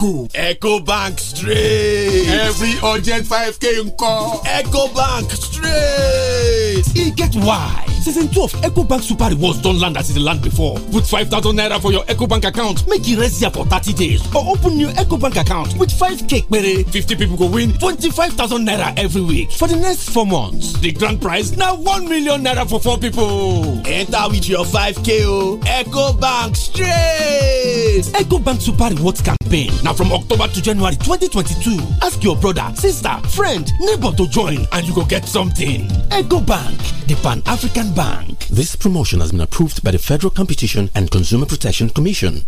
go. ecobank straight. every urgent five k nkọ. ecobank straight. e get why season twelve ecobank super rewards don land as e dey land before put five thousand naira for your ecobank account make e rest there for thirty days or open new ecobank account with five k pere fifty people go win twenty-five thousand naira every week for the next four months the grand prize na one million naira for four people. enter with your five k o ecobank straight. ecobank super rewards campaign na from october to january twenty twenty-two ask your brother sister friend neighbor to join and you go get something ecobank the pan-african Bank. This promotion has been approved by the Federal Competition and Consumer Protection Commission.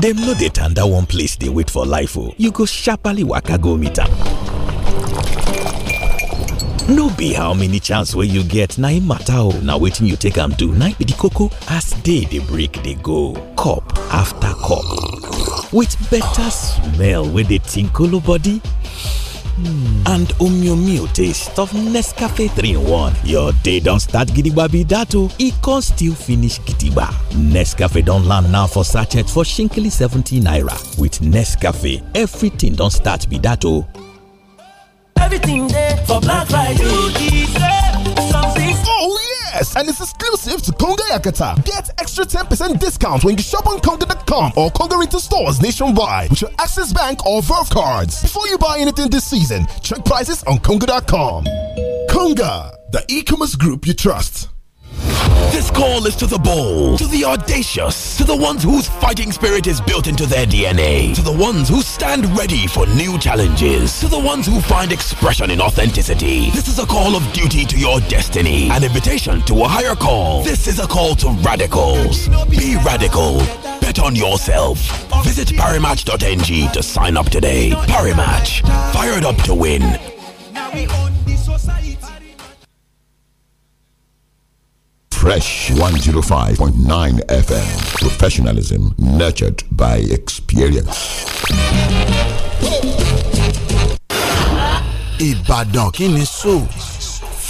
Dem no dey tanda one place dey wait for life o, oh. you go sharparly waka go meet am. No be how many chance wey you get na im o, oh. na wetin you take am do na be the koko as day dey break dey go, cup after cup with better smell wey dey tinkolo body. Mm. and omioomio taste of Nescafe 3-in-1. Your day don't start gidigba be that o, it con still finish gidigba. Nescafe don't land now for sachet for shinkily 70 naira. With Nescafe, everything don't start be that o. Everything dey for Black Friday. Yes, and it's exclusive to Conga Yakata. Get extra 10% discount when you shop on Conga.com or Conga retail stores nationwide with your Access Bank or Verve cards. Before you buy anything this season, check prices on Conga.com. Conga, the e-commerce group you trust. This call is to the bold, to the audacious, to the ones whose fighting spirit is built into their DNA, to the ones who stand ready for new challenges, to the ones who find expression in authenticity. This is a call of duty to your destiny, an invitation to a higher call. This is a call to radicals. Be radical. Bet on yourself. Visit parimatch.ng to sign up today. Parimatch. Fired up to win. Fresh 105.9 FM. Professionalism nurtured by experience. Ìbàdàn kí ni so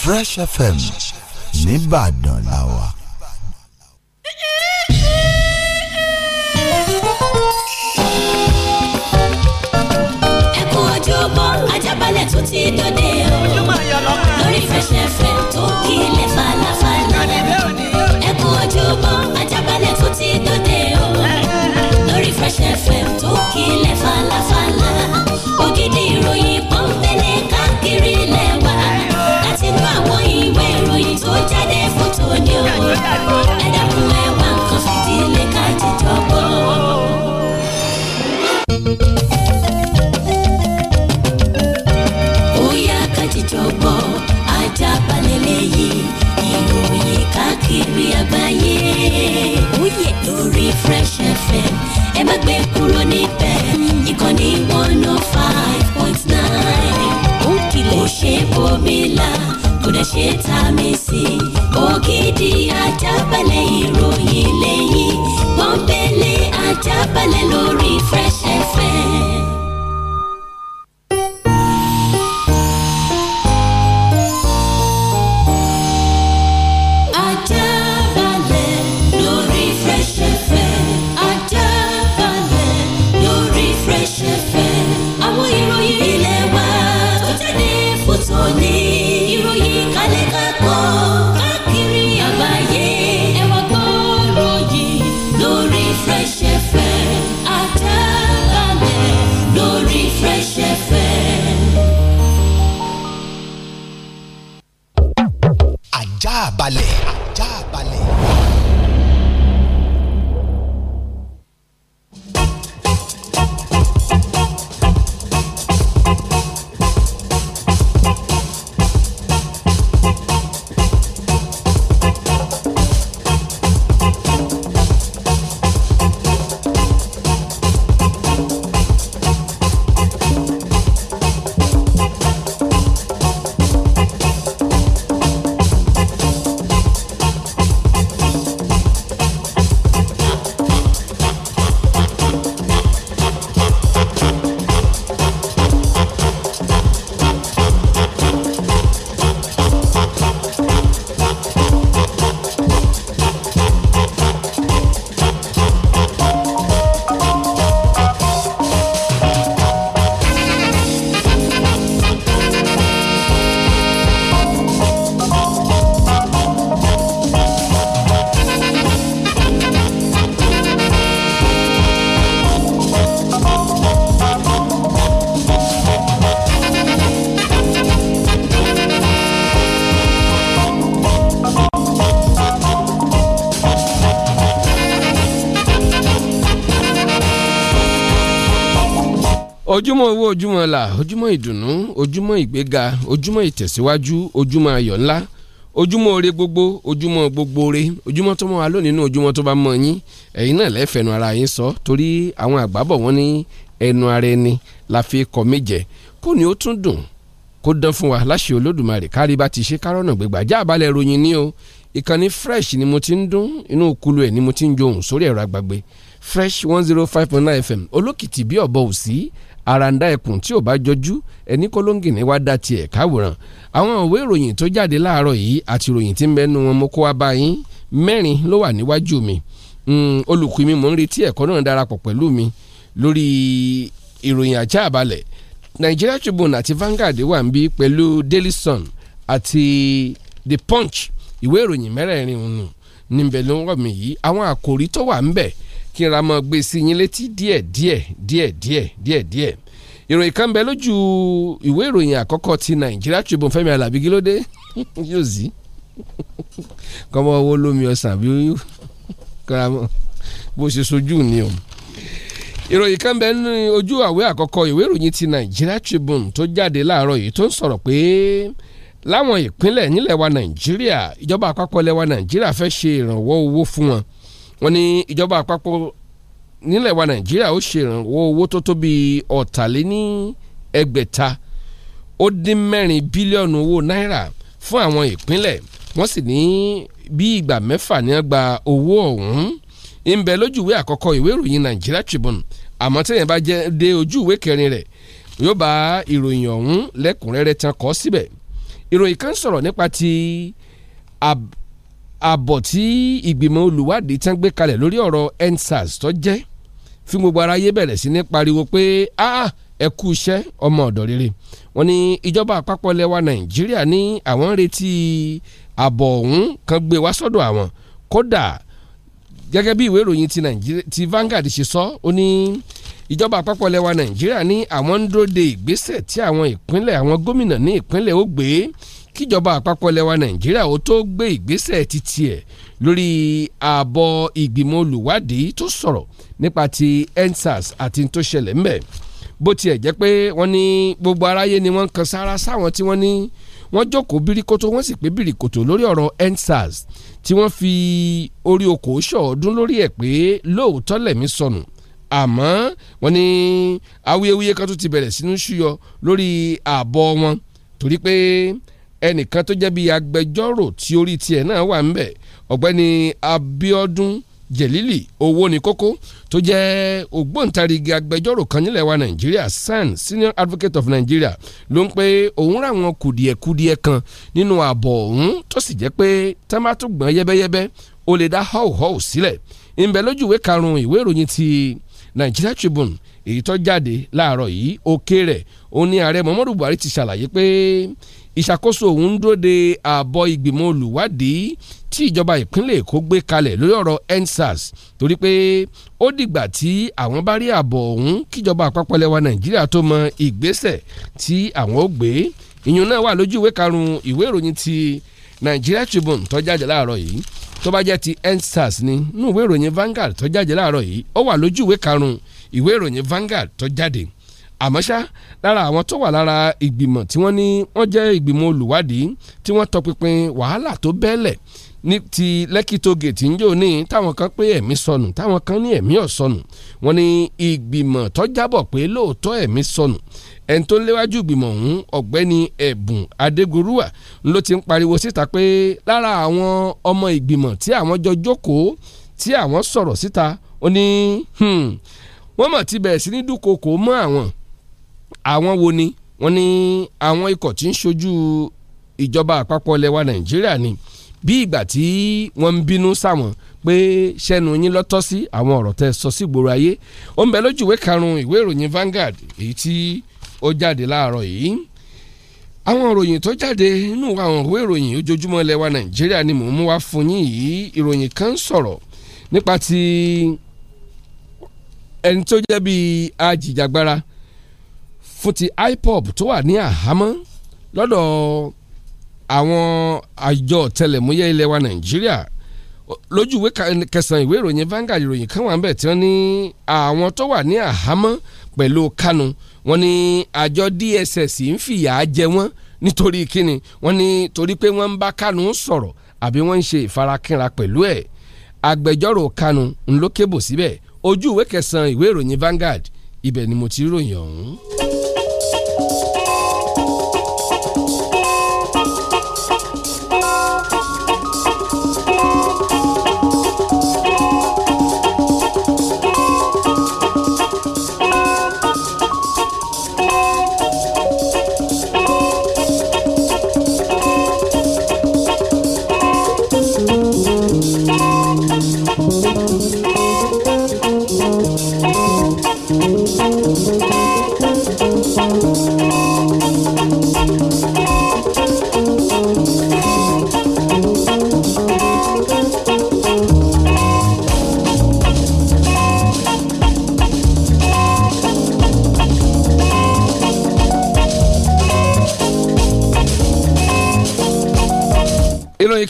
Fresh FM nìbàdàn la wà. Ẹ kú ojúbọ Ajábalẹ̀ tó ti dòde o lórí Fresh FM tó kílẹ̀ falafala ojúbọ ajábalẹ̀ tó ti dòde o lórí Fresh FM tó kílẹ̀ falafala. ojúmọ́ owó ojúmọ́ là ojúmọ́ ìdùnnú ojúmọ́ ìgbéga ojúmọ́ ìtẹ̀síwájú ojúmọ́ ayọ̀ ńlá ojúmọ́ ore gbogbo ojúmọ́ gbogbo ore ojúmọ́ tó mọ́ wa lónìí nínú ojúmọ́ tó bá mọ́ yín ẹ̀yin náà lẹ́fẹ̀ẹ́nu ara yín sọ torí àwọn àgbàbọ̀ wọn ní ẹnu ara ẹni la fi kọ méje kó ni ó tún dùn kó dán fún wa láṣẹ olódùmarè kárí bá ti ṣe kárọ̀nà gbégbá já àbálẹ̀ ròyìn ní o ìkànnì fresh ni mo ti ń dún inú kulu ẹ̀ ni mo ti ń johùn sórí ẹ̀rọ àgbàgbé fresh one zero five point nine fm olókìtì bí ọ̀bọ òsì Aranda ẹkùn tí ò bá jọjú ẹni ni wá dá tiẹ̀ káwòrán àwọn ìwé ìròyìn tó jáde láàárọ̀ yìí àti ìròyìn tí ń bẹnu wọn mo kó wá báyìí mẹ́rin ló wà níwájú mi hmm, olùkùn mi mò ń retí ẹ̀kọ́ náà darapọ̀ pẹ̀lú mi lórí ìròyìn àjá àbálẹ̀ Nigeria Tribune àti Vanguard wà ń bí pẹ̀lú Daily Sun àti The Punch ìwé ìròyìn mẹ́rẹ̀ẹ̀rin òun níbẹ̀ ló ń rọ̀ mí yìí àwọn àkòrí tó wà ń bẹ̀ kí n ra mọ́ gbé sí yín létí díẹ̀ díẹ̀ díẹ̀ díẹ̀ díẹ̀ díẹ̀ ìròyìn kan bẹ lójú ìwé ìròyìn àkọ́kọ́ ti nàìjíríà Tribune Fẹ́mi Alábí kí ló dé yóò zí kọ́mọ owó lómi ọ̀sán àbí kọ́ra mọ́ bó ṣe sojú ni o ìròyìn kan bẹ ní ojú àwé àkọ́kọ́ ìwé ìròyìn ti Nigeria Tribune tó jáde láàárọ̀ yìí tó ń sọ̀rọ̀ pé láwọn ìpínlẹ̀ nílẹ̀ wa Nàìjíríà ìjọba àpapọ̀ ilẹ̀ Nàìjíríà fẹ́ ṣe ìrànwọ́ owó fún wọn wọ́n ní ìjọba àpapọ̀ nílẹ̀ wa nàìjíríà ó ṣe ìrànwọ́ owó tó tó bíi ọ̀tàléní ẹgbẹ̀ta ó dín mẹ́rin bílíọ̀nù owó náírà fún àwọn ìpínlẹ̀ wọ́n sì ní bí ìgbà mẹ́fà ní gba owó ọ̀hún ń bẹ lójúwé àkọ́kọ́ ìwé ìròyìn Nigeria Tribune àmọ́ tẹ́yìn bá jẹ́ dé ojúwé kẹrin rẹ̀ yóò bá ìròyìn ọ̀hún lẹ́kùnrẹ́rẹ́ tán kọ́ síbẹ̀ ìròyìn kan sọ̀rọ̀ nípa ti àbọ̀ tí ìgbìmọ̀ olùwádìí tán gbé kalẹ̀ lórí ọ̀rọ̀ endsars tó jẹ́ fún gbogbo aráyé bẹ̀rẹ̀ sí ní pariwo pé ẹ kú iṣẹ́ ọmọ ọ̀dọ̀ rere wọ́n ní ìjọba àpapọ̀ lẹwa nàìjíríà ní àwọn ń retí àbọ̀ ọ̀hún kan gbé wá sọ́dọ̀ àwọn kódà gẹ́gẹ́ bí ìwé ìròyìn ti nàìjíríà ti Vanguard ṣe sọ ó ní ìjọba àpapọ̀ lẹwa nàìjíríà ní àwọn ń dúró ìgbésẹ̀ tí àwọn ìpínlẹ̀ àwọn gómìnà ní ìpínlẹ̀ ó gbé kíjọba àpapọ̀ lẹwa nàìjíríà ó tó gbé ìgbésẹ̀ títí ẹ̀ lórí ààbọ̀ ìgbìmọ̀ olùwádìí tó sọ̀rọ̀ nípa ti endsars àti tó ṣẹlẹ̀ ńbẹ̀ bó tiẹ̀ jẹ́ pé wọ́n ní gbogbo aráyé ni wọ́n ń kan sára sáwọn tí wọ́n ní wọ́n jókòó bíríkótó wọ́n sì pé bíríkótó lórí ọ̀rọ̀ endsars tí wọ́n fi orí okòó ṣọ̀ọ́dún lórí ẹ̀ pé lóòótọ́ lẹ̀mí sọnù àmọ́ wọ́n ní awuyewuye kan tó ti bẹ̀rẹ̀ sínú ṣúyọ lórí ààbọ̀ wọn torí pé ẹnìkan tó jẹ́ bíi agbẹjọ́rò tí orí tiẹ̀ náà wà ńbẹ̀ ọ̀gbẹ́ni Abíọ́dún Jẹ̀lílì owó ní kókó tó jẹ́ ògbóǹtarigi agbẹjọ́rò kan nílẹ̀ wa Nàìjíríà SAN Senior Advocate of Nigeria ló ń pe òun ráwọn kùdìẹ̀kùdìẹ̀ kan nínú ààbọ̀ ọ̀hún tó sì jẹ́ pé tẹ́mátùgbọ̀n yẹ́bẹ́yẹ́bẹ́ ó lè dá họ́ọ̀họ́ọ̀ sílẹ̀ ìbẹ̀ lójú ìwé karùn-ún ìwé ìròyìn ti Nigeria Tribune èyí tó jáde láàárọ̀ yìí òkè rẹ̀ ó ní ààrẹ Muhammadu Buhari ti ṣàlàyé pé ìṣàkóso òun ń dúró de àbọ̀ ìgbìmọ̀ olùwádìí tí ìjọba ìpínlẹ̀ Èkó gbé kalẹ̀ lórí ọ̀rọ̀ EndSARS torí pé ó dìgbà tí àwọn bá rí àbọ̀ òun kíjọba àpapọ̀ lẹwa Nàìjíríà tó mọ ìgbésẹ̀ tí àwọn ó gbé ìyún náà wà lójú ìwé karùn-ún ìwé ìròyìn ti Nigeria Tribune tó jáde láàárọ̀ yìí tó bá jẹ́ ti EndSARS ni nínú ìwé ìròyìn Vanguard tó jáde láàárọ̀ yìí ó wà lójú ìwé karùn-ún ìwé Vanguard tó jáde àmọ́ ṣá lára àwọn tó wà lára ìgbìmọ̀ tí wọ́n ní wọ́n jẹ́ ìgbìmọ̀ olùwádìí tí wọ́n tọpinpin wàhálà tó bẹ́ẹ̀lẹ̀ ní ti lẹ́kì tógètì ń jò ní táwọn kan pé ẹ̀mí sọnù táwọn kan ní ẹ̀mí ọ̀sọnù wọ́n ní ìgbìmọ̀ tó jábọ̀ pé lóòótọ́ ẹ̀mí sọnù ẹni tó léwájú ìgbìmọ̀ ọ̀hún ọ̀gbẹ́ni ẹ̀bùn adégorúwà ló ti ń pariwo síta pé lára àwọn ọmọ ìgbìmọ̀ tí àwọn jọ jókòó tí àwọn sọ̀rọ̀ síta ó ní hmm, wọ́n mọ̀ ti bẹ̀rẹ̀ sí ní dúnkokò mọ́ àwọn àwọn wo ni wọ́n ní àwọn ikọ̀ tí ń ṣojú ìjọba àpapọ̀ lẹwa nàìjíríà ni bí ìgbà tí wọ́n ń bínú sáwọn pé sẹ́nu yín lọ́tọ́ sí àwọn ọ̀rọ̀ tẹ́ sọ sí gbòòrò ayé ó ń bẹ lójú ìwé karùn-ún ìwé ìròyìn Vanguard èyí tí ó jáde láàárọ̀ yìí àwọn ìròyìn tó jáde nínú àwọn ìwé ìròyìn ojoojúmọ́ lẹwa nàìjíríà ni mò ń mú wá fún yín yìí ìròyìn kan sọ̀rọ̀ nípa ti ẹni tó jẹ́ bíi ajìjàgbara fún ti IPOB tó wà ní àhámọ́ lọ́dọ̀ àwọn àjọ ọ̀tẹlẹ̀múyẹ́ ilẹ̀ wa Nàìjíríà lójú ìwé kẹsàn-án ìwé ìròyìn Vanguard ìròyìn kan wà ń bẹ̀ tí wọ́n ní àwọn tó wà ní àhámọ́ pẹ̀lú Kanu wọ́n ní àjọ DSS ń fìyà jẹ wọ́n nítorí kíni wọ́n ní torí pé wọ́n ń bá Kanu sọ̀rọ̀ àbí wọ́n ń ṣe ìfarakínra pẹ̀lú ẹ̀ agbẹjọ́rò Kanu ń lókèbò síbẹ̀ ojú ìwé kẹsàn-án ìwé ìròyìn Vanguard ibẹ̀ ni mo ti ròyìn ọ̀hún.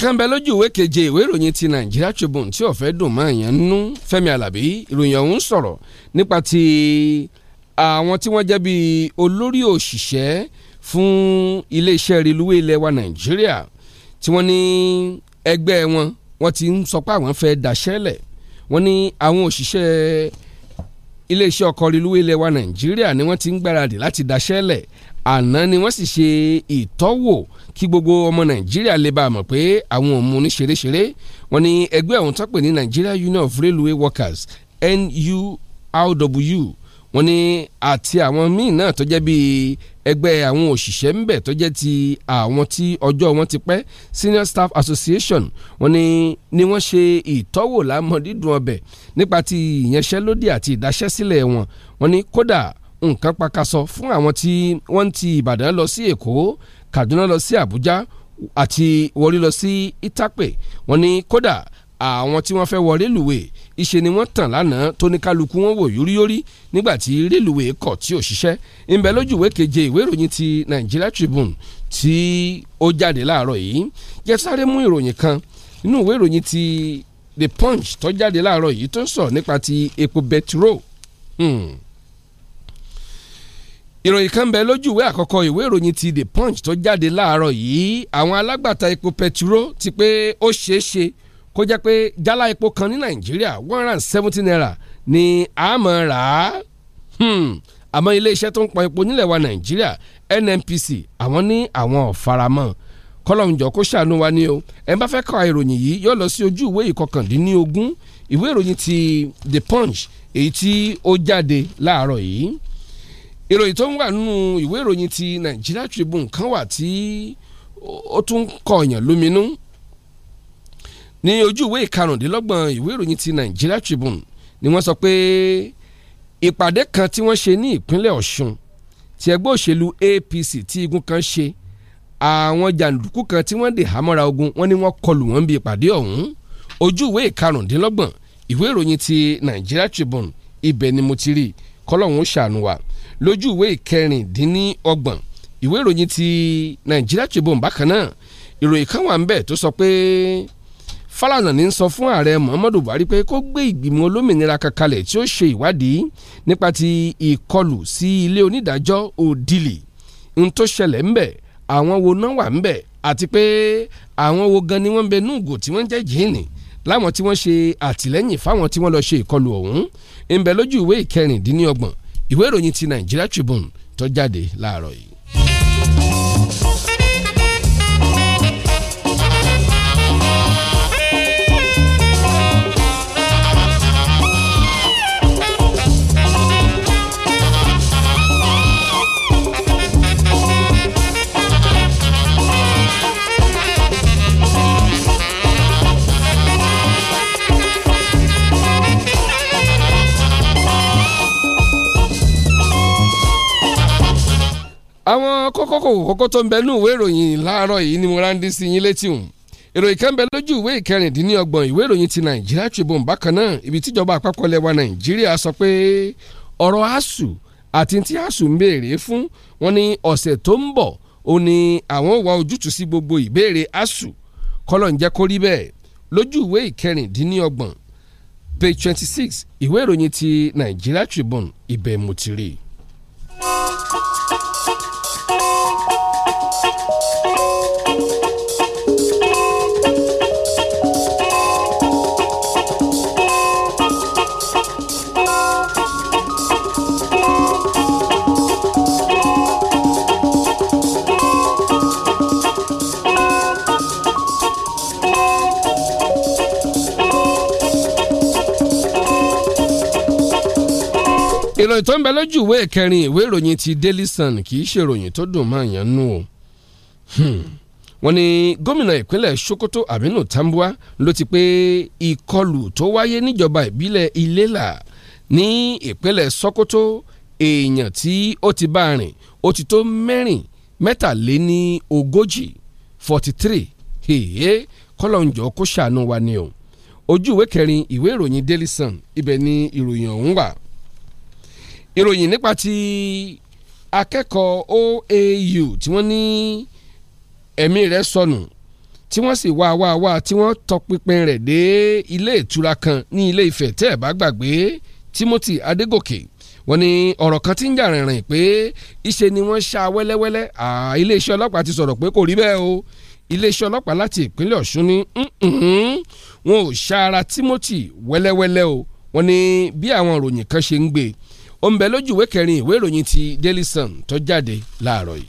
kan bẹ lójú ìwé keje ìwé ìròyìn ti Nigeria Tribune tí ọ̀fẹ́ dùn mọ́ èèyàn nú Fẹ́mi Alábí ìròyìn ọ̀hún sọ̀rọ̀ nípa ti àwọn tí wọ́n jẹ́ bí olórí òṣìṣẹ́ fún iléeṣẹ́ reluwé ilẹ̀ wa Nàìjíríà tí wọ́n ní ẹgbẹ́ wọn wọ́n ti ń sọ pé àwọn fẹ́ daṣẹ́lẹ̀ wọ́n ní àwọn òṣìṣẹ́ iléeṣẹ́ ọkọ̀ reluwé ilẹ̀ wa Nàìjíríà ni wọ́n ti ń gbáradì láti daṣẹ́lẹ̀ àná ni wọ́n sì ṣe ìtọ́wò kí gbogbo ọmọ nàìjíríà lè bá a mọ̀ pé àwọn òun ní ṣeréṣeré wọn ni ẹgbẹ́ ọ̀hún tó ní Nigeria Union of Railway Workers NURW wọn ni àti àwọn míì náà tó jẹ́ bíi ẹgbẹ́ àwọn òṣìṣẹ́ ńbẹ̀ tó jẹ́ ti àwọn tí ọjọ́ wọn ti pẹ́ Senior Staff Association wọn ni ni wọ́n ṣe ìtọ́wò lámọ̀dídùn ọbẹ̀ nípa ti ìyanṣẹ́lódì àti ìdáṣẹ́sílẹ̀ wọn wọn ni kódà nǹkan pakasọ fún àwọn tí wọ́n ti Ìbàdàn lọ sí Èkó Kaduna lọ sí Àbújá àti Warri lọ sí Itakpe wọ́n ní kódà àwọn tí wọ́n fẹ́ wọ rélùwé ìṣe ni wọ́n tàn lánàá tó ní kálukú wọn wò yóríyórí nígbà tí rélùwé kọ̀ tí ò ṣiṣẹ́ ńbẹ lójú ìwé keje ìwé ìròyìn ti Nigeria Tribune tí ó jáde láàárọ̀ yìí jẹ́ sáré mú ìròyìn kan nínú ìwé ìròyìn ti The Punch tó jáde láàárọ̀ yìí tó ń sọ nípa ti epo bẹtiró. Hmm ìròyìn kan bẹ lójú ìwé àkọ́kọ́ ìwé ìròyìn ti the punch tó jáde láàárọ̀ yìí àwọn alágbàtà epo pẹtiró ti pé ó ṣeé ṣe kó jẹ́ pé jálá epo kan ní nàìjíríà one hundred and seventy naira ni a máa rà á hmm. àmọ́ iléeṣẹ́ tó ń pọn epo nílẹ̀ wa nàìjíríà nnpc àwọn ní àwọn ò faramọ́ kọlọ́njọ́ kó ṣàánú wa ni o ẹ̀ ń bá fẹ́ ka ìròyìn yìí yóò lọ sí ojú ìwé ìkọkàndínlógún ìwé ìròyìn ti the punch èyí tí ó jáde láàárọ̀ yìí ìròyìn tó ń wà nínú ìwé ìròyìn ti Nigeria Tribune kan wà tí ó tún kọ̀ọ̀yàn lóminú ní ojú ìwé ìkarùndínlọ́gbọ̀n ìwé ìròyìn ti Nigeria Tribune ni wọ́n sọ pé ìpàdé kan tí wọ́n ṣe ní ìpínlẹ̀ Ọ̀ṣun ti ẹgbẹ́ òṣèlú APC tí igun kan ṣe àwọn jàǹdùkú kan tí wọ́n dè hámọ́ra ogun wọ́n ní wọ́n kọlù wọ́n bí ìpàdé ọ̀hún ojú ìwé ìkarùndínlọ́gbọ̀n ìwé ìròyìn ti Nigeria Tribune ibẹ̀ ni mo ti rí kọ́lọ́hún ó ṣàánú wa lójú ìwé ìkẹrìndínlọ́gbọ̀n ìwé ìròyìn ti Nigeria Tribune bákan náà ìròyìn kan wà ń bẹ̀ tó sọ pé Fálànà ní sọ fún ààrẹ Muhammadu Buhari pé kó gbé ìgbìmọ̀ olómìnira kan kalẹ̀ tí ó ṣe ìwádìí nípa ti ìkọlù sí ilé onídàájọ́ Òdìlì n tó ṣẹlẹ̀ ń bẹ̀ àwọn wo náà wà ń bẹ̀ àti pé àwọn wo gan ni wọ́n ń bẹ núùgò tí wọ́n ń jẹ́ jìnnì láwọn tí wọ́n ṣe àtìlẹ́yìn fáwọn tí wọ́n lọ ṣe ìkọlù ọ̀hún ń bẹ lójú ìwé ìkẹrìndínlọ́gbọ̀n ìwé ìròyìn ti Nigeria Tribune tó jáde láàárọ̀ yìí. àwọn kókó kókó tó ń bẹ nínú ìwé ìròyìn láàárọ̀ yìí ni mo rántí sí yín létí hùn ìròyìn kan bẹ lójú ìwé ìkẹrìndínlọ́gbọ̀n ìwé ìròyìn ti Nigeria Tribune bákan náà ibi tíjọba àpapọ̀ lẹ̀ wa Nàìjíríà sọ pé ọ̀rọ̀ ASUU àti tí ASUU ń béèrè fún wọn ní ọ̀sẹ̀ tó ń bọ̀ ó ní àwọn wá ojútùú sí gbogbo ìbéèrè ASUU kọ́lọ̀ ń jẹ́ kó rí bẹ́ẹ̀ lójú ìwé ìkẹrìndínlọ́gbọ̀n page twenty six ìwé ìròyìn ti Nigeria Tribune ibẹ̀ mo ìròyìn tó ń bẹ lójú ìwé kẹrin ìwé ìròyìn ti Daily Sun kì í ṣe ìròyìn tó dùn máa yàn nù o hmm. wọ́n ní gómìnà ìpínlẹ̀ Sokoto Aminu Tambuwa ló ti pé ìkọlù tó wáyé níjọba ìbílẹ̀ Ilela ní ìpínlẹ̀ Sokoto èèyàn tí ó ti bá rìn ó ti tó mẹ́rin mẹ́tàléní ogójì forty three hèèyé kọ́lọ́njọ́ kó ṣàánú wa ni o ojú ìwé kẹrin ìwé ìròyìn Daily Sun ibẹ̀ ni ìròyìn ọ̀hún wà ìròyìn nípa ti akẹ́kọ̀ọ́ OAU tí wọ́n ní ẹ̀mí rẹ̀ sọnù tí wọ́n sì wá wá wá tí wọ́n tọpinpin rẹ̀ dé ilé ìtura kan ní ilé Ifẹ̀ tẹ́ ẹ̀ bá gbàgbé Timothy Adégòkè wọ́n ní ọ̀rọ̀ kan tí ń jà rìnrìn pé ìṣe ni wọ́n ṣá wẹ́lẹ́wẹ́lẹ́ iléeṣẹ́ ọlọ́pàá ti sọ̀rọ̀ pé kò rí bẹ́ẹ̀ o iléeṣẹ́ ọlọ́pàá láti ìpínlẹ̀ Ọ̀ṣun ní wọn ò ṣá Timothy wẹ́lẹ́wẹ́lẹ́ o wọ́n ní bí àwọn ìròyìn kan ṣe ń gbé ó ń bẹ lójú ìwé kẹrin ìwé ìròyìn ti Daily Sun tó jáde láàárọ̀ yìí.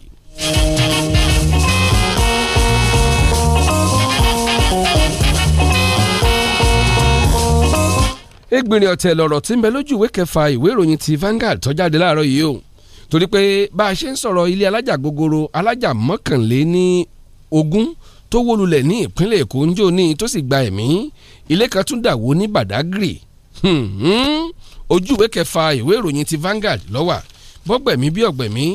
ẹgbìnrin ọ̀tẹ̀ lọ̀rọ̀ tí ń bẹ lójú ìwé kẹfà ìwé ìròyìn ti Vanguard tó jáde láàárọ̀ yìí o torí pé bá a ṣe ń sọ̀rọ̀ ilé alájà gogoro alájà mọ́kànlé ní ogún tó wó lulẹ̀ ní ìpínlẹ̀ Èkó ń jò ní tó sì gba ẹ̀mí ilé kan tún dà wó ní Badagry hmm, hmm ojú ìwé kẹfà ìwé ìròyìn ti Vanguard lọ́wà bọ́gbẹ̀mí bí ọ̀gbẹ̀mí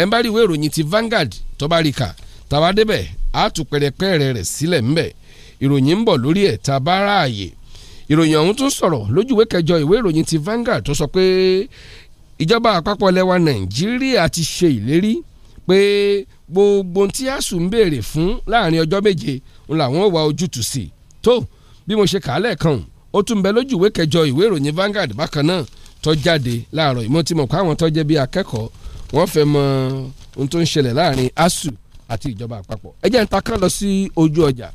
ẹ̀ ń bá rí ìwé ìròyìn ti Vanguard tó bá rí kà tàbá débẹ̀ àtúpẹ̀rẹ̀pẹ̀rẹ̀ rẹ̀ sílẹ̀ ńbẹ̀ ìròyìn ń bọ̀ lórí ẹ̀ tàbá ráàyè ìròyìn ọ̀hún tún sọ̀rọ̀ lójú ìwé kẹjọ ìwé ìròyìn ti Vanguard tó sọ pé ìjọba àpapọ̀ lẹwa Nàìjíríà ti ṣe ìlérí pé gbogbo tí ASUU ń béèrè fún láàrin ọjọ́ méje làwọn ò ojútùú sí tó bí mo ṣe kà á ó tún bẹ lójú ìwé kẹjọ ìwé ìròyìn Vanguard bákan náà tó jáde láàárọ̀ ìmọ̀ tí mo kọ́ àwọn tó jẹ́ bí akẹ́kọ̀ọ́ wọ́n fẹ́ mọ ohun tó ń ṣẹlẹ̀ láàrin ASUU àti ìjọba àpapọ̀ ẹ jẹ́ n ta kán lọ sí ojú ọjà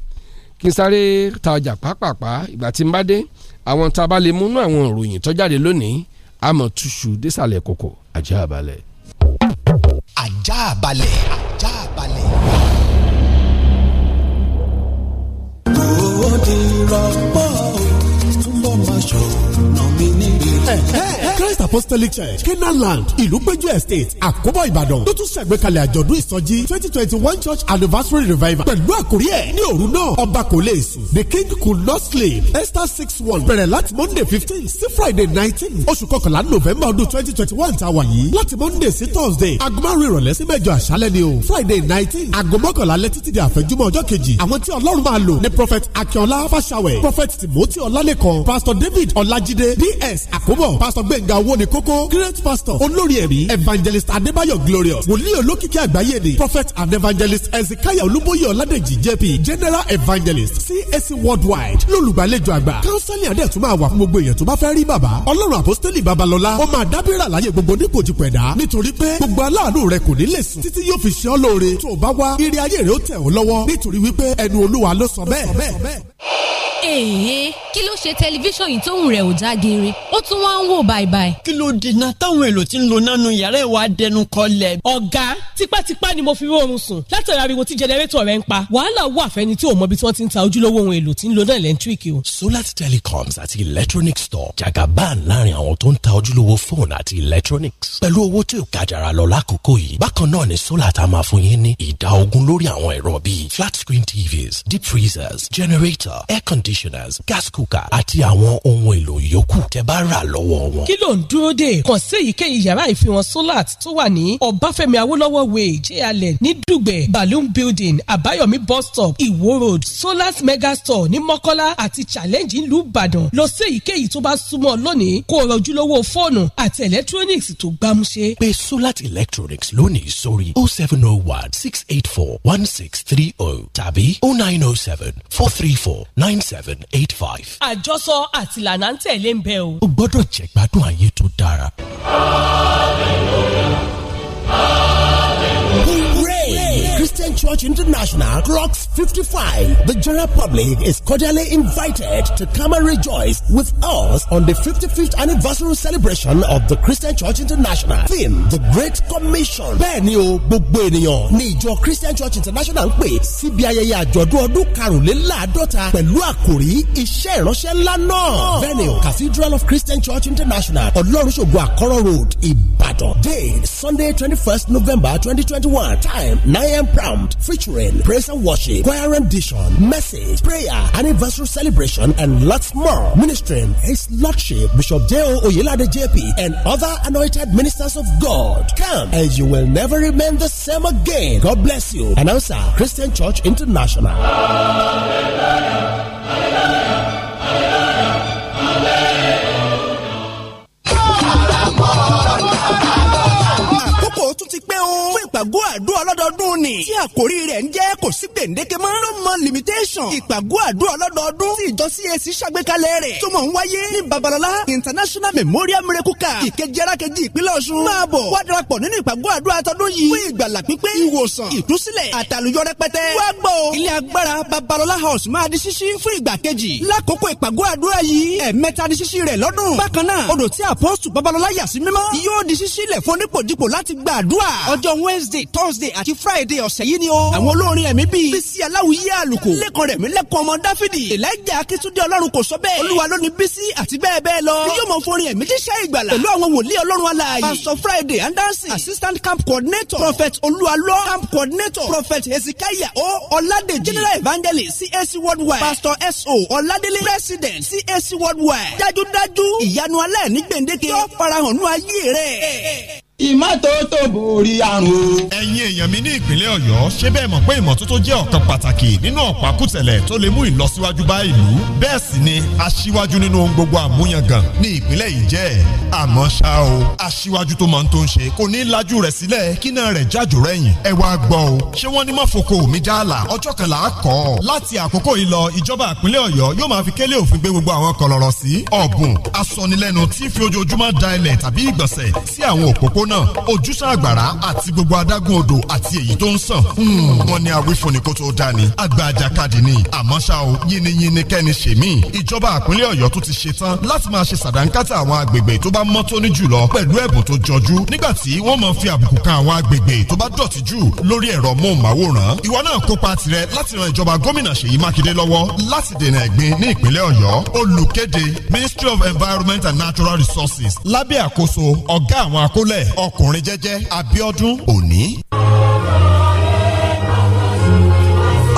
kí n sáré ta ọjà pápápá ìgbà tí n bá dé àwọn tá a bá lè múnú àwọn ìròyìn tó jáde lónìí àmọ́ túṣu désàlẹ̀ kòkò ajá balẹ̀. ajá balẹ̀ ajá balẹ̀. owó ti rọ̀pọ̀ òye. Christ Apostolic Church Canaanland Ìlúpéjú Estate Akobo Ibadan. tó tún ṣàgbékalẹ̀ àjọ̀dún ìsọjí twenty twenty one church anniversary revival pẹ̀lú àkórí ẹ̀ ní òru náà ọba kò lè sùn the king could not sleep Esther six one bẹ̀rẹ̀ láti Monday fifteen sí Friday nineteen oṣù kọkànlá November ọdún twenty twenty one tá wà yìí láti Monday sí Thursday aago márùn ìrọ̀lẹ́ sí mẹ́jọ àṣálẹ́ ni o Friday nineteen aago mọ́kànlá lẹ́ títí di àfẹ́júmọ́ ọjọ́ kejì àwọn tí Ọlọ́run máa lò ni prophet Akínọlá Fáṣàwẹ̀ prophet Timothy Ọlálẹ́kan pastor David Olajide. DS àkó àkóbọ̀ pásítọ̀ gbẹ̀ngà owó great pastor olórí ẹ̀rí evangelist adébáyọ̀ glorious wòlíì olókìkí àgbáyé ni prophet and evangelist ezekiah olúbóyè ọládèjì jp general evangelist cac worldwide lólùgbàlejò àgbà counseling adé tún máa wà fún gbogbo èèyàn tó bá fẹ́ rí bàbá ọlọ́run àpọ́stélì babalọ́lá ó máa dábìrà láyé gbogbo ní kòjìpẹ̀dá nítorí pé gbogbo aláàánú rẹ kò ní lè sùn títí yóò fi ṣe ọ́ lóore tó o bá wá ire ayé rẹ ó kí ló ṣe tẹlifíṣàn yìí tóun rẹ̀ ò já ó tún wá ń wò bàìbàì. kí ló dènà táwọn èlò tí ń lo nánú yàrá ìwà dẹnu kọlẹ̀. ọ̀gá tipátipá ni mo fi rí oorun sùn látàrí ariwo tí jẹnẹrétọ̀ rẹ̀ ń pa. wàhálà wà fẹ́ni tí ò mọbi tí wọ́n ti ń ta ojúlówó ohun èlò tí ń lo náà lẹ́ńtíríkì o. solar telecoms àti electronic store jagaban láàrin àwọn tó ń ta ojúlówó fóònù àti electronics pẹ̀lú owó tí ò kájàra lọ lákòókò yìí bákan náà ni solar ta máa fún yín ní ìdá ogún lórí àwọn ẹ̀rọ bíi flat screen tvs deep freezers generator air conditioners gas cooker àti àwọn ohun èlò yòókù tẹ́ bá rà l lọ́wọ́ wọn. kí ló ń dúró dè kàn sí èyíkéyìí yàrá ìfihàn solar tó wà ní ọbáfẹ́mi awólọ́wọ̀ way jayalẹ ní dùgbẹ̀ balloon building àbáyọ̀mí bus stop ìwó road solat mega store ní mọ́kọ́lá àti challenge ìlú ìbàdàn lọ sí èyíkéyìí tó bá súnmọ́ lónìí kó o rọjú lọ́wọ́ fóònù àti electronics tó gbámúṣé. pé solat electronics lónìí sórí oh seven oh one six eight four one six three oh tàbí oh nine oh seven four three four nine seven eight five. àjọsọ àtìlànà ń tẹ̀lé ń bẹ o. o gbọ́dọ̀ jẹ̀gbádùn ayé tó dára. hallelujah. hallelujah. Christian Church International clocks 55. The general public is cordially invited to come and rejoice with us on the 55th anniversary celebration of the Christian Church International. Theme, The Great Commission. Benio o, Nijo Christian Church International ń pè síbi ayẹyẹ àjọ̀dún ọdún karùnléláàádọ́ta pẹ̀lú àkòrí iṣẹ́ ìránṣẹ́ ńlá náà. Benio Cathedral of Christian Church International, Ọlọ́runṣògo Àkọ́rọ́ Road, Battle. Day Sunday twenty first November twenty twenty one. Time p.m. 9 a.m. prompt featuring praise and worship, choir rendition, message, prayer, anniversary celebration, and lots more. Ministering His Lordship Bishop Deo Oyelade JP and other anointed ministers of God. Come and you will never remain the same again. God bless you. Announcer Christian Church International. Hallelujah, hallelujah, hallelujah. ó tún ti pé o. fún ìpàgọ́ àdúrà ọlọ́dọọdún ni. tí àkórí rẹ̀ ń jẹ́ kò sí gbèǹdéke mọ́. no more limitation. ìpàgọ́ àdúrà ọlọ́dọọdún tí ìjọ CAC ṣàgbékalẹ̀ rẹ̀. tó mọ̀ ń wáyé ní Babalọlá International Memorial Miracle Car. ìkejì arákejì ìpínlẹ̀ Ọ̀ṣun. máa bọ̀ wá darapọ̀ nínú ìpàgọ́ àdúrà tọdún yìí. fún ìgbàlà pípé ìwòsàn ìtúsílẹ̀ àtàlùyọ rẹpẹtẹ. wá House máa di ṣíṣí fún ìgbà kejì. lákòókò ìpàgọ́ àdúrà yìí ẹ̀ẹ̀mẹta di ṣíṣí rẹ̀ lọ́dún. bákan náà odò tí àpọ́sù Babalọlá yà sí mímọ́ yóò di ṣíṣí lẹ̀ fún nípòdípò láti àdúrà ọjọ́ wednesday thursday àti friday ọ̀sẹ̀ yìí ni o àwọn olórin ẹ̀mí bíi bísí aláwìyé àlùkò lẹ́kọ̀ọ́ rẹ̀ mí lẹ́kọ̀ọ́ ọmọ dáfídì elijah akitunde ọlọ́run kò sọ bẹ́ẹ̀ olúwa ló ní bísí àti bẹ́ẹ̀ bẹ́ẹ̀ lọ ni yóò mọ forin ẹ̀mí jíṣẹ́ ìgbàlà pẹ̀lú àwọn wòlíì ọlọ́run alààyè pastor friday andansi assistant camp coordinator prophet olúwalọ camp coordinator prophet Ezekiah. o ọládèjì general evangelist cac worldwide pastor so ọládélé president cac worldwide dájúdájú ìyanu alẹ́ ní gbèǹdéke yóò farahàn nú ayé rẹ̀ ìmọ́tótó borí àrùn o. ẹ̀yin èèyàn mi ní ìpínlẹ̀ ọ̀yọ́ ṣé bẹ́ẹ̀ mọ̀ pé ìmọ́tótó jẹ́ ọ̀kan pàtàkì nínú ọ̀pákùtẹ̀lẹ̀ tó lè mú ìlọsíwájú bá ìlú bẹ́ẹ̀ sì ni aṣíwájú nínú ohun gbogbo àmúyangàn ní ìpínlẹ̀ yìí jẹ́ àmọ́ ṣá o aṣíwájú tó máa ń tó ń ṣe kò ní í lajú rẹ̀ sílẹ̀ kí náà rẹ̀ jájò rẹ̀yìn ẹ wá gbọ́ o ṣé wọ́n ní mọ́foko mi jáàlà ọjọ́ kan là á kọ́ ọ láti àkókò yìí lọ ìjọba ìpínlẹ̀ ọ̀yọ́ yóò máa fi kélé òfin gbé gbogbo àwọn kọlọ̀rọ̀ sí ọ̀bùn asọnilẹ́nu tí fi ojoojúmọ́ da ilẹ̀ tàbí ìgbọ̀nsẹ̀ sí àwọn òpópónà ọ̀nà ojúṣàn àgbàrá àti gbogbo adágún odò àti èyí tó ń sàn. Hmm, wọ́n ní àwífúnni kó tó dání àgbà àjàkadì ni àmọ́ ṣá o yínníyínní kẹ́ni ṣèmí ìjọba àpínlẹ̀ ọ̀yọ́ tó ti ṣe tán láti máa ṣe sàdánkátà àwọn agbègbè tó bá mọ́ tóní jùlọ pẹ̀lú ẹ̀bùn tó jọjú nígbà tí wọ́n máa fi àbùkù kan àwọn agbègbè tó bá dọ̀tí jù lórí ẹ̀rọ móhùnmáwòrán ìwọ náà kópa tirẹ̀ láti ran ìjọba gómìnà Ṣèyí Mákindé lọ́wọ́ láti dènà ẹ̀gbin ní ìpínlẹ̀ ọ̀yọ́ olùkéde Ministry of Environment and Natural Resources lábẹ́ àkóso ọ̀gá àwọn akólẹ̀ ọkùnrin jẹ́jẹ́ Abíọ́dún Òní.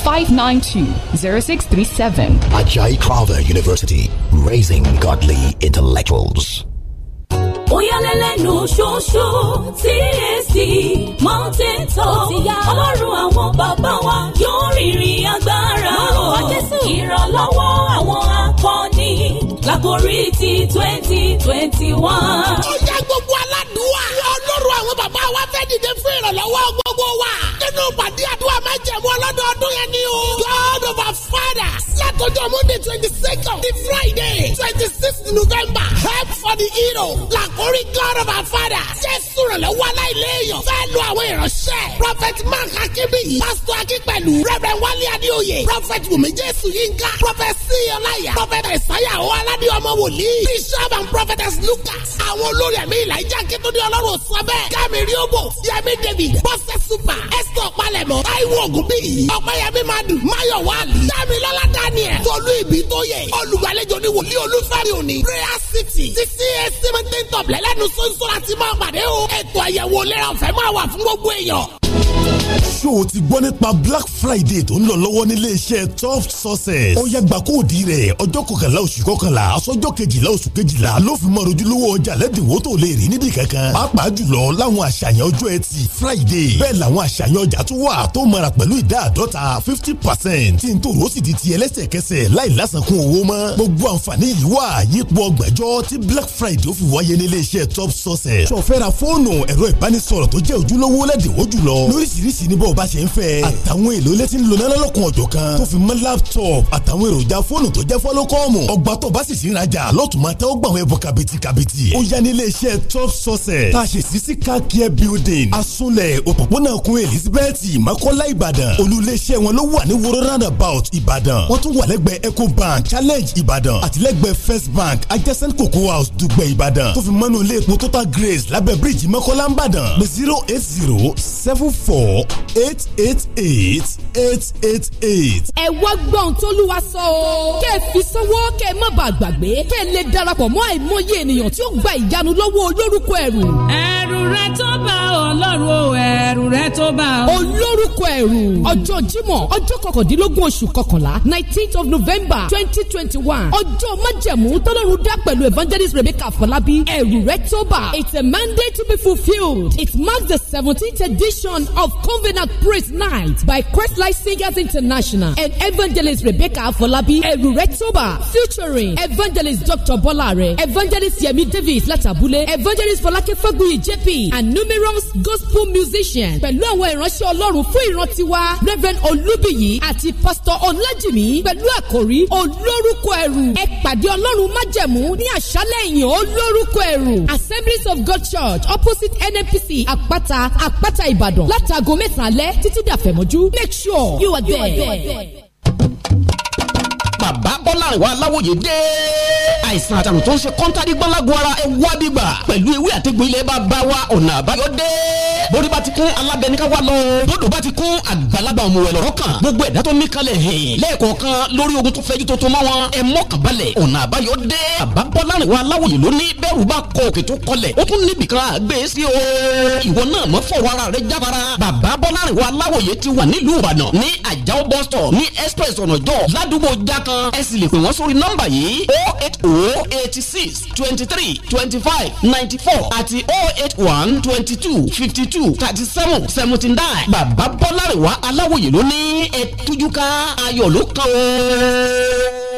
592-0637. Ajay Carver University, raising godly intellectuals. Oyalẹ́lẹ́nu ṣoṣo TSC Mountain Top Ọlọ́run àwọn bàbá wa yóò rìnrìn agbára o. Ìrànlọ́wọ́ àwọn akọni lágorí ti twenty twenty one. Ó yá gbogbo aládùúwà. ọlọ́run àwọn bàbá wa fẹ́ dìde fún ìrànlọ́wọ́ gbogbo wa. nínú pàdé àdúrà májẹ̀mú ọlọ́dọọdún yẹn ni o. God of our father. látọjọ́ monday twenty second di friday twenty sixth november help for the hero. làkórí God of our father. jésù ìrànlọ́wọ́ aláìléèyàn. fẹ́ lu àwọn ìránṣẹ́. prophet mark akínbíyì. pastor akínpẹ̀lú. reverend wálé adéoyè. prophet wùmí jésù yínká. prophet síyọláyà. prophet ẹ̀sáyà ọ̀ aládé ọmọ wòlíì. bishop and prophetess lucas. àwọn olórí ẹ̀mí ìlà ìjà kí tó ní ọlọ́run sọ bẹ́ẹ̀ kámi rí òbò yẹmi david bọ́sẹ̀ super esther palẹ̀mọ́ táíwò ògùn bí yìí ọ̀pẹ́yẹmí madu mayo wali dámi lọ́lá daniel tolú ibi tó yẹ olùgbàlejò ní wòlíì olúfẹ́rẹ́ òní prayer city títí ẹsẹ̀ mẹ́tẹ́ntọ̀bìlẹ́lẹ́nu sọ́nsọ́ra ti máa pàdé o ètò àyẹ̀wò lẹ́yìn ọ̀fẹ́ máa wà fún gbogbo èèyàn ṣó o ti gbọ́ nípa black friday tó ń lọ lọ́wọ́ nílé iṣẹ́ top success. ó yàgbà kóòdì rẹ̀ ọjọ́ kọkànlá oṣù kọkànlá aṣọ́jọ́ kejìlá oṣù kejìlá ló fi mọ ojúlówó ọjà lẹ́dínwó tó lè rí níbi kankan. pàápàá jùlọ láwọn àṣàyàn ọjọ́ ẹtì friday bẹ́ẹ̀ làwọn àṣàyàn ọjà tó wà tó mara pẹ̀lú ìdá àdọ́ta fifty percent tí n tó rò sì di ti ẹlẹ́sẹ̀kẹsẹ̀ láì lásàkún owó mọ́. gbogbo àǹfààní yìí wà yípo ọgbàjọ́ tí black friday ó fi wáyé nílé iṣẹ́ top success. sọfẹ́ra fóònù ẹ̀rọ ìbánisọ̀rọ̀ tó jẹ́ ojúlówó lẹ́dínwó jùlọ lóríṣiríṣi bọ́rọ̀ bá ṣe ń fẹ́ àtàwọn èlò ilé tí ń lona lọ́lọ́kun ọ̀jọ̀ kan tó fi mọ́ laptop àtàwọn èròjà fóònù tó jẹ́ fọ́lọ́kọ́ọ̀mù ọgbà tó bá sì sí ìrajà lọ́tùmọ̀ àtẹ́wọ́ gbà wọn ẹ̀bùn kàbìtì kàbìtì ó yá ní iléeṣẹ́ top sources tá a ṣe sí sí car care building asunlẹ̀ òpópónà kun elizabeth makola ìbàdàn olú iléeṣẹ́ wọn ló wà ní woro roundabout ìbàdàn wọ́n challenge ìbàdàn àtìlẹ́gbẹ̀ẹ́ first bank adjacent cocoa house dùgbẹ̀ ìbàdàn tó fi mọ́nú ilé grace lábẹ́ bíríìjì makola ìbàdàn zero eight zero seven four eight eight eight eight eight eight. ẹ wá gbọ́n tólúwa sọ o kẹ́ ẹ fi sanwó kẹ́ ẹ má bàa gbàgbé kẹ́ ẹ lè darapọ̀ mọ́ àìmọye ènìyàn tí ó gba ìyanu lọ́wọ́ olórúkọ ẹ̀rù. ẹ̀rù rẹ tó bá ọlọ́run o ẹ̀rù rẹ tó bá ọ. olórúkọ ẹ̀rù ọjọ́ jímọ̀ ọjọ́ kọkàndínlógún oṣù kọkànlá nineteenth of november twenty twenty one ọjọ́ májẹ̀mú tọ́lọ́run dá pẹ̀lú evangelist rebecca fọlábí ẹ̀rù rẹ tó bá it's a mandate to be fulfilled it marks the seventeenth edition of covenant praise night by Christlight Singers International and Evangelist Rebecca Folabi Eruretoba featuring Evangelist Dr. Bolare, Evangelist Yemi Davis Latabule, Evangelist Folake Fagui JP and numerous gospel musicians pẹ̀lú àwọn ìránṣẹ́ Ọlọ́run fún ìrántí wa Reverend Olubiyi àti Pastor Ọlájìmí pẹ̀lú àkòrí olórúkọ ẹrù ẹ pàdé Ọlọ́run májẹ̀mú ní àṣálẹ̀ ìyìn olórúkọ ẹrù Assemblies of God Church opposite NNPC Àpáta Àpáta Ìbàdàn látàgọ́ mẹ́sàn-án alẹ́ títí dàfẹ̀mọ́jú make sure you are there. You are there bàbá bọ́láǹwá aláwòye dé. àìsàn àtàrùn tó ń ṣe kọ́ńtàdì gbọ́lágun ara ẹ wá bíbà pẹ̀lú ewé àtẹ̀gbọ́ ilẹ̀ bá bá wa ọ̀nà àbáyọ dé. bórí bá ti kún alábẹ́ni ká wá lọ. bódò bá ti kún àgbàlagbà ọmọ ẹ̀ lọ́rọ́ kan. gbogbo ẹ̀dá tó ní kalẹ̀ hìn. lẹ́ẹ̀kọ̀ọ̀kan lórí ogun tó fẹ́jú tó tó mọ́ wọn. ẹ mọ́kàn balẹ̀ ọ̀nà àbáyọ dé. bàbá bọ́láǹwá aláwòye ló ní express ọ̀nà jọ ládùúgbò kankan ẹ sì lè pè wọ́n sórí nọ́mbà yìí o oh eight o oh eighty six twenty three twenty five ninety four àti o oh eight one twenty two fifty two thirty seven seventy nine bàbá bọ́lárẹ̀wá aláwòye ló ní ẹ̀ tújúká ayọ̀ ló kàn ó.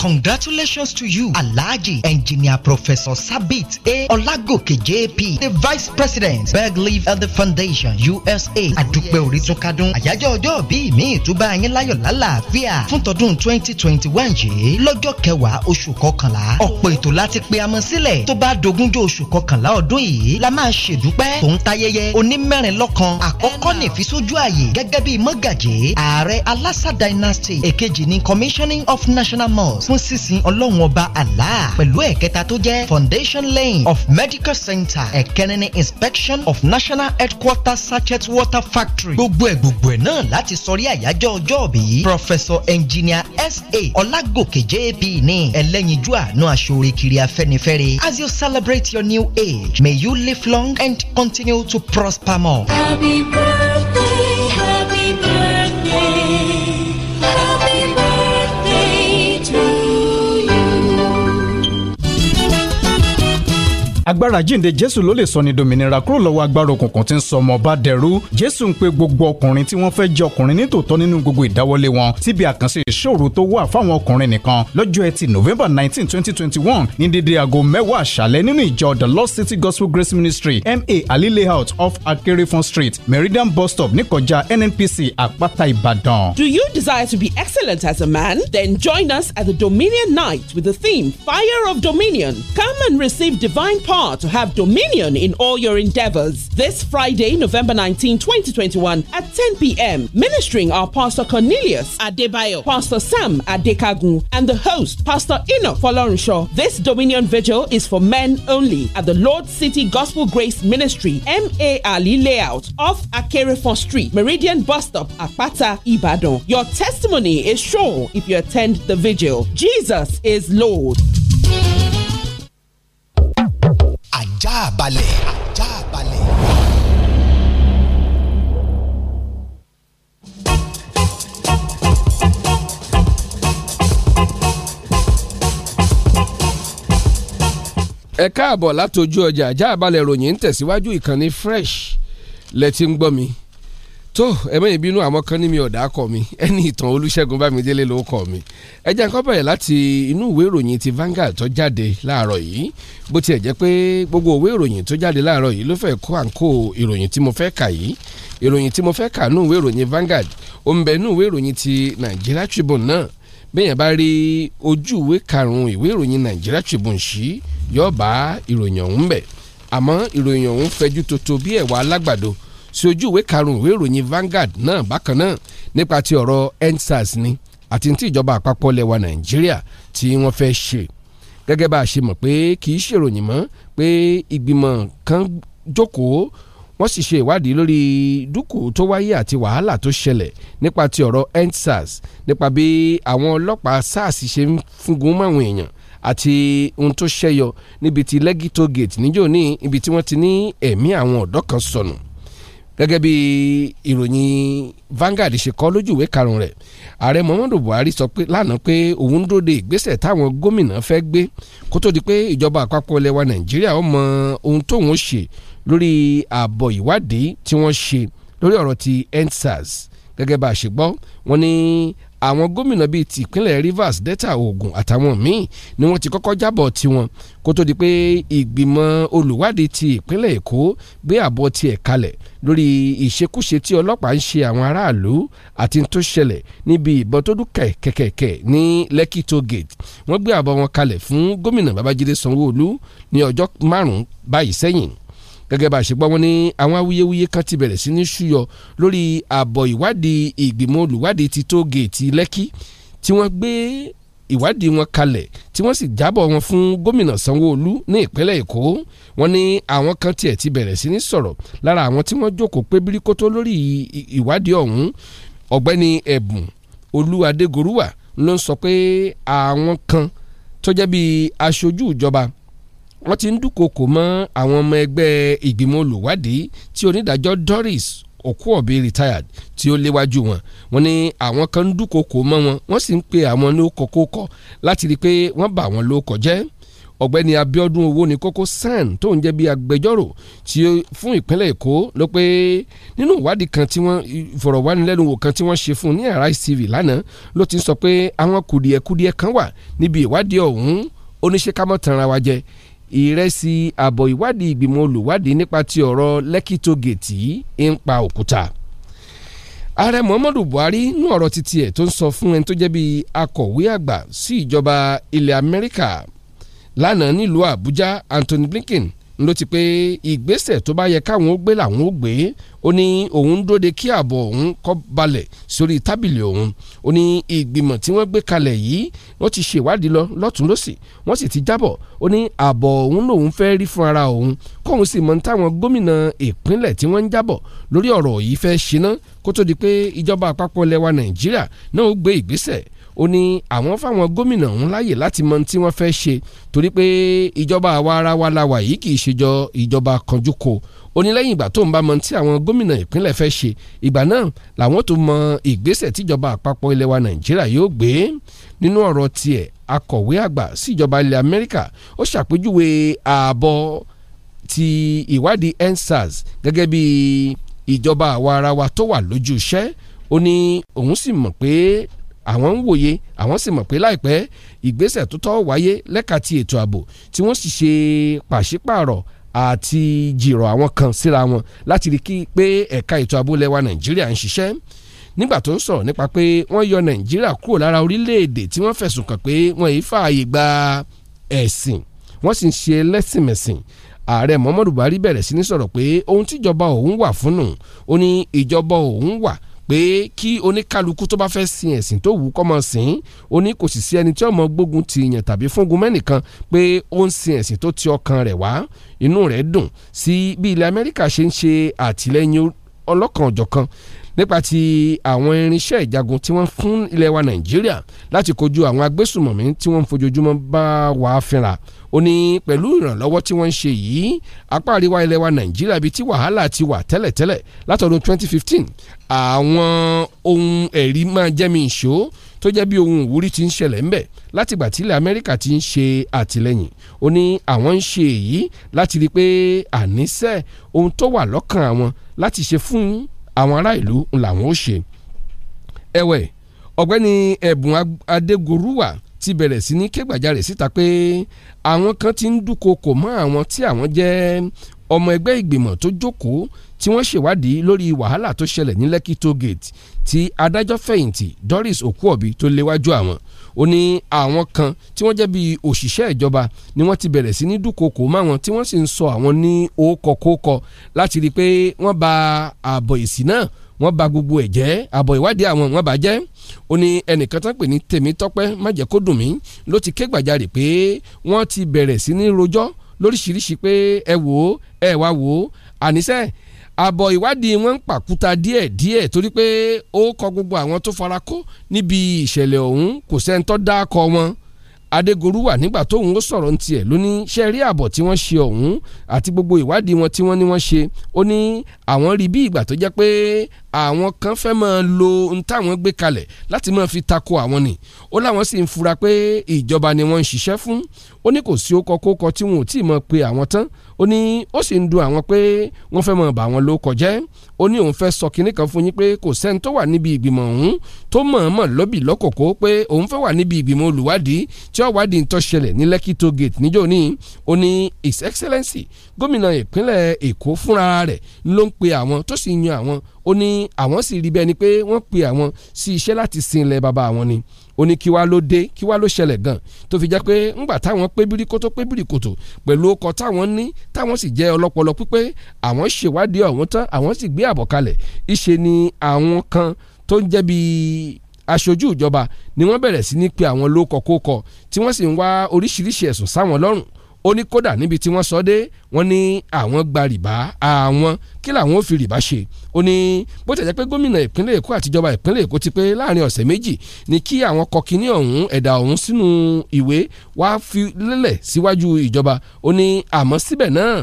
Congratulations to you, Alaji Engineer Professor Sabit A. Olagoke JP, the Vice President, Bergleaf Elder Foundation USA. Àdúpẹ́ Orísun Kadun, àyájọ́ ọjọ́ bíi mi ìtúbà yín láyọ̀ lálàáfíà fún tọdún twenty twenty one yìí lọ́jọ́ kẹwàá oṣù kọkànlá. Ọ̀pọ̀ ètò láti pe amọ̀ sílẹ̀ tó bá Dogunjo oṣù kọkànlá ọdún yìí la máa ṣèdúpẹ́ tòun tayẹyẹ onímẹ́rin lọ́kan àkọ́kọ́ nìfisójú àyè gẹ́gẹ́ bíi mọ́gàjé ààrẹ alasa dynasty èkejì ní commissioning of national mall mosque fún sísin ọlọ́run ọba Allah pẹ̀lú ẹ̀kẹta tó jẹ́ foundation lane of medical center ẹ̀kẹrin inspection of national headquarters sachet water factory gbogbo ẹ̀ gbogbo ẹ̀ náà láti sọrí àyájọ́ ọjọ́ bí professor engineer S.A. Ọlágòkè J.P. ní ẹlẹ́yinjú àánú aṣọ́re kiri afẹ́nifẹ́re as you celebrate your new age may you live long and continue to prosper more. happy birthday happy birthday. agbára jíǹde jésù ló lè sọ ni dòmìnira kúrò lọ́wọ́ agbára òkùnkùn tí ń sọ ọmọ ọba dẹrú jésù ń pe gbogbo ọkùnrin tí wọ́n fẹ́ jẹ ọkùnrin nítòótọ́ nínú gbogbo ìdáwọ́lé wọn síbi àkànṣe ìṣòro tó wà fáwọn ọkùnrin nìkan lọ́jọ́ ẹtì november nineteen twenty twenty one ní dédé aago mẹ́wàá àṣálẹ́ nínú ìjọ the lost city gospel grace ministry ma ali layout off akerefon street meridian bus stop níkọjá nnpc àpáta ìbàdàn. do you desire to be excellent as a man? then join us at the dominion night with the theme fire of dominion come and receive divine power far to have dominion in all your endeavors. This Friday, November 19, 2021, at 10 p.m., ministering are Pastor Cornelius Adebayo, Pastor Sam Adekagun, and the host, Pastor Enoch Folorenshaw. This dominion vigil is for men only at the Lord City Gospel Grace Ministry, MA Ali Layout, off Akerefon Street, Meridian Bus Stop, Apata, Ibadan. Your testimony is sure if you attend the vigil. Jesus is Lord. ajá balẹ̀ ajá balẹ̀. ẹ káàbọ̀ látọjú ọjà ajá balẹ̀ ròyìn ń tẹ̀síwájú ìkànnì fresh lẹ ti ń gbọ́ mi tó ẹ̀mọ́ ìbínú àwọn kan ní mi ọ̀dà kọ̀ mi ẹni ìtàn olúṣẹ́gun bámidélé ló kọ̀ mi ẹjẹ́ nǹkan bẹ̀rẹ̀ láti inú ìwé ìròyìn ti Vanguard tó jáde láàárọ̀ yìí bó tiẹ̀ jẹ́ pé gbogbo ìwé ìròyìn tó jáde láàárọ̀ yìí ló fẹ́ kó àǹkó ìròyìn tí mo fẹ́ kà yìí ìròyìn tí mo fẹ́ kà nú ìwé ìròyìn Vanguard ó nú ìwé ìròyìn ti Nigeria Tribune náà bẹ́ẹ̀yàn bá rí ojú ìwé karùn-ún ìwé sí ojú ìwé karùn-ún ìwé ìròyìn Vanguard náà bákan náà nípa ti ọ̀rọ̀ endsars ni àti ti ìjọba àpapọ̀ lẹwa Nàìjíríà tí wọ́n fẹ́ ṣe gẹ́gẹ́ bá a ṣe mọ̀ pé kì í ṣèròyìn mọ́ pé ìgbìmọ̀ kan jókòó wọ́n sì ṣe ìwádìí lórí dúkù tó wáyé àti wàhálà tó ṣẹlẹ̀ nípa ti ọ̀rọ̀ endsars nípa bí àwọn ọlọ́pàá sars ṣe ń fúngun máwọn èèyàn àti ohun tó ṣẹyọ níbi ti Lekki gate níjọ́ ní ibi tí wọ́n ti ní ẹ̀mí àwọn ọ̀dọ́ kan sọnù gẹ́gẹ́ bí ìròyìn Vanguard ṣe kọ lójú ìwé karùn-ún rẹ̀ ààrẹ Muhammadu Buhari sọ pé lánàá pé òun dúró de ìgbésẹ̀ táwọn gómìnà fẹ́ gbé kó tó di pé ìjọba àpapọ̀ ilẹ̀ wa Nàìjíríà ó mọ ohun tóun ṣe lórí àbọ̀ ìwádìí tí wọ́n ṣe lórí ọ̀rọ̀ ti EndSARS gẹ́gẹ́ bá a ṣe gbọ́ wọ́n ní àwọn gómìnà bíi ti ìpínlẹ̀ Rivers Delta Ògùn àtàwọn míì ni wọ́n ti kọ́kọ́ jábọ̀ tiwọn kó tó di pé ìgbìmọ̀ olùwádìí ti ìpínlẹ̀ Èkó gbé àbọ̀ tiẹ̀ kalẹ̀ lórí ìṣekúṣe tí ọlọ́pàá ń ṣe àwọn aráàlú àti tó ṣẹlẹ̀ níbi ìbọn tó dún kẹ̀kẹ̀kẹ̀ ní Lekki toll gate wọ́n gbé àbọ̀ wọn kalẹ̀ fún gómìnà Babájídé Sanwó-Olú ní ọjọ́ márùn-ún báyìí sẹ́yìn gẹ́gẹ́ bá a ṣe gbọ́ wọn ní àwọn awuyewuye kan ti bẹ̀rẹ̀ sí ní ṣúyọ lórí àbọ̀ ìwádìí ìgbìmọ̀ olùwádìí ti tó géètì lẹ́kí tí wọ́n gbé ìwádìí wọn kalẹ̀ tí wọ́n sì jábọ̀ wọn fún gómìnà sanwó-olu ní ìpínlẹ̀ èkó wọn ní àwọn kan tiẹ̀ ti bẹ̀rẹ̀ sí ní sọ̀rọ̀ lára àwọn tí wọ́n jókòó pé bíríkótó lórí ìwádìí ọ̀hún ọ̀gbẹ́ni ẹ̀bùn olú adégoruwà ló ń sọ pé àwọn kan tó jẹ́ bíi aṣojú ìjọba wọ́n ti ń dúnkokò mọ́ àwọn ọmọ ẹgbẹ́ ìgbìmọ̀ olùwádìí tí onídàájọ́ Doris Okuobi retired tí ó léwájú wọn wọ́n ní àwọn kan ń dúnkokò mọ́ wọn wọ́n sì ń pe àwọn ní kókókọ láti rí i pé wọ́n bà wọ́n ló kọjẹ́ ọ̀gbẹ́ni Abíọ́dún owó ní kókó san tó ń jẹ́ bí agbẹjọ́rò tí fún ìpínlẹ̀ Èkó ló pé nínú ìwádìí kan tí wọ́n ìfọ̀rọ̀wánilẹ́nuwò kan tí wọ́n ṣe fún ní Arise TV lánàá ló ti sọ pé àwọn kùdìẹ̀kùdìẹ̀ kan wà níbi ìwádìí ọ̀hún oníṣẹ́ ká wa jẹ ìrẹsì àbọ̀ ìwádìí ìgbìmọ̀ olùwádìí nípa ti ọ̀rọ̀ lẹ́kì tó gètì ń pa òkúta ààrẹ muhammadu buhari nú ọ̀rọ̀ títí ẹ̀ tó ń sọ fún ẹni tó jẹ́ bíi akọ̀wé àgbà sí ìjọba ilẹ̀ amẹ́ríkà lánàá nílùú àbújá anthony blinken ló ti pé ìgbésẹ̀ tó bá yẹ káwọn ó gbé làwọn ó gbé ó ní òun dóde kí ààbọ̀ òun kó balẹ̀ sórí tábìlì òun ó ní ìgbìmọ̀ tí wọ́n gbé kalẹ̀ yìí wọ́n ti ṣèwádìí lọ lọ́tún lọ́sì wọ́n sì ti jábọ̀ ó ní ààbọ̀ òun lòun fẹ́ rí fún ara òun kóun sì mọ̀ ní táwọn gómìnà ìpínlẹ̀ tí wọ́n ń jábọ̀ lórí ọ̀rọ̀ yìí fẹ́ ṣe kó tó di pé ìjọba àpapọ̀ lẹwa Nàìjíríà náà ó gbé ìgbésẹ̀ ó ní àwọn fáwọn gómìnà ọ̀hún láàyè láti mọ tí wọ́n fẹ́ ṣe torí pé ìjọba àwa ara wa la wà yìí kì í ṣèjọ ìjọba kanjúkò ó ní lẹ́yìn ìgbà tó ń bá mọ tí àwọn gómìnà ìpínlẹ̀ fẹ́ ṣe ìgbà náà làwọn tó mọ ìgbésẹ̀ tíjọba àpapọ̀ ilẹ̀ wa nàìjíríà yóò gbé nínú ọ̀rọ̀ tiẹ̀ akọ̀wé àgbà síjọba ilẹ̀ amẹ́ríkà ó ṣàpèjúwe ààbọ̀ ti ìwádìí ensars gẹ́gẹ́ bí ìjọba àwa ara wa tó wà lójú iṣẹ́ ó ní òun sì mọ̀ pé àwọn ń wòye àwọn sì mọ̀ pé láìpẹ́ ìgbésẹ̀ tó tọ́ wáyé lẹ́ka ti ètò ààbò tí wọ́n sì ṣe pàṣípààrọ̀ àti jìrọ̀ àwọn kan síra wọn láti rí i pé ẹ̀ka ètò ààbò lẹ́wà Nàìjíríà ń ṣiṣẹ́ nígbà tó ń sọ̀rọ̀ nípa pé wọ́n yọ Nàìjíríà kúrò lára orílẹ̀-èdè tí wọ́n fẹ̀sùn kàn pé wọ́n yìí fààyè gba ẹ̀sìn wọ́n sì ń ṣe ẹlẹ́sìnmẹ̀sìn ààrẹ Muhammadu Buhari bẹ̀rẹ̀ sí ní sọ̀rọ̀ pé ohun tíjọba òun wà fún ó ní ìjọba òun wà pé kí oníkálukú tó bá fẹ́ sin ẹ̀sìn tó wù kó máa sìn ó ní kò sì sí ẹni tí ó máa gbógun ti yàn tàbí fúngun mẹ́nìkan pé ó ń sin ẹ̀sìn tó ti ọkàn rẹ̀ wá inú rẹ̀ dùn sí bí ilẹ̀ Amẹ́ríkà ṣe ń ṣe àtìlẹ́yìn ọlọ́kanòjọ̀kan nípa ti àwọn irinṣẹ́ ìjagun tí wọ́n fún ilẹ̀ wa Nàìjíríà láti kojú àwọn agbésùmọ̀mí tí wọ́n ń fojoojúmọ́ bá wàá fínra ó ní pẹ̀lú ìrànlọ́wọ́ tí wọ́n ń ṣe yìí apá àríwá ilẹ̀ wa nàìjíríà bíi tí wàhálà ti wà tẹ́lẹ̀tẹ́lẹ̀ látọdún 2015 àwọn ohun ẹ̀rí máa jẹ́mi ìṣó tó jẹ́ bí ohun ìwúrí ti ń ṣẹlẹ̀ ńbẹ̀ látìgbà tí ilẹ̀ amẹ́ríkà ti ń ṣe àtìlẹ́yìn ó ní àwọn ń ṣe èyí láti rí i pé àníṣe ohun tó wà lọ́kàn àwọn láti ṣe fún àwọn ará ìlú làwọn ó ṣe ẹ̀wẹ̀ ọ̀gbẹ́ni ẹ̀bùn adégoruwa ti bẹ̀rẹ̀ sí ní kẹ́gbàjarè síta pé àwọn kan ti ń dúnkokò mọ́ àwọn tí àwọn jẹ́ ọmọ ẹgbẹ́ ìgbìmọ̀ tó jókòó tí wọ́n ṣèwádìí lórí wàhálà tó ṣẹlẹ̀ ní Lekki toll gate tí adájọ́ fẹ̀yìntì Doris Okuobi tó léwájú àwọn ó ní àwọn kan tí wọ́n jẹ́ bíi òṣìṣẹ́ ìjọba ni wọ́n ti bẹ̀rẹ̀ sí ní dúnkokò mọ́ àwọn tí wọ́n sì ń sọ àwọn ní òkọ̀kọ̀kọ̀ láti rí i pé wọ́n ba ààbọ̀ èsì náà wọ́n bà gbogbo ẹ̀ jẹ́ àbọ̀ ìwádìí àwọn wọ́n bà jẹ́ ó ní ẹnìkan tán pè ní Tèmítọ́pẹ́ májẹ̀kódùnmí ló ti ké gbàjarè pé wọ́n ti bẹ̀rẹ̀ sí ní rojọ́ lóríṣiríṣi pé ẹ wò ó ẹ wá wò ó àníṣe àbọ̀ ìwádìí wọn ń pàkúta díẹ̀ díẹ̀ torí pé ó kọ gbogbo àwọn tó fara kó níbi ìṣẹ̀lẹ̀ ọ̀hún kò sẹ́ńtọ́ dákọ wọn adégorú wà nígbà tóun ó sọ̀rọ̀ ní tiẹ̀ ló ṣe rí àbọ̀ tí wọ́n ṣe ọ̀hún àti gbogbo ìwádìí wọn tí wọ́n ní wọ́n ṣe ó ní àwọn rí bí ìgbà tó jẹ́ pé àwọn kan fẹ́ máa lo ohun táwọn gbé kalẹ̀ láti máa fi tako àwọn ni ó láwọn sì ń fura pé ìjọba ni wọ́n ń ṣiṣẹ́ fún ó ní kò sí ó kọkókọ tí wọn ò tí ì mọ̀ pé àwọn tán ó ní ó sì ń dùn àwọn pé wọ́n fẹ́ máa bà wọ́n ló kọjẹ́ ó ní òun fẹ́ sọ kinní kan fún yín pé kò sẹ́ni tó wà níbi ìgbìmọ̀ ọ̀hún tó mọ̀ọ́mọ̀ lọ́bì lọ́kòkó pé òun fẹ́ wà níbi ìgbìmọ̀ olùwádìí tí ó wádìí ń tó ṣẹlẹ̀ ní Lekki toll gate níjọ́ ní ó ní His Excellency gómìnà ìpínlẹ̀ Èkó fúnra rẹ̀ ló ń pe àwọn tó sì yan àwọn ó ní àwọn sì rí bẹ́ẹ̀ ni pé wọ́n pe àwọn sí iṣẹ́ láti sin ilẹ̀ bàbá àwọn ni ó ní kí wá ló dé kí wá ló ṣẹlẹ̀ gan tó fi jẹ́ pé ńgbà táwọn pé bíríkótó pé bíríkótó pẹ̀lú ọkọ̀ táwọn ní táwọn sì jẹ́ ọlọ́pọlọ pípé àwọn ṣèwádìí ọ̀hún tán àwọn sì gbé àbọ̀ kalẹ̀ ìṣe ni àwọn kan tó ń jẹ́ bíi aṣojú ìjọba ni wọ́n bẹ̀rẹ̀ sí ní pe àwọn lókọ̀kókọ̀ tí wọ́n sì ń wá oríṣiríṣi ẹ̀sùn sáwọn lọ́rùn ó ní kódà níbi tí wọ́n sọ dé wọ́n ní àwọn gba rìbá àwọn kí làwọn ò fi rìbá ṣe ó ní bó tẹ̀ jẹ́ pé gómìnà ìpínlẹ̀ èkó àtijọba ìpínlẹ̀ èkó ti pé láàrin ọ̀sẹ̀ méjì ni kí àwọn kọkíní ọ̀hún ẹ̀dà ọ̀hún sínú ìwé wá fi lélẹ̀ síwájú ìjọba ó ní àmọ́ síbẹ̀ náà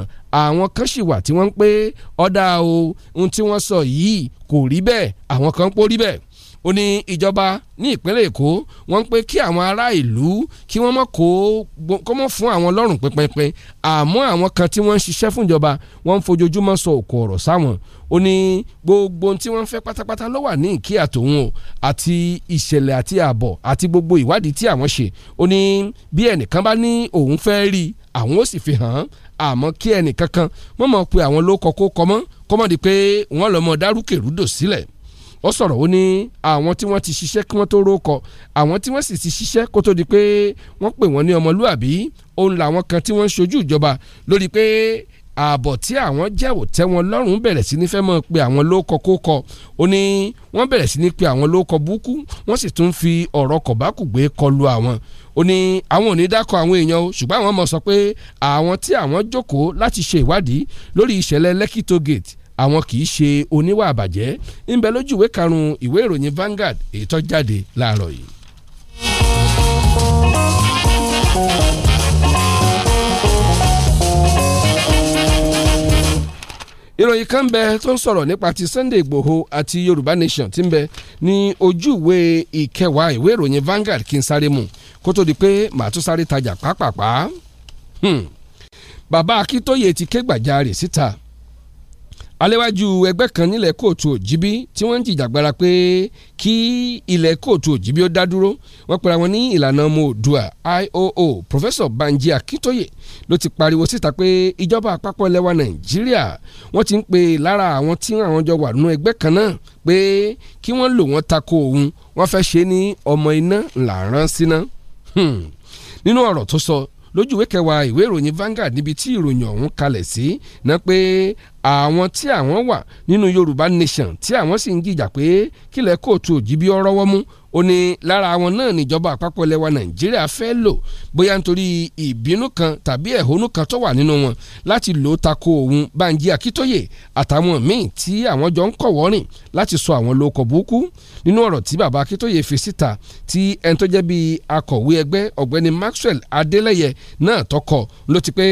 àwọn kan sì wà tí wọ́n ń pé ọ̀dà o ohun tí wọ́n sọ yìí kò rí bẹ́ẹ̀ àwọn kan pò rí bẹ́ẹ̀ ó ní ìjọba ní ìpínlẹ̀ èkó wọ́n ń pé kí àwọn ará ìlú kí wọ́n mọ̀ kó kó mọ̀ fún àwọn lọ́rùn pínpínpín àmọ́ àwọn kan tí wọ́n ń ṣiṣẹ́ fúnjọba wọ́n ń fojoojúmọ́ sọ òkò ọ̀rọ̀ sáwọn ó ní gbogbo ohun tí wọ́n ń fẹ́ pátápátá ló wà ní ìkí àtòun o àti ìṣẹ̀lẹ̀ àti ààbọ̀ àti gbogbo ìwádìí tí àwọn ṣe ó ní bí ẹnìkan bá ní òun fẹ́ rí àwọn ó sì fi hàn án àmọ́ kí ẹnìkankan mọ̀mọ́ pe àwọn ló kọ́kọ́ kọ́mọ́ kọ́mọ́ di pé wọ́n lọ́mọ dárúkèrúdò sílẹ̀ ó sọ̀rọ̀ ó ní àwọn tí wọ́n ti ṣiṣẹ́ kí wọ́n tó rókọ àwọn tí wọ́n sì ti ṣiṣẹ́ kó tó di pé wọ́n pè wọ́n ní ọmọlúàbí òun làwọn kan tí wọ́n ń ṣojú ìjọba lórí pé ààbọ̀ tí àwọn jẹ́wò tẹ́ wọn lọ́rùn bẹ̀rẹ̀ sí ní fẹ́ mọ́ pé àwọn lóókọ kóókọ ó ní wọ́n bẹ̀rẹ̀ sí ní pé àwọn lóókọ búkú wọ́n sì tún fi ọ̀rọ̀ kọ̀bákùgbé kọlu àwọn ó ní àwọn ò ní dákọ̀ àwọn èèyàn o ṣùgbọ́n àwọn mọ̀ sọ pé àwọn tí àwọn jókòó láti ṣe ìwádìí lórí ìṣẹ̀lẹ̀ Lekki gate àwọn kì í ṣe oníwà àbàjẹ́ ń bẹ lójú ìwé karùn-ún ìwé ìròyìn Vanguard èyí tó jáde láàárọ̀ yìí. ìròyìn kan bẹ tó ń sọ̀rọ̀ nípa ti Sunday Igboho àti Yorùbá Nation ti ń bẹ ní ojú ìwé ìkẹwàá ìwé ìròyìn Vanguard kí n sáré mu kó tó di pé màá tún sáré tajà pàápàá. Hmm. bàbá Akíntóye ti ké gbàjarè síta aléwájú ẹgbẹ́ kan nílẹ̀ kóòtù òjìbí tí wọ́n ń jìjàgbara pé kí ilẹ̀ kóòtù òjìbí ó dá dúró wọ́n pera wọn ní ìlànà ọmọ òdua ioo professor banji akintoye ló ti pariwo síta pé ìjọba àpapọ̀ lẹwa nàìjíríà wọ́n ti ń pè lára àwọn tí àwọn jọ wà nínú ẹgbẹ́ kan náà pé kí wọ́n lò wọ́n tako òun wọ́n fẹ́ ṣe ní ọmọ iná là síná hmm. nínú ọ̀rọ̀ tó sọ lójú ìwé kẹwàá ìwé ìròyìn Vanguard níbi tí ìròyìn ọ̀hún kalẹ̀ sí ná pé àwọn tí àwọn wà nínú Yorùbá Nation tí àwọn sì ń jìjà pé kílẹ̀ kóòtù òjì bí ọ́ rọ́wọ́ mú ó ní lára àwọn náà níjọba àpapọ̀ lẹwa nàìjíríà fẹ́ lò bóyá nítorí ìbínú kan tàbí ẹ̀hónú kan tó wà nínú wọn láti lò ó tako òun Banji Akitoye àtàwọn míì tí àwọn jọ ń kọ̀wọ́ rìn láti sọ àwọn lóko burúkú nínú ọ̀rọ̀ tí baba Akitoye fi síta tí ẹni tó jẹ́ bíi akọ̀wé ẹgbẹ́ ọ̀gbẹ́ni Maxwell Adeleye náà tọkọ ló ti pé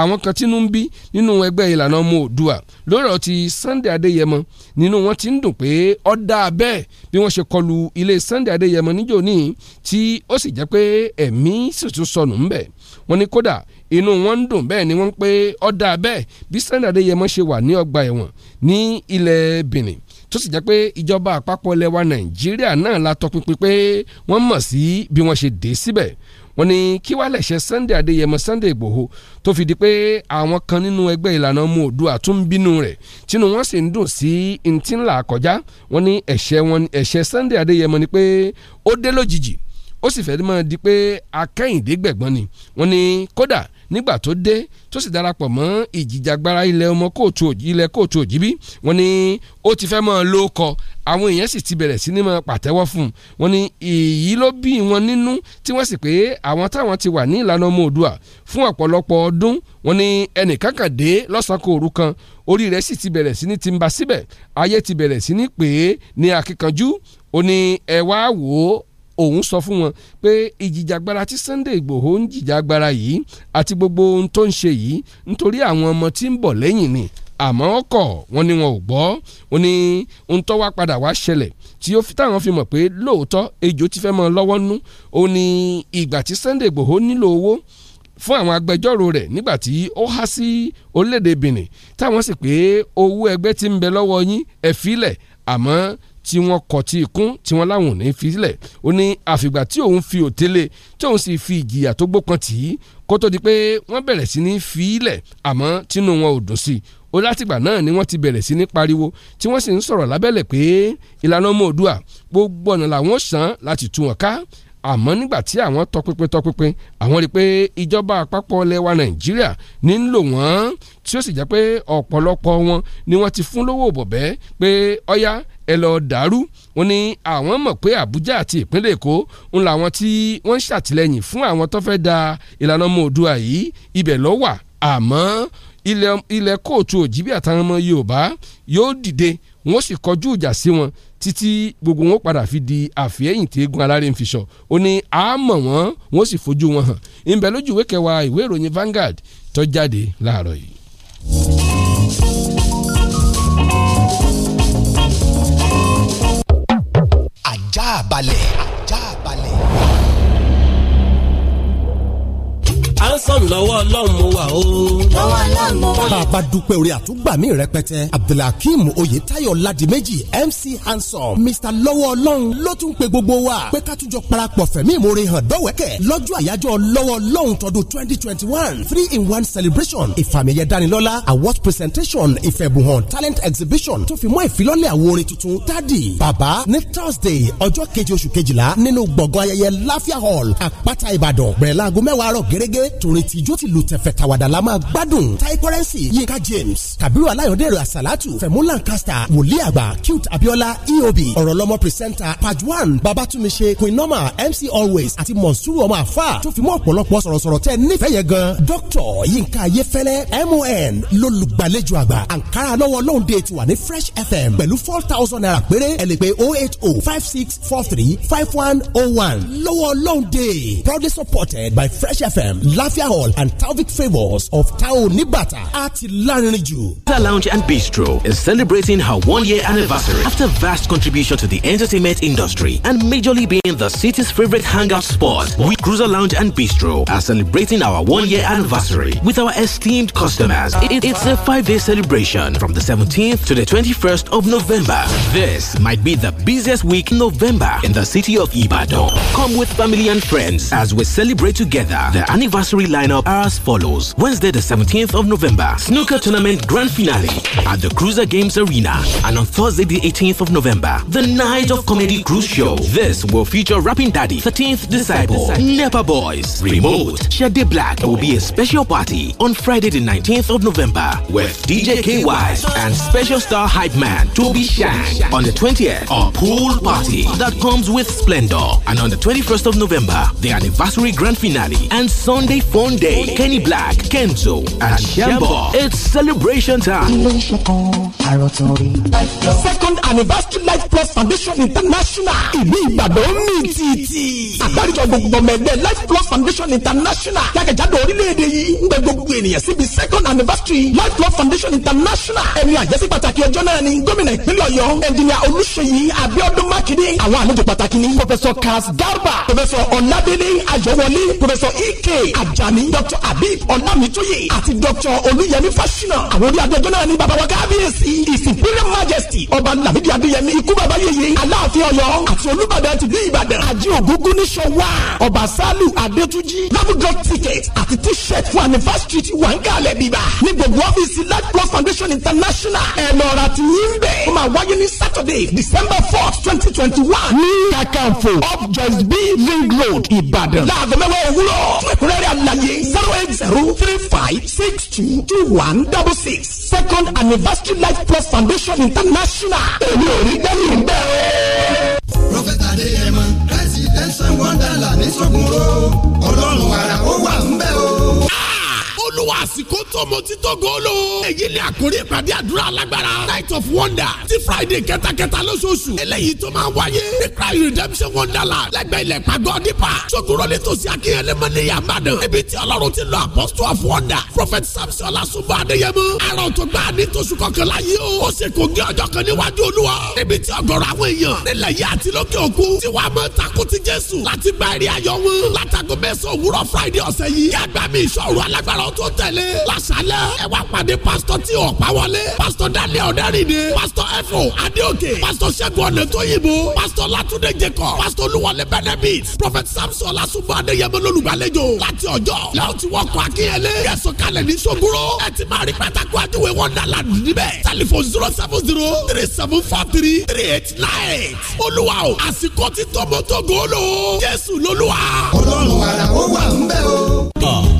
àwọn kan tínú ń bí nínú ẹgbẹ́ ìlànà ọmọ Oòduà lọ́rọ̀ ti Sunday Adéyẹmọ nínú wọn ti ń dùn pé ó dáa bẹ́ẹ̀ bí wọ́n ṣe kọlu ilé Sunday Adéyẹmọ níjọ́ ní tí ó sì jẹ́ pé ẹ̀mí sì tún sọnù ńbẹ̀ wọ́n ní kódà inú wọn ń dùn bẹ́ẹ̀ ni wọ́n ń pé ó dáa bẹ́ẹ̀ bí Sunday Adéyẹmọ ṣe wà ní ọgbà ẹ̀wọ̀n ní ilẹ̀ Benin tó sì jẹ́ pé ìjọba àpapọ̀ ilẹ̀ wa Nàìjíríà náà la tọpinpin pé wọ́n mọ̀ sí bí wọ́n ṣe dé síbẹ̀ wọ́n ní kí wàá lẹ̀ṣẹ̀ Sunday Adéyẹmọ Sunday Ìgbòho tó fi di pé àwọn kan nínú ẹgbẹ́ ìlànà ọmọ Oòduà tún ń bínú rẹ̀ tínú wọn sì ń dùn sí ntí ńlá kọjá wọ́n ní ẹ̀ṣẹ̀ wọn ẹ̀ṣẹ̀ Sunday Adéyẹmọ ni pé ó dé lójijì ó sì fẹ́ẹ́ máa di pé akẹ́yìndé gbẹ̀gbọ́n ni wọ́n ní kódà nígbà tó dé tó sì darapọ̀ mọ́ ìjìjàgbara ilẹ̀ ọmọ kóòtù ilẹ̀ kóòtù òjìbí wọ́n ní ó ti fẹ́ máa ló kọ àwọn èèyàn sì ti bẹ̀rẹ̀ sí ní máa pàtẹ́wọ́ fún un wọ́n ní èyí ló bí wọn nínú tí wọ́n sì pé àwọn táwọn ti wà ní ìlànà ọmọ òdua fún ọ̀pọ̀lọpọ̀ ọdún wọ́n ní ẹnìkan kan dé lọ́sàn-án òru kan orí rẹ̀ sì ti bẹ̀rẹ̀ sí ní ti ń ba síbẹ̀ ayé ti bẹ̀rẹ̀ sí ní pè ní akíkanjú ó ní ẹ wá wò ó òun sọ fún wọn pé ìjìjàgbara tí Sunday Ìgbòho ń jìjàgbara yìí àti gbogbo ohun tó ń ṣe yìí nítorí àwọn ọmọ tí ń bọ̀ lẹ́yìn ni àmọ́ ọkọ̀ wọn ni wọn ò gbọ́ wọn ni ohun tó wá padà wá ṣẹlẹ̀ tí ó fi táwọn fi mọ̀ pé lóòótọ́ ejò ti fẹ́ mọ́ ọ lọ́wọ́ nú ó ní ìgbà tí Sunday Ìgbòho nílò owó fún àwọn agbẹjọ́rò rẹ̀ nígbà tí ó há sí orílẹ̀-èdè Benin táwọn sì pé owó ẹgbẹ́ ti ń bẹ lọ́wọ́ yín ẹ àmọ́ tí wọ́n kọ̀ tí ikún tí wọ́n láwọn ò ní fi sílẹ̀ ó ní àfìgbà tí òun fi òtélé tí òun sì fi ìjìyà tó gbókan tì í kó tó di pé wọ́n bẹ̀rẹ̀ sí ní fi í lẹ̀ àmọ́ tínú wọn ò dùn sí i ó látìgbà náà ni wọ́n ti bẹ̀rẹ̀ sí ní pariwo tí wọ́n sì ń sọ̀rọ̀ lábẹ́lẹ̀ pé ìlànà ọmọ òdua gbogbo ọ̀nà làwọn sàn láti tú wọn ká àmọ́ nígbà tí àwọn tọpinpin tọpinpin àwọn rí pé ìjọba àpapọ̀ lẹwa nàìjíríà ní wọ́n tí ó sì jẹ́ pé ọ̀pọ̀lọpọ̀ wọn ni wọ́n ti fún lówó bọ̀bẹ́ pé ọ̀yá ẹ lọ dàrú wọ́n ní àwọn mọ̀ pé Àbújá àti ìpínlẹ̀ Èkó ń làwọn tí wọ́n ń ṣàtìlẹ́yìn fún àwọn tó fẹ́ da ìlànà ọmọ Oòduà yìí ibẹ̀ ló wà àmọ́ ilẹ̀ kóòtù òjìbí àtàwọn ọmọ Yorùbá yóò dìde wọ́n sì kọjú ìjà sí wọn títí gbogbo wọn padà fi di àfihẹ́yìntì eégún alárè fi sọ ó ní àmọ̀ wọn wọ́n sì fojú wọn hàn ìbẹ̀ lójú ìwé kẹwàá ìwé ìròyìn Vanguard tó jáde láàárọ̀ yìí. ajá balẹ̀. handsome lọ́wọ́ ọlọ́run mo wà o. lọ́wọ́ ọlọ́run mo wà. bàbá dúpẹ́ orí àtúgbàmí rẹpẹtẹ abdulhakeem oyetayo ladimeji mc handsome mr lọ́wọ́ ọlọ́run ló tún pe gbogbo wa pé ká tún jọ parapọ̀ fẹ̀mí ìmoore hàn dọ́wẹ́kẹ̀ lọ́jọ́ àyájọ́ lọ́wọ́ ọlọ́run tọdún twenty twenty one three in one celebration ìfàmìyẹ dánilọ́lá award presentation ìfẹ̀bùhàn talent exhibition tó fi mọ́ ìfilọ́lẹ̀ àwo orin tuntun tádì bàbá ní thursday ọjọ́ keje oṣù kejìlá nínú gbọ̀ngàn ayẹyẹ láfíà hall àpáta ìbàdàn bẹ̀rẹ̀ láago mẹ́wàá àárọ̀ gẹ́gẹ́ tòrin tìjó ti lu tẹ̀fẹ̀ tàwàdà la máa gbádùn tai currency yinka james kabiru alayọ̀dẹ̀rẹ̀ àsàlátù fẹ̀mú lancaster wòlíì àgbà cute abiola eob ọ̀rọ̀ lọ́mọ pírísẹ́ńtà page one babatunmise queen norma mc always àti monsuru ọmọ àfà tó fi mọ́ ọ̀pọ̀lọpọ̀ sọ̀rọ̀sọ̀rọ̀ tẹ nífẹ̀ẹ́ yẹn gan dr yinka ayefẹ́lẹ́ mon lolùgbàlejò àgbà ankara lọ́wọ́ lóhùn dé ti wà ní fresh fm pẹ̀lú four thousand naira péré ẹ lè pè oh eight oh five six four three five one oh one lọ́wọ́ lóhùn dé proudly supported by fresh fm Alafia Hall and Talvik Favours of Tao Nibata at The Lounge and Bistro is celebrating her one year anniversary after vast contribution to the entertainment industry and majorly being the city's favorite hangout spot. We Cruiser Lounge and Bistro are celebrating our one year anniversary with our esteemed customers. It, it's a five day celebration from the 17th to the 21st of November. This might be the busiest week in November in the city of Ibadan. Come with family and friends as we celebrate together the anniversary lineup are as follows. Wednesday, the 17th of November, Snooker Tournament Grand Finale at the Cruiser Games Arena. And on Thursday, the 18th of November, the Night of Comedy Cruise Show. This will feature Rapping Daddy, 13th Disciple, Nepa Boys, Remote, Shade Black. It will be a special party on Friday, the 19th of November with DJ KY and special star hype man Toby Shang. On the 20th, a pool party that comes with splendor. And on the 21st of November, the anniversary grand finale and Sunday Phone Day, Kenny Black, Kenzo, and Shambo. It's celebration time àròtúnrí. second anniversary life plus foundation international ìlú ìbàdàn ní títì. àgbáríjọ gbogbo mẹ́gbẹ́ life plus foundation international jákèjádò orílẹ̀-èdè yìí ń gbé gbogbo ènìyàn síbi second anniversary life plus foundation international ẹni àjẹsí pàtàkì ọjọ́ náà ni gómìnà ìpínlẹ̀ ọ̀yọ́ ẹnjìnìà olùṣeyí abiodun makinde àwọn àlejò pàtàkì ni professor kaz garba professor ọ̀nàdélé ayọ̀wọlé professor ike ajani Doctor abib ọ̀nàmítúyè àti Doctor olùyẹmí fásinà àwọn orí adé ọjọ́ náà ni bàbá wa kábíyèsí The supreme majesty ọba lamidi adéyẹmí ikú baba yeye aláàfin ọ̀yọ́ àti olúbàdàn ti bí ìbàdàn àjẹ ògúngún ní sọwá ọba sálù adétúnjì labudọ ticket àti t-shirt fún anniversary ti wà ń kalẹ̀ bíbá ní gbogbo ọ́fíìsì light plus foundation international ẹ̀ lọ́ra ti yín bẹ́ẹ̀ ó máa wáyé ní saturday december fourth twenty twenty one ní kakanfo up just be ring road ìbàdàn láago mẹ́wàá òwúrọ̀ fún ẹ̀kúnrẹ́rẹ́ àlàyé zero eight zero three five six two two one double six second anniversary life plus foundation international èmi ò rí dẹ́nu bẹ́ẹ̀. prophet adéyẹmọ christ ten san wonderland ní sọgùn ro ọlọ́run àrà ó wà ń bẹ̀ o olúwa àsìkò tó mo ti tó góòlò. èyí ni àkórí ìpàdé àdúrà alágbára night of wonder ti friday kẹtakẹta lóṣooṣù eléyìí tó máa wáyé ní cry redemption wonderland lẹ́gbẹ̀ẹ́ ilẹ̀ pàgọ́ nípa sọ̀túnrọ̀ nítòsí akínyẹlẹ mọ́níyà àbàdàn ibi tí ọlọ́run ti lọ apostle of wonder prophet samson ọlásùnbọ̀ adéyẹmọ ara ọ̀tún gbà ní tóṣù kọkànlá yìí o ó sì kò gé ọjọ́ kan níwájú olúwa ibi tí ọgọ́rọ̀ àwọn èèyàn nílẹ̀ yìí àti lókè òkun tí wàá mọ̀ takò ti jésù láti gba èrè ayọ̀ wọn látago mẹ́sàn-án òwúrọ̀ friday ọ̀sẹ̀ yìí kí àgbà mi ìṣòro tó tẹ̀lé làṣálẹ̀ ẹ wá pàdé pásítọ̀ tí ò pa wọlé pásítọ̀ daniel ọ̀dẹ́rìndé pásítọ̀ ẹ̀fọ̀ adéòkè pásítọ̀ ṣẹ́gun ọ̀nẹ́tóyìnbó pásítọ̀ látúndé jacob pásítọ̀ olúwọlé benedict prophet samson lásùnmọ́ adéyẹmọ lólùgbàlejò láti ọjọ́ lẹ́yìn tí wọ́n kọ́ akínyẹlé yẹsọ kalẹ̀ ní sogoro ẹ ti máa rí pátákó àdúgbò zero seven zero three seven four three three eight nine o àsìkò ti tọmọtò góòlò jésù lólúwa. ọlọ́run àrà ó wà ń bẹ̀ o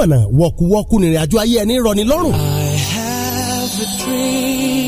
mọ̀nàmọ́ná wọ̀kúwọ́kú nìrìnàjò ayé ẹni rọ̀ ní lọ́rùn. I have a dream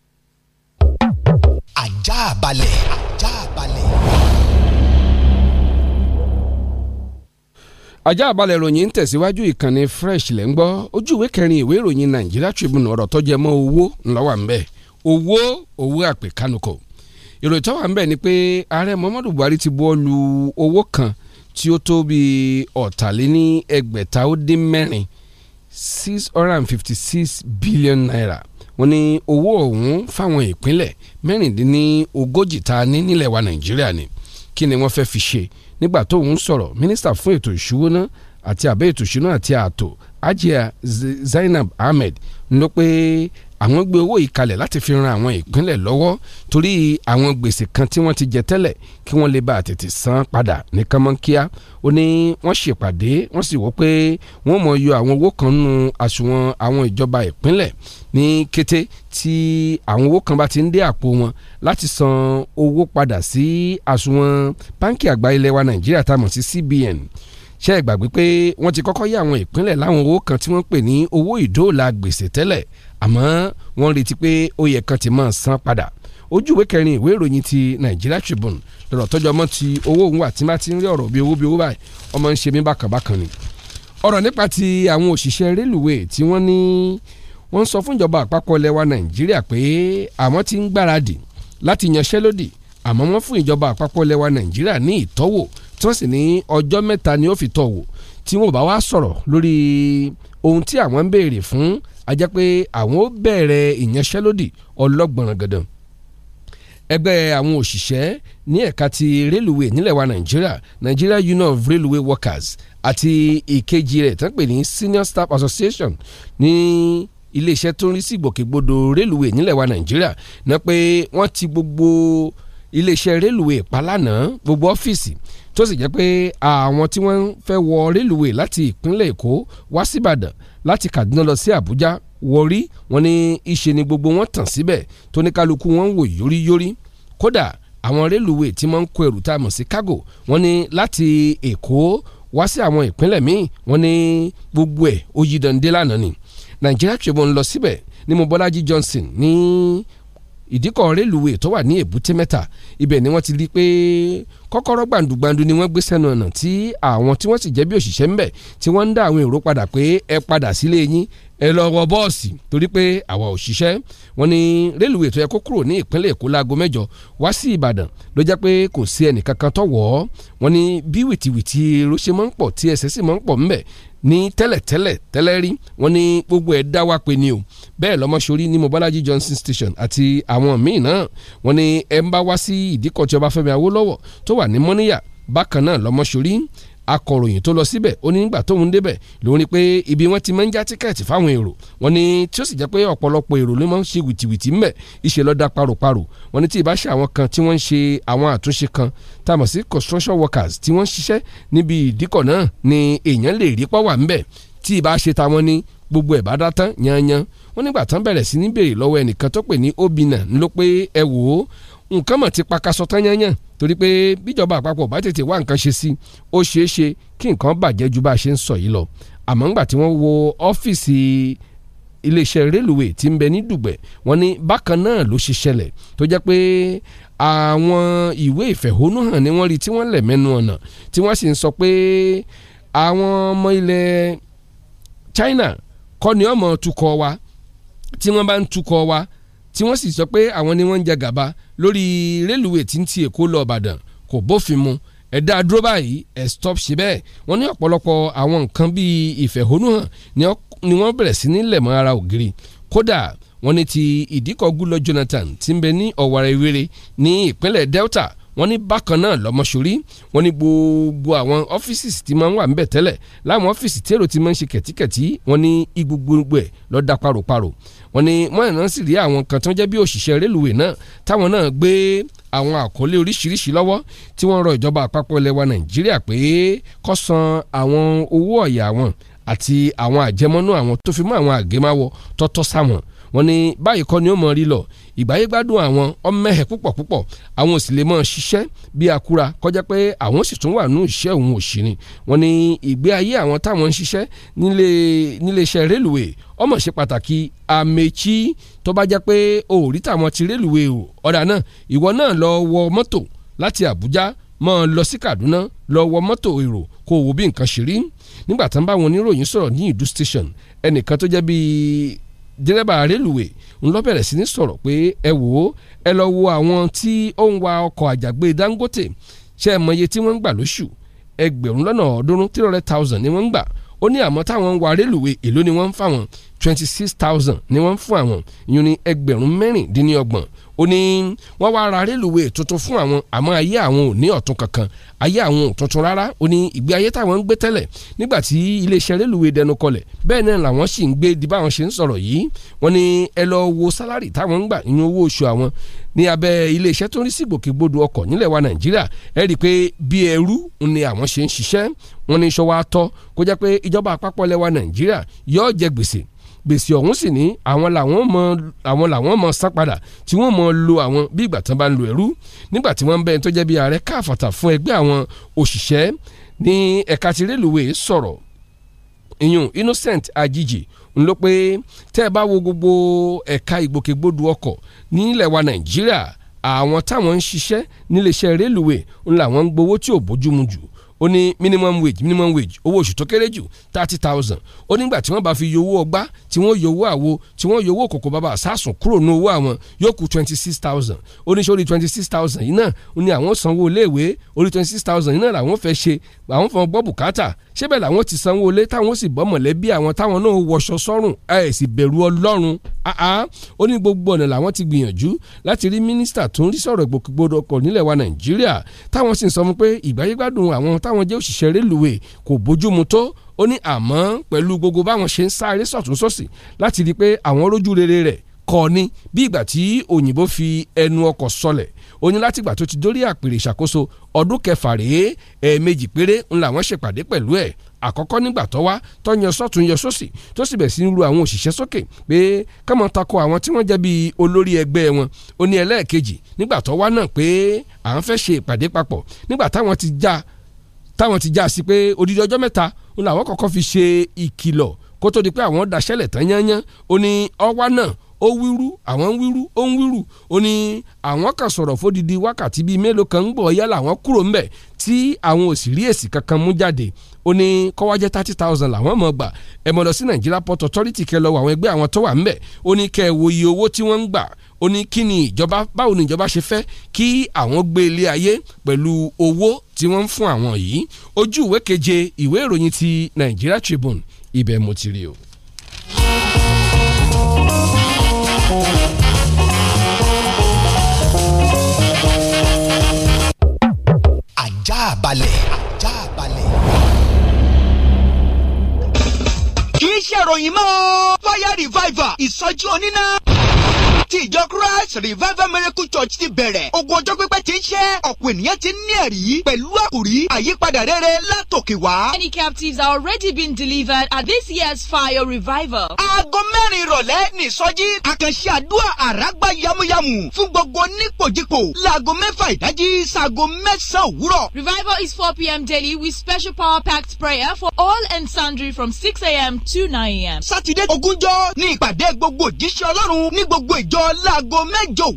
ajá balẹ̀. ajá balẹ̀. ajá balẹ̀ ìròyìn ń tẹ̀síwájú ìkànnì fresh lẹ́ ń gbọ́ ojú ìwé kẹrin ìwé ìròyìn Nigeria Tribune ọ̀rọ̀ tó jẹ mọ́ owó ńlọ́wà ń bẹ̀ owó owó àpè kánukò ìròyìn tó wà ń bẹ̀ ni pé ààrẹ Muhammadu Buhari ti buwọ́ lu owó kan tí ó tó bíi ọ̀tàléní ó dín mẹ́rin six hundred and fifty six billion naira wọ́n ní owó ọ̀hún fáwọn ìpínlẹ̀ mẹ́rìndínlógójì tá ní nílẹ̀ wa nàìjíríà ni kí ni wọ́n fẹ́ fi ṣe nígbà tó ń sọ̀rọ̀ mínísítà fún ètò ìṣúná àti àbẹ́ ètò ìṣúná àti ààtò Hajia Zainab Ahmed ló pé àwọn gbé owó yìí kalẹ̀ láti fi ran àwọn ìpínlẹ̀ lọ́wọ́ torí àwọn gbèsè kan tí wọ́n ti jẹ tẹ́lẹ̀ kí wọ́n lè bá tètè san padà ní kánmọ́nkíá ó ní wọ́n ṣèpàdé wọ́n sì wò pé wọ́n mọ̀ yọ àwọn owó kan nù àsùnwọ̀n àwọn ìjọba ìpínlẹ̀ ní kété tí àwọn owó kan bá ti ń dé àpò wọn láti san owó padà sí àsùnwọ̀n báńkì àgbà ilẹ̀ Nàìjíríà tá a mọ̀ sí CBN ṣe é gbàgbé pé wọ́n ti kọ́kọ́ yá àwọn ìpínlẹ̀ láwọn owó kan tí wọ́n pè ní owó ìdóòlà gbèsè tẹ́lẹ̀ àmọ́ wọ́n retí pé ó yẹ kan ti máa san padà ojú ìwé kẹrin ìwé ìròyìn ti Nigeria Tribune lọ́rọ̀ tọ́jú ọmọ ti owó òun wà tí má ti ń rí ọ̀rọ̀ bí owó bí owó báyìí ọmọ ń ṣe mí bákànbákan ni ọ̀rọ̀ nípa ti àwọn òṣìṣẹ́ rélùwé tí wọ́n ní wọ́n sọ fún ìjọba àpapọ̀ ilẹ̀ Nàìjíríà pé àwọn ti ń gbáradì láti yanṣẹ́lódì àmọ́ wọ́n fún ìjọba àpapọ̀ ilẹ̀ Nàìjíríà ní ìtọ́wò tí wọ́n sì ní ọjọ́ mẹ́ta ni ó fi tọ̀ wò tí wọ́n bá wá sọ̀rọ̀ lórí ohun tí àwọn ń béèrè fún a jẹ́ pé àwọn ó bẹ̀rẹ̀ ìyanṣẹ́lódì ọlọ́gbọ̀nràn gàdàn ẹgbẹ́ àwọn òṣìṣẹ́ ní ẹ̀ka ti rélùwé nílẹ̀ wa nàìjíríà nigeria union of railway workers àti ìkejì rẹ̀ tán pè ní senior staff association ní iléeṣẹ́ tó ń rí sí ìgbòkègbodò rélùwé nílẹ̀ wa nàìjíríà náà pé wọ́n ti gbogbo iléeṣẹ́ rélùwé pálánà gbogbo ọ́fíìsì tó sì jẹ́ pé àwọn tí wọ́n fẹ́ wọ rélùwé láti ìpínlẹ̀ èkó wá síbàdàn láti kaduna lọ sí àbújá wọrí wọn ní ìṣe ni gbogbo wọn tàn síbẹ̀ tó ní kálukú wọn wò yóríyórí kódà àwọn rélùwé tí wọ́n ń kó ẹrù tá a mọ̀ sí kágò wọn ní láti èkó wá sí àwọn ìpínlẹ̀ míì wọn ní gbogbo ẹ̀ ó yí dande lánàá ni nàìjíríà Tribune lọ síbẹ̀ ní Mobọ́lájí Johnson ní ìdíkọ̀ rélùwéè tó wà ní èbúté mẹ́ta ibẹ̀ ni wọ́n ti rí pé kọ́kọ́rọ́ gbàǹdùgbàǹdù ni wọ́n gbé sẹ́nu ọ̀nà tí àwọn tí wọ́n sì jẹ́ bí òṣìṣẹ́ ńbẹ̀ tí wọ́n ń dá àwọn èrò padà pé ẹ padà sílé yín ẹ lọ wọ bọ́ọ̀sì torí pé àwa òṣìṣẹ́ wọn ni rélùwéè tó yẹ kó kúrò ní ìpínlẹ̀ èkó láago mẹ́jọ wá sí ìbàdàn ló jẹ́ pé kò sí ẹnìkankan tọ̀wọ́ wọn ni bí wìtìwìtì ló ṣe máa ń pọ̀ tí ẹsẹ̀ sì máa ń pọ̀ ńbẹ̀ ní tẹ́lẹ̀tẹ́lẹ̀ tẹ́lẹ̀ rí wọ́n ní gbogbo ẹ̀ dá wá pé ni o bẹ́ẹ̀ lọ́mọ́sórí ní mobalaji Johnson Station àti àwọn míì náà wọ́n ní ẹ̀ ń bá wá sí ìdíkọ̀ tí Ọbáfẹ́mi Awólọ́wọ̀ tó wà ní mọ́níyà bákan náà lọ́mọ́sórí akọ̀ròyìn tó lọ síbẹ̀ ó ní nígbà tóun débẹ̀ ló ní pé ibi wọ́n ti máa ń já tíkẹ́ẹ̀tì fáwọn èrò wọ́n ní tí ó sì jẹ́ pé ọ̀pọ̀lọpọ̀ èrò ló máa ń ṣe wìtìwìtì ńbẹ̀ ìṣe lọ́dà paroparo wọ́n ní tí ìbá àwọn kan tí wọ́n ń ṣe àwọn àtúnṣe kan tá a mọ̀ sí construction workers tí wọ́n ń ṣiṣẹ́ níbi ìdíkọ̀ náà ni èèyàn lè rí pọ́wà ńbẹ̀ tí ìbá ṣe tàwọn ní gbogbo ẹ̀ bá dá tán yanyan wọ́n nígbà tán bẹ̀rẹ̀ sí ní béèrè lọ́wọ́ ẹnìkan tó pè ní obìnà ló pé ẹ wò ó nǹkan mọ̀ ti pakasọ tán yányàn torí pé bíjọba àpapọ̀ bá tètè wá nǹkan ṣe sí ó ṣeé ṣe kí nǹkan bàjẹ́ ju bá a ṣe ń sọ yìí lọ àmọ́ ńgbà tí wọ́n wo ọ́fíìsì iléeṣẹ́ rélùwé tí ń bẹ ní dùgbẹ̀ wọ́n ní bákan náà ló ṣe ṣẹlẹ̀ tó jẹ́ pé àwọn ìwé ìfẹ̀hónúhàn ni wọ́n rí tí wọ́n lẹ̀ mẹ́nu ọ̀nà tí wọ́n sì ń sọ pé àwọn ọmọ ilẹ̀ China kọ́ ni ọmọ tukọ̀ wa tí wọ́n bá ń tukọ̀ wa tí wọ́n sì sọ pé àwọn ni wọ́n ń jẹ gàba lórí rélùwé tí ń ti Èkó lọ Ìbàdàn kò bófin mu ẹ dúró báyìí ẹ stop ṣe bẹ́ẹ̀ wọ́n ní ọ̀pọ̀lọpọ̀ àwọn nǹkan bíi ìfẹ̀hónúhàn ni wọ́n bẹ̀rẹ̀ sí ní lẹ̀mọ́ ara ògiri kódà wọ́n ní ti ìdíkọ̀ Jonathan tí ń bẹ ní ọ̀wàrà ìwéré ní ìpínlẹ̀ Delta wọ́n ní bákan náà lọ́mọṣorí wọ́n ní gbogbo àwọn ọ́fíìsì tí máa ń wà ńbẹ̀ tẹ́lẹ̀ láwọn ọ́fíìsì tí èrò ti máa ń ṣe kẹ̀tíkẹ̀tí wọ́n ní igbogbo ẹ̀ lọ́dà paroparo wọ́n ní wọ́n náà sì rí àwọn kan tó ń jẹ́ bí òṣìṣẹ́ rélùwé náà táwọn náà gbé àwọn àkọlé oríṣiríṣi lọ́wọ́ tí wọ́n rọ ìjọba àpapọ̀ ilẹ̀ wa Nàìjíríà pé kó san àwọn owó ọ̀yà àwọn àti àwọn àjẹmọ́nú àwọn tó fi mọ́ àwọn àgẹ́máwọ̀ tọ́tọ́ sáwọn wọ́n ní báyìí kọ́ ni ó mọ̀ rí lọ ìgbáyégbádùn àwọn ọmọọ̀hẹ́ púpọ̀ púpọ̀ àwọn sì lè máa ṣiṣẹ́ bí akura kọjá pé àwọn sì tún wà nù iṣẹ́ òun òṣìní wọn ni ìgbé ayé àwọn táwọn ń ṣiṣẹ́ nílé nílé iṣẹ́ rélùwé ọmọ ṣe pàtàkì àmẹ́chí tó bá jẹ́ pé òòrí tàwọn ti rélùwé o ọ̀dà náà ìwọ náà lọ wọ mọ́tò láti Àbújá mọ́ ọ lọ sí Kaduna lọ wọ mọ́tò èrò kó o wo bí nǹkan ṣe rí nígbà tán báwọn oníròyìn sọ̀rọ̀ ní ìdú station ẹnìkan tó jẹ́ bíi dírẹ́bà rélùwé ń lọ bẹ̀rẹ̀ sí ní sọ̀rọ̀ pé ẹ wò ó ẹ lọ wo àwọn tí ó ń wa ọkọ̀ àjàgbé Dangote ṣe é mọye tí wọ́n ń gbà lóṣù ẹgbẹ̀rún lọ́nà ọ̀ọ́dúnrún three hundred thousand ni wọ́n ń gbà ó ní àmọ́ táwọn ń wa rélùwé èló ni wọ́n ń fáwọn twenty six thousand ni wọ́n ń fún àwọn ìyún ní ẹgbẹ̀rún mẹ́rìndínlọ́gbọ̀n ó ní wọ́n wá ra rélùwé tuntun fún àwọn àmọ́ ayé àwọn ò ní ọ̀tun kankan ayé àwọn ò tuntun rárá ó ní ìgbé ayé táwọn ń gbé tẹ́lẹ̀ nígbà tí iléeṣẹ́ rélùwé dẹnu kọlẹ̀ bẹ́ẹ̀ náà làwọn sì ń gbé di báwọn ṣe ń sọ̀rọ̀ yìí wọ́n ní ẹ lọ wo sálárì táwọn ń gbà ìyẹn owó oṣù àwọn ní abẹ́ iléeṣẹ́ tó ń rí sí ìgbòkègbodò ọkọ̀ nílẹ̀ wa nàìjíríà ẹ rí i pé bí ẹrú ni àwọn ṣe ń ṣiṣẹ́ wọ́n ní sọ wa tọ́ kó jẹ́ pé ìjọba àpapọ̀ lẹ̀ wa nàìjíríà yóò jẹ gbèsè gbèsè ọ̀hún sì ní àwọn làwọn mọ àwọn làwọn mọ san padà tí wọ́n mọ lo àwọn bí ìgbà tán bá ń lo ẹ̀rú nígbà tí wọ́n ń bẹ́ẹ̀ tó jẹ́ bí ààrẹ káfàtà fún ẹgbẹ́ àwọn òṣìṣẹ́ ní ẹ̀ka ti rélùwéè sọ̀rọ̀ ìyún Innocent Ajiji ń lọ pé tẹ́ ẹ bá wo gbogbo ẹ̀ka ìgbòkègbodò ọkọ̀ nílẹ̀ wa Nàìjíríà àwọn táwọn ń ṣiṣẹ́ níléeṣẹ́ rélùwéè ń làwọn gbowó tí ò bójúmu jù ó ní minimum wage minimum wage owó oṣù tó kéré jù thirty thousand ó nígbà tí wọ́n bá fi yọwọ́ ọgbá tí wọ́n yọwọ́ àwo tí wọ́n yọwọ́ kòkó bàbá sásùn kúrò ní owó àwọn yóò kù twenty six thousand ó ní sórí twenty six thousand yìí náà ó ní àwọn sanwó iléèwé orí twenty six thousand yìí náà làwọn fẹ́ ṣe àwọn fọ́n gbọ́ bùkátà ṣébẹ̀ làwọn ti sanwó ilé táwọn sì bọ́ mọ̀lẹ́bí àwọn táwọn náà wọṣọ sọ́rùn ẹ̀ sì bẹ̀rù ọlọ́run àá ó ní gbogbo ọ̀nà làwọn ti gbìyànjú láti rí mínísítà tó ń rí sọ̀rọ̀ ìgbòkègbodò ọkọ̀ nílẹ̀ wa nàìjíríà táwọn sì ń sọ fún pé ìgbáyégbádùn àwọn tá táwọn jẹ́ òṣìṣẹ́ rélùwé kò bójúmu tó ó ní àmọ́ pẹ̀lú gbogbo báwọn ṣe ń sáré sọ̀tún sósì láti rí i pé àwọn rójú rere rẹ̀ kọ́ ni bí ìgbà tí òyìnbó fi ẹnu ọkọ̀ sọlẹ̀ ó ní látìgbà tó ti dórí àpèrè ìṣàkóso ọdún kẹfà rèé ẹ̀ẹ̀mejì péré ńlá wọn ṣèpàdé pẹ̀lú ẹ̀ àkọ́kọ́ nígbà tó wá tó yan sọ́tún yan sósì tó sì bẹ̀rẹ̀ sí ru àwọn òṣìṣẹ́ sókè pé káwọn tako àwọn tí wọ́n jẹ́ bí olórí ẹgbẹ́ wọn ó ní ẹlẹ́ẹ̀kejì nígbà tó wá náà pé à ń fẹ́ ṣe ìpàdé papọ̀ nígbà táwọn ti já táwọn ti já sí pé odidi ọjọ́ mẹ́ta òun làwọn kọ́kọ́ fi ṣe ìkìlọ̀ kó tó di pé àwọn daṣẹ́lẹ̀ tán yányán ó ní ọwá náà ó wíru àwọn ń wíru ó ń wíru ó ní àwọn kan sọ̀rọ̀ fódidi wákàtí bíi mélòó kan ń bọ̀ yálà àwọn kúrò ńbẹ̀ tí àwọn ò sì rí èsì kankan mú jáde ó ní kọ́wájẹ́ thirty thousand làwọn mọ̀ gbà ẹ mọ̀ lọ sí Nigeria Port Authority kẹ́ lọ wọ àwọn ẹgbẹ́ àwọn tó wà ńbẹ̀ ó ní kẹ́ ẹ wo iye owó tí wọ́n ń gbà ó ní kí ni ìjọba báwo ni ìjọba ṣe fẹ́ kí àwọn gbé ilé ayé pẹ̀lú owó tí wọ́n ń fún àwọn yìí ojú ìwé keje ìwé ìròyìn ti Nigeria Tribune ibẹ̀ mo ti rí o. ṣe ìròyìn mọ́ fire revival ìsọjí oníná ti ìjọ Christ Revival Miracle Church ti bẹ̀rẹ̀ ogun ọjọ́ pípẹ́ ti ṣẹ́ ọ̀pọ̀ ènìyàn ti ní ẹ̀rí pẹ̀lú àkòrí àyípadà rere látòkè wá. Many captives are already been delivered at this year's fire revival. aago mẹ́rin ìrọ̀lẹ́ ní ìsọjí àkànṣe àdúrà àràgbà yamuyamu fún gbogbo nípòjìpò láago mẹ́fà ìdájí sáago mẹ́sàn-án òwúrọ̀. Revival is 4 p.m. daily with special power-packed prayer for all and sundry from 6 a.m. to 9 a.m. Sátidé ogúnjọ́ ní ìpàdé gbogbo òjíṣẹ́ Ọlọ́run ní gbogbo ìjọ lọ láago mẹ́jọ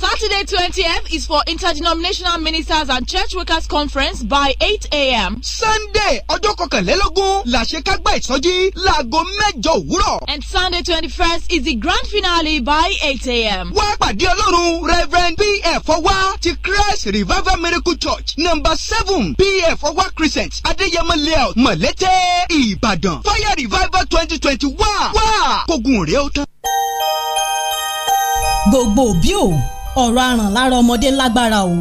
Saturday twentieth is for interdenominational ministers and church workers conference by eight a.m. Sunday ọjọ́ kọkànlélógún làṣekágbá ìsọjí láago mẹ́jọ òwúrọ̀. And Sunday twenty-first is the grand finale by eight a.m. Wá pàdé Ọlọ́run Reverend P.F. Ọwá ti Christ Revival Miracle Church number seven P.F. Ọwá Crescent Adéyẹmọ Layout Mọ̀lẹ́tẹ̀ Ìbàdàn Fire Revival twenty twenty one wá kógun rèé ó tán gbogbo òbí o ọ̀rọ̀ aràn lára ọmọdé lágbára o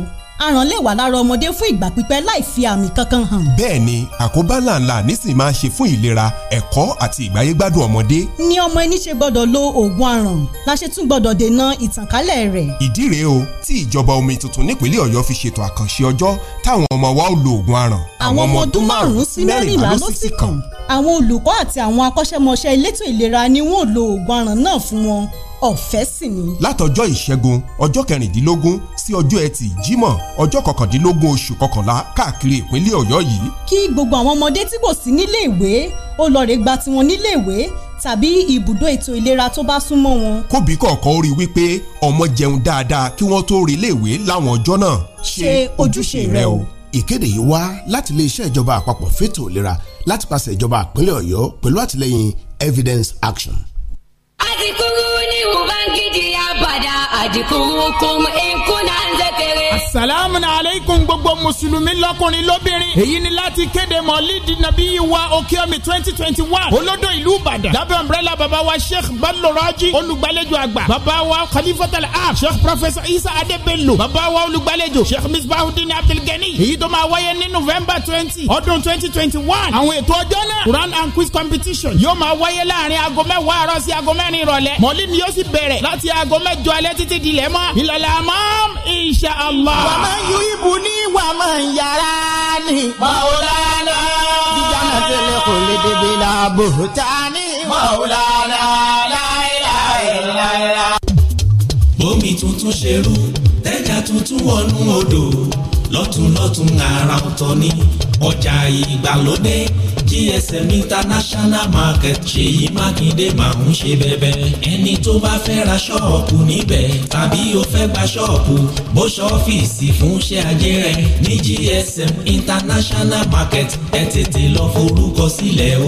aràn lè wà lára ọmọdé fún ìgbà pípẹ́ láì fi àmì kankan hàn. bẹ́ẹ̀ ni àkóbá làǹlà nísìnyí máa ṣe fún ìlera ẹ̀kọ́ àti ìgbáyégbádùn ọmọdé. ni ọmọ ẹni ṣe gbọ́dọ̀ lo oògùn aràn la ṣe tún gbọ́dọ̀ dènà ìtànkálẹ̀ rẹ̀. ìdí rèé o tí ìjọba omi tuntun nípínlẹ̀ Ọ̀yọ́ fi ṣètò àkànṣe ọjọ́ táwọn ọmọ wa ó lo oògùn aràn. àwọn ọmọ ọdún márùn-ún sí mẹ́rìnlá ló sì kàn àwọn olùkọ́ àti àwọn akọ́ṣẹ́mọṣẹ́ elétò ìlera ni wọ́n lo oògùn aràn náà fún wọn ọ̀fẹ́ sì ni. látọjọ́ ìṣẹ́gun ọjọ́ kẹrìndínlógún sí ọjọ́ ẹtì jímọ̀ ọjọ́ kọkàndínlógún oṣù kọkànlá káàkiri ìpínlẹ̀ ọ̀yọ́ yìí. kí gbogbo àwọn ọmọdé tí kò sí nílé ìwé ó lọ rè gba tiwọn nílé ìwé tàbí ibùdó ètò ìlera tó bá súnmọ́ wọn. kóbì kọ̀ọ̀kan ó rí wípé ọmọ jẹun dáadáa kí wọ́n tó rí ilé láwọn ọjọ́ náà. ṣe ojúṣe rẹ o. ìkéde yìí wá láti iléeṣẹ́ ìjọba àpapọ̀ fẹ́tò ìlera láti pàṣẹ ìjọba àpínlẹ̀ ọ̀yọ́ pẹ̀lú àtìlẹ́yìn evidence action. a ti kúrú ní ìwọ̀n bá ń gidi a jikurukum in kunanza kere. asalaamu aleykum gbogbo mùsùlùmí lọ́kùnrin lóbìnrin. èyí ni láti kéde mọ̀lídì nàbí wa òkèomi twenty twenty one. olódò ìlú ìbàdàn. lábẹ́ ọ̀nbrẹ́là bàbá wa sheikh baloraji olùgbàlejò àgbà. bàbá wa khalifatal am sheikh professor isa adebello. bàbá wa olùgbàlejò sheikh misbahudin abdulgani. èyí tó máa wáyé ní november 20 ọdún 2021 twenty one. àwọn ètò ọjọ́ náà quran and quiz competition yóò máa wáyé láàrin aago mẹ́wàá àárọ̀ sí aago mẹ́rin ìrọ̀lẹ́. mọ̀lídì yóò sì bẹ̀rẹ̀ láti ti dilẹ̀ mọ́ ìlàlẹ̀ àmọ́ insha Allah. wà á máa yú ibù ní wà á máa yàrá ni. maulana. jíjà náà tẹ̀lé kò lè débi la bòtá ni. maulana láìláìláìlá. bómi tuntun ṣerú tẹ́jà tuntun wọnú odò lọ́tùnlọ́tùn àrà ọ̀tọ̀ ni ọjà ìgbàlódé gsm international market ṣèyí mákindé máa ń ṣe bẹbẹ ẹni tó bá fẹ́ ra ṣọ́ọ̀pù níbẹ̀ tàbí o fẹ́ gba ṣọ́ọ̀pù bó ṣọ́ọ̀fìsì fún iṣẹ́ ajé rẹ ní gsm international market ẹ tètè lọ forúkọ sílẹ̀ o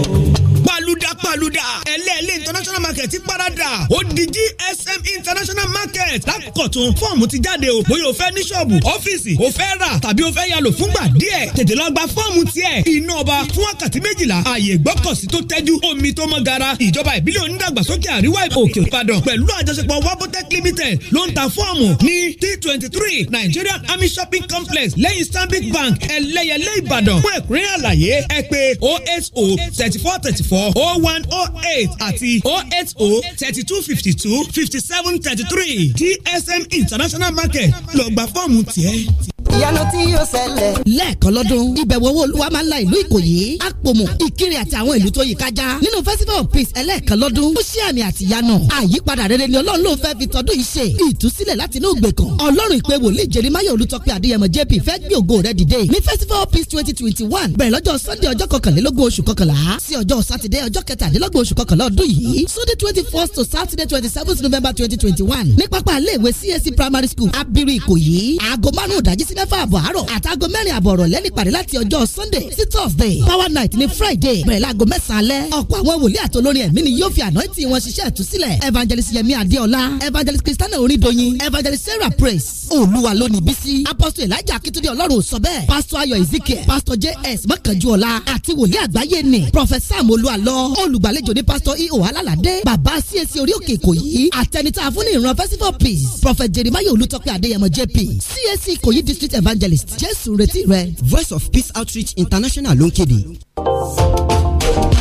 ọ̀gá pàlúdà ẹlẹ́ẹ̀lẹ́ international market parada ó di gsm international market lákọ̀tún fọ́ọ̀mù ti jáde o bóyá o fẹ́ ní ṣọ́ọ̀bù ọ́fíìsì o fẹ́ rà tàbí o fẹ́ yálò fúngbà díẹ̀ tètè lọ gba fọ́ọ̀mù tiẹ̀ iná ọba fún wákàtí méjìlá ààyè gbọ́kọ̀sí tó tẹ́jú omi tó mọ́ gara ìjọba ìbílẹ̀ onídàgbàsókè àríwá òkè ìbàdàn pẹ̀lú àjọṣepọ̀ wabotec limited ló ń ta fọ́ọ̀mù ní t twenty three nigerian army shopping complex lẹ́yìn stanbic bank ẹlẹ́yẹlé ìbàdàn fún ẹ̀kúnrẹ́ àlàyé ẹ pé oh eight oh thirty four thirty four oh one oh eight àti oh eight oh thirty two fifty two fifty seven thirty three dsm international market lọ gba fọ́ọ̀mù tiẹ̀ ìyanu tí yóò ṣẹlẹ̀. lẹ́ẹ̀kan lọ́dún ìbẹ̀wò owó olúwa máa ń la ìlú ìkòyí àpòmù ìkirè àti àwọn ìlú tó yí kájá nínú festival of peace ẹlẹ́ẹ̀kan lọ́dún ó ṣí àmì àti ìyanu àyípadà rere ni ọlọ́run ló fẹ́ fi tọdún yìí ṣe ìtúsílẹ̀ láti inú ìgbèkùn ọlọ́run ìpè wòlíì jerimáyọ̀ olùtọ́pẹ́ adéyẹmọ jp fẹ́ gbé ògo rẹ̀ dìde ní festival of peace twenty twenty one bẹ̀rẹ̀ lọ́jọ́ sunday ọjọ́ kọkànlélógún oṣù kọkànlá sí ọjọ́ sátidé ọjọ́ kẹtàdínlógún oṣù kọkànlá ọdún sunday twenty first to saturday twenty seventh november twenty twenty one ní pápá csc e primary school abiri ìkòyí aago márùn-ún mẹ́fà àbọ̀ àárọ̀ àtàgọ́ mẹ́rin àbọ̀ ọ̀rọ̀lẹ́ nípàdé láti ọjọ́ sunday sí thursday power night ní friday bẹ̀rẹ̀ láago mẹ́sàn-án alẹ́ ọ̀pọ̀ àwọn wòlíì àtolórin ẹ̀mí ni yóò fi ànáìtì wọn ṣiṣẹ́ ìtúsílẹ̀ evangelist yemi adeola evangelist christiana orindoyin evangelist sarah praise olúwa lónìí bísí apostle elijah akitunde ọlọ́run sọ bẹ́ẹ̀ pastor ayọ̀ ezekiel pastor js mọ́kànjúọlá àti wòlíì àgbáyé ni prophet sam olúwalọ olùgbàlejò ní pastor eo alálàdé bàbá cac orí òkè ìkòyí àtẹnitá fún ní ìran festival peace prophet jeremiah olùtọ́pẹ́ adéyẹmọ jp CSC ìkòyí district evangelist jésù retí rẹ voice of peace outreach international ló ń kéde.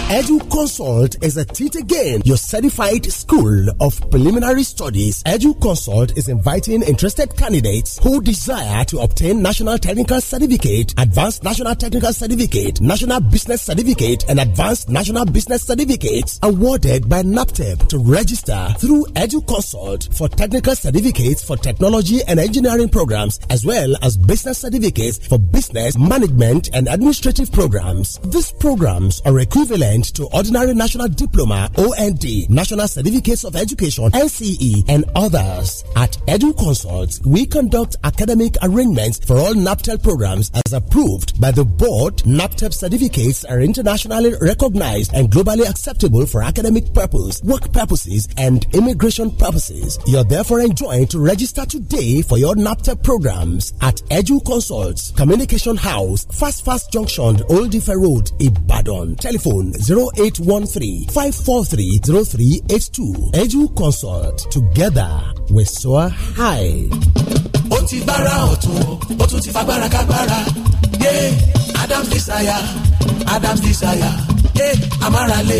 Edu Consult is a teach again your certified school of preliminary studies. Edu Consult is inviting interested candidates who desire to obtain national technical certificate, advanced national technical certificate, national business certificate, and advanced national business certificates awarded by NAPTEP to register through Edu Consult for technical certificates for technology and engineering programs as well as business certificates for business management and administrative programs. These programs are equivalent equivalent to ordinary national diploma, OND, national certificates of education, NCE, and others. At Edu Consults, we conduct academic arrangements for all NAPTEL programs as approved by the board. NapTel certificates are internationally recognized and globally acceptable for academic purposes, work purposes, and immigration purposes. You're therefore enjoined to register today for your NapTel programs at Edu Consults, Communication House, Fast Fast Junction, Old Ife Road, Ibadan. Telephone 0813 eight 0382. Edu Consult. Together, we soar high. ó ti gbára ọ̀tún ó tún ti fagbára kágbára yé Adam's Desire Adam's Desire yé amárale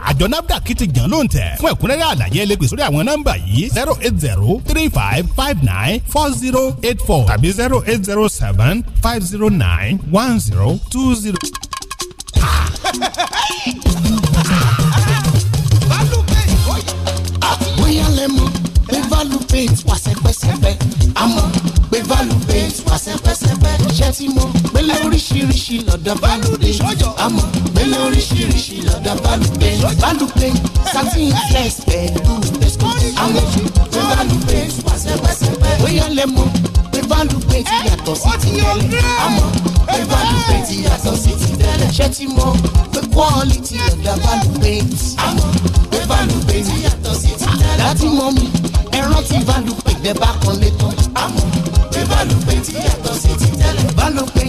àjọ nafdac ti jàn ló ń tẹ̀ fún ẹ̀kúnrẹ́rẹ́ àlàyé ẹlẹ́gbẹ̀ sórí àwọn nọ́mbà yìí zero eight zero three five five nine four zero eight four tàbí zero eight zero seven five zero nine one zero two zero. Ah, bóyá lẹ́mu pé value wà sẹ́pẹ́sẹ́pẹ́ àmọ́ fà sẹ́pẹ́sẹ́pẹ́ iṣẹ́ tí mo gbélé oríṣiríṣi lọ́dọ̀ Bálùdé àmọ́ gbélé oríṣiríṣi lọ́dọ̀ Bálùdé Bálùdé satin flex pẹ̀lú àwọn ojú pé Bálùdé bóyá lè mọ̀ pé Bálùdé ti yàtọ̀ sí ti tẹ́lẹ̀ àmọ́ pé Bálùdé ti yàtọ̀ sí ti tẹ́lẹ̀ iṣẹ́ tí mo pé quality lọ́dọ̀ Bálùdé àmọ́ pé Bálùdé ti yàtọ̀ sí ti tẹ́lẹ̀ ẹ rántí balùwẹ̀ gbẹ bá kan lé tán. àmọ́ pé balùwẹ̀ ti yàtọ̀ sí ti tẹ́lẹ̀. balùwẹ̀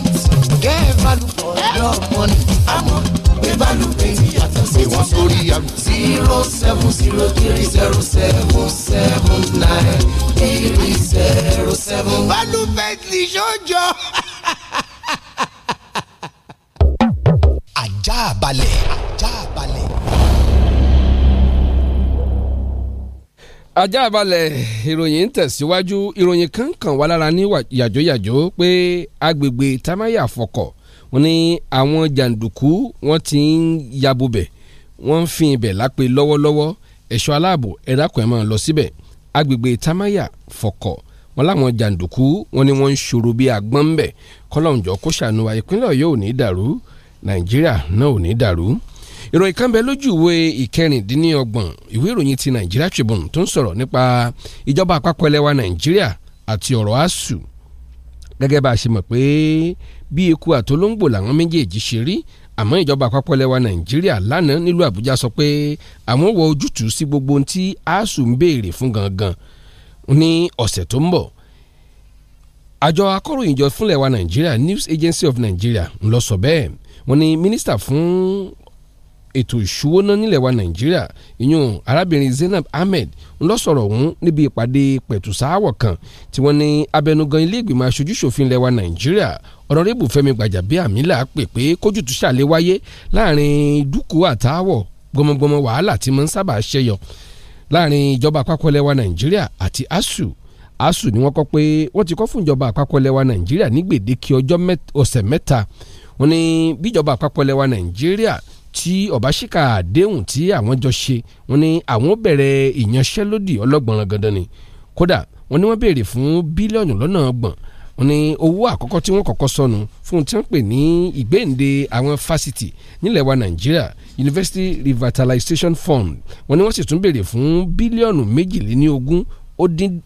kẹ́ ẹ balùwẹ̀ ọ̀dọ́ mọ́ni. àmọ́ pé balùwẹ̀ ti yàtọ̀ sí ti tẹ́lẹ̀. ìwọ sórí àlù. zero seven zero three zero seven seven nine three zero seven. balùwẹ̀ ti sọ́jọ́. ajá balẹ̀ ajá. ajá balẹ̀ ìròyìn ń tẹ̀síwájú ìròyìn kan kàn wá lára ní yàjóyàjó pé agbègbè tamaya fọkọ̀ wọ́n ní àwọn jàǹdùkú wọ́n ti ń yabobẹ̀ wọ́n ń fi ibẹ̀ lápè lọ́wọ́lọ́wọ́ ẹ̀ṣọ́ aláàbò ẹ̀dákùn ẹ̀ máa lọ síbẹ̀ agbègbè tamaya fọkọ̀ wọ́n láwọn jàǹdùkú wọ́n ní wọ́n ń ṣòro bíi àgbọ̀n bẹ̀ kọ́lọ́ọ̀njọ́ kó ṣàánú wa ìpínlẹ̀ Ọ̀yọ́ ò dàrú Nàìjíríà náà ò ní dàrú ìròyìn kan bẹ lójú ìwé ìkẹrìndínlọ́gbọ̀n ìwé ìròyìn ti Nigeria Tribune tó ń sọ̀rọ̀ nípa ìjọba àpapọ̀ ilẹ̀ wa Nàìjíríà àti ọ̀rọ̀ ASUU gẹ́gẹ́ bá a ṣe mọ̀ pé bí eku àtolóńgbò làwọn méjèèjì ṣe rí àmọ́ ìjọba àpapọ̀ lẹ́wà nàìjíríà lánàá nílùú àbújá sọ pé àwọn wọ ojútùú sí gbogbo ohun tí asuu ń béèrè fún gangan ní ọ̀sẹ̀ tó ń bọ̀ àjọ akọ̀ròyìnjọ fúnlẹ̀ wa nàìjíríà news agency of nigeria ń lọ sọ bẹ́ẹ̀ wọ́n ní mínísítà fún ètò ìṣúná nílẹ̀ wa nàìjíríà ìyún arábìnrin zainab ahmed ńlọ sọ̀rọ̀ ọ̀hún níbi ìpàdé pẹ̀tùsááwọ̀ kan tí wọ́n ní abẹnugan ilé ìgbìmọ̀ aṣojúṣòfin ilẹ̀ wa nàìjíríà ọ̀rọ̀rẹ́bù fẹ́mi gbàjàbíàmílà pè pé kójútù ṣàlẹ̀ wáyé láàrin dúkù àtàwọ̀ gbọmọgbọmọ wàhálà tí mo ń sábà ṣẹyọ láàrin ìjọba àpapọ̀ ilẹ̀ wa nàìjíríà àti asuu asuu ni wọ́n kọ pé wọ́n ti kọ fún ìjọba àpapọ̀ ilẹ̀ wa nàìjíríà ní gbèdéke ọjọ́ ọ̀sẹ̀ mẹ́ta wọ́n ní bíjọba àpapọ̀ ilẹ̀ wa nàìjíríà tí ọ̀básíkà àdéhùn tí àwọn jọ ṣe wọ́n ní àwọn bẹ̀rẹ̀ ìyanṣẹ́lódì ọlọ́gbọ̀nràn gandan ni kódà wọ́n ní wọ́n béèrè fún bílíọ̀nù lọ́nà ọgbọ̀n wọ́n ní owó àkọ́kọ́ tí wọ́n kọ́kọ́ sọnù fún tí wọ́n pè ní ìgbéǹde àwọn fásitì nílẹ̀ wa nàìjíríà university revitalization fund wọ́n ní wọ́n sì tún béèrè fún bílíọ̀nù méjìléní ogún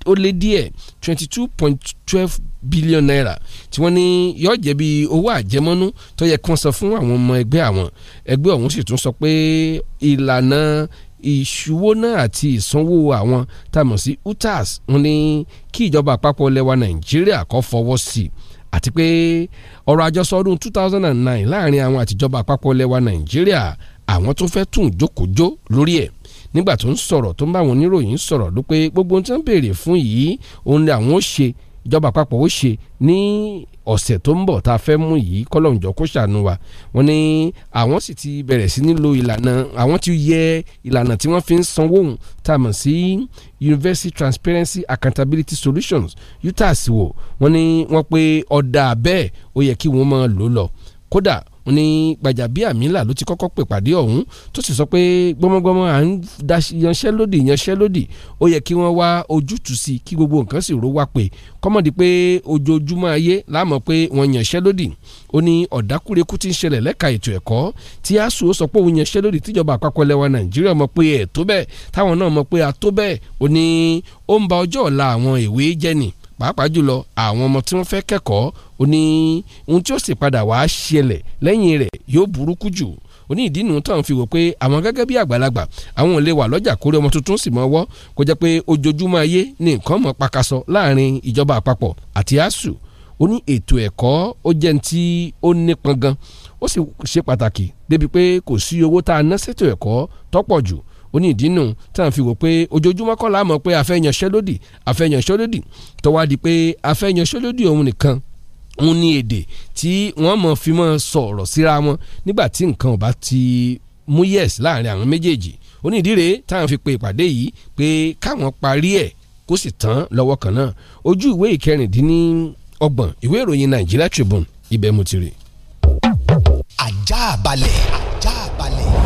ó lé díẹ̀ twenty two point twelve bílíọ̀nù náírà tí wọ́n ní yọ jẹ́ bí owó àjẹmọ́nú tó yẹ kí wọ́n san fún àwọn ọmọ ẹgbẹ́ àwọn ẹgbẹ́ ọ̀hún sì tún sọ pé ìlànà ìṣúwó náà àti ìsanwó àwọn tá a mọ̀ sí utas wọ́n ní kí ìjọba àpapọ̀ lẹwa nàìjíríà kó fọwọ́ sí i àti pé ọ̀rọ̀ àjọsọ 2009 láàrin àwọn àtijọba àpapọ̀ lẹwa nàìjíríà àwọn tó fẹ́ tún jókòjó lórí ẹ̀ nígbà tó ń sọ̀rọ̀ tó ń bá àwọn oníròyìn sọ̀rọ̀ ló pé gbogbo ohun tí wọ́n béèrè fún yìí òun ni àwọn ó ṣe ìjọba àpapọ̀ ó ṣe ní ọ̀sẹ̀ tó ń bọ̀ tá a fẹ́ mú yìí kọ́lọ́njọ́ kó ṣàánú wa wọ́n ní àwọn sì ti bẹ̀rẹ̀ sí ní lo ìlànà àwọn ti yẹ ìlànà tí wọ́n fi ń sanwó ohun tá a mọ̀ sí University Transparency Accountability Solutions UTAS wò wọ́n ní wọ́n pé ọ̀dà bẹ́ẹ̀ ó yẹ kí wọ́n máa lò lọ kódà ó ní Gbajabiamila ló ti kọ́kọ́ pè pàdé ọ̀hún tó sì sọ pé gbọ́mọgbọ́mọ à ń da yanṣẹ́lódì yanṣẹ́lódì ó yẹ kí wọ́n wá ojútùú sí kí gbogbo nǹkan sì ró wá pé kọ́mọ̀dé pé ojoojúmọ́ ayé láàmọ̀ pé wọ́n yanṣẹ́lódì ó ní ọ̀dákúrekú ti ń ṣẹlẹ̀ lẹ́ka ètò ẹ̀kọ́ tí ASUU sọ pé òun yanṣẹ́lódì tíjọba àpapọ̀ lẹ́wà Nàìjíríà mọ̀ pé ẹ̀ tó bẹ́ẹ̀ táwọn náà mọ̀ pé a tó bẹ́ẹ̀ ó ní ó ń ba ọjọ́ ọ̀la àwọn ìwé jẹ́ ni pàápàá jùlọ àwọn ọmọ tí wọ́n fẹ́ kẹ́kọ̀ọ́ ó ní ohun tí ó sì padà wá ṣẹlẹ̀ lẹ́yìn rẹ̀ yóò burúkú jù ó ní ìdí nìyẹn táwọn fi wò pé àwọn gẹ́gẹ́ bí àgbàlagbà àwọn ò lè wà lọ́jà kórè ọmọ tuntun sì mọ́ ọwọ́ kó jẹ́ pé ojoojúmọ́ ayé ní nǹkan mọ́ pakasọ láàrin ìjọba àpapọ̀ àti asuu ó ní ètò ẹ̀kọ́ ó jẹ́ ní tí ó nípọn gan ó sì ṣe pàtàkì débi pé kò sí owó tá a ná sétò ẹ̀kọ́ tọ́pọ̀ jù ó ní ìdí nù tí à ń fi wò pé ojoojúmọ́ kọ́ la mọ̀ pé afẹ́yanṣẹ́lódì afẹ́yanṣẹ́lódì tó di pé afẹ́yanṣẹ́lódì òun nìkan òun ni èdè tí wọ́n mọ̀ fi mọ́ sọ̀rọ̀ síra wọn nígbà tí nǹkan ò bá ti mú yẹ̀s láàrin àwọn méjèèjì ó ìdí rèé tá à fi pe ìpàdé yìí pé káwọn parí ẹ̀ kó sì tán lọ́wọ́ kan náà ojú ìwé ìkẹrìndínlọ́gbọ̀n ìwé ìròyìn Nigeria Tribune ibẹ̀ mo ti rí. ajá balẹ̀ ajá balẹ̀.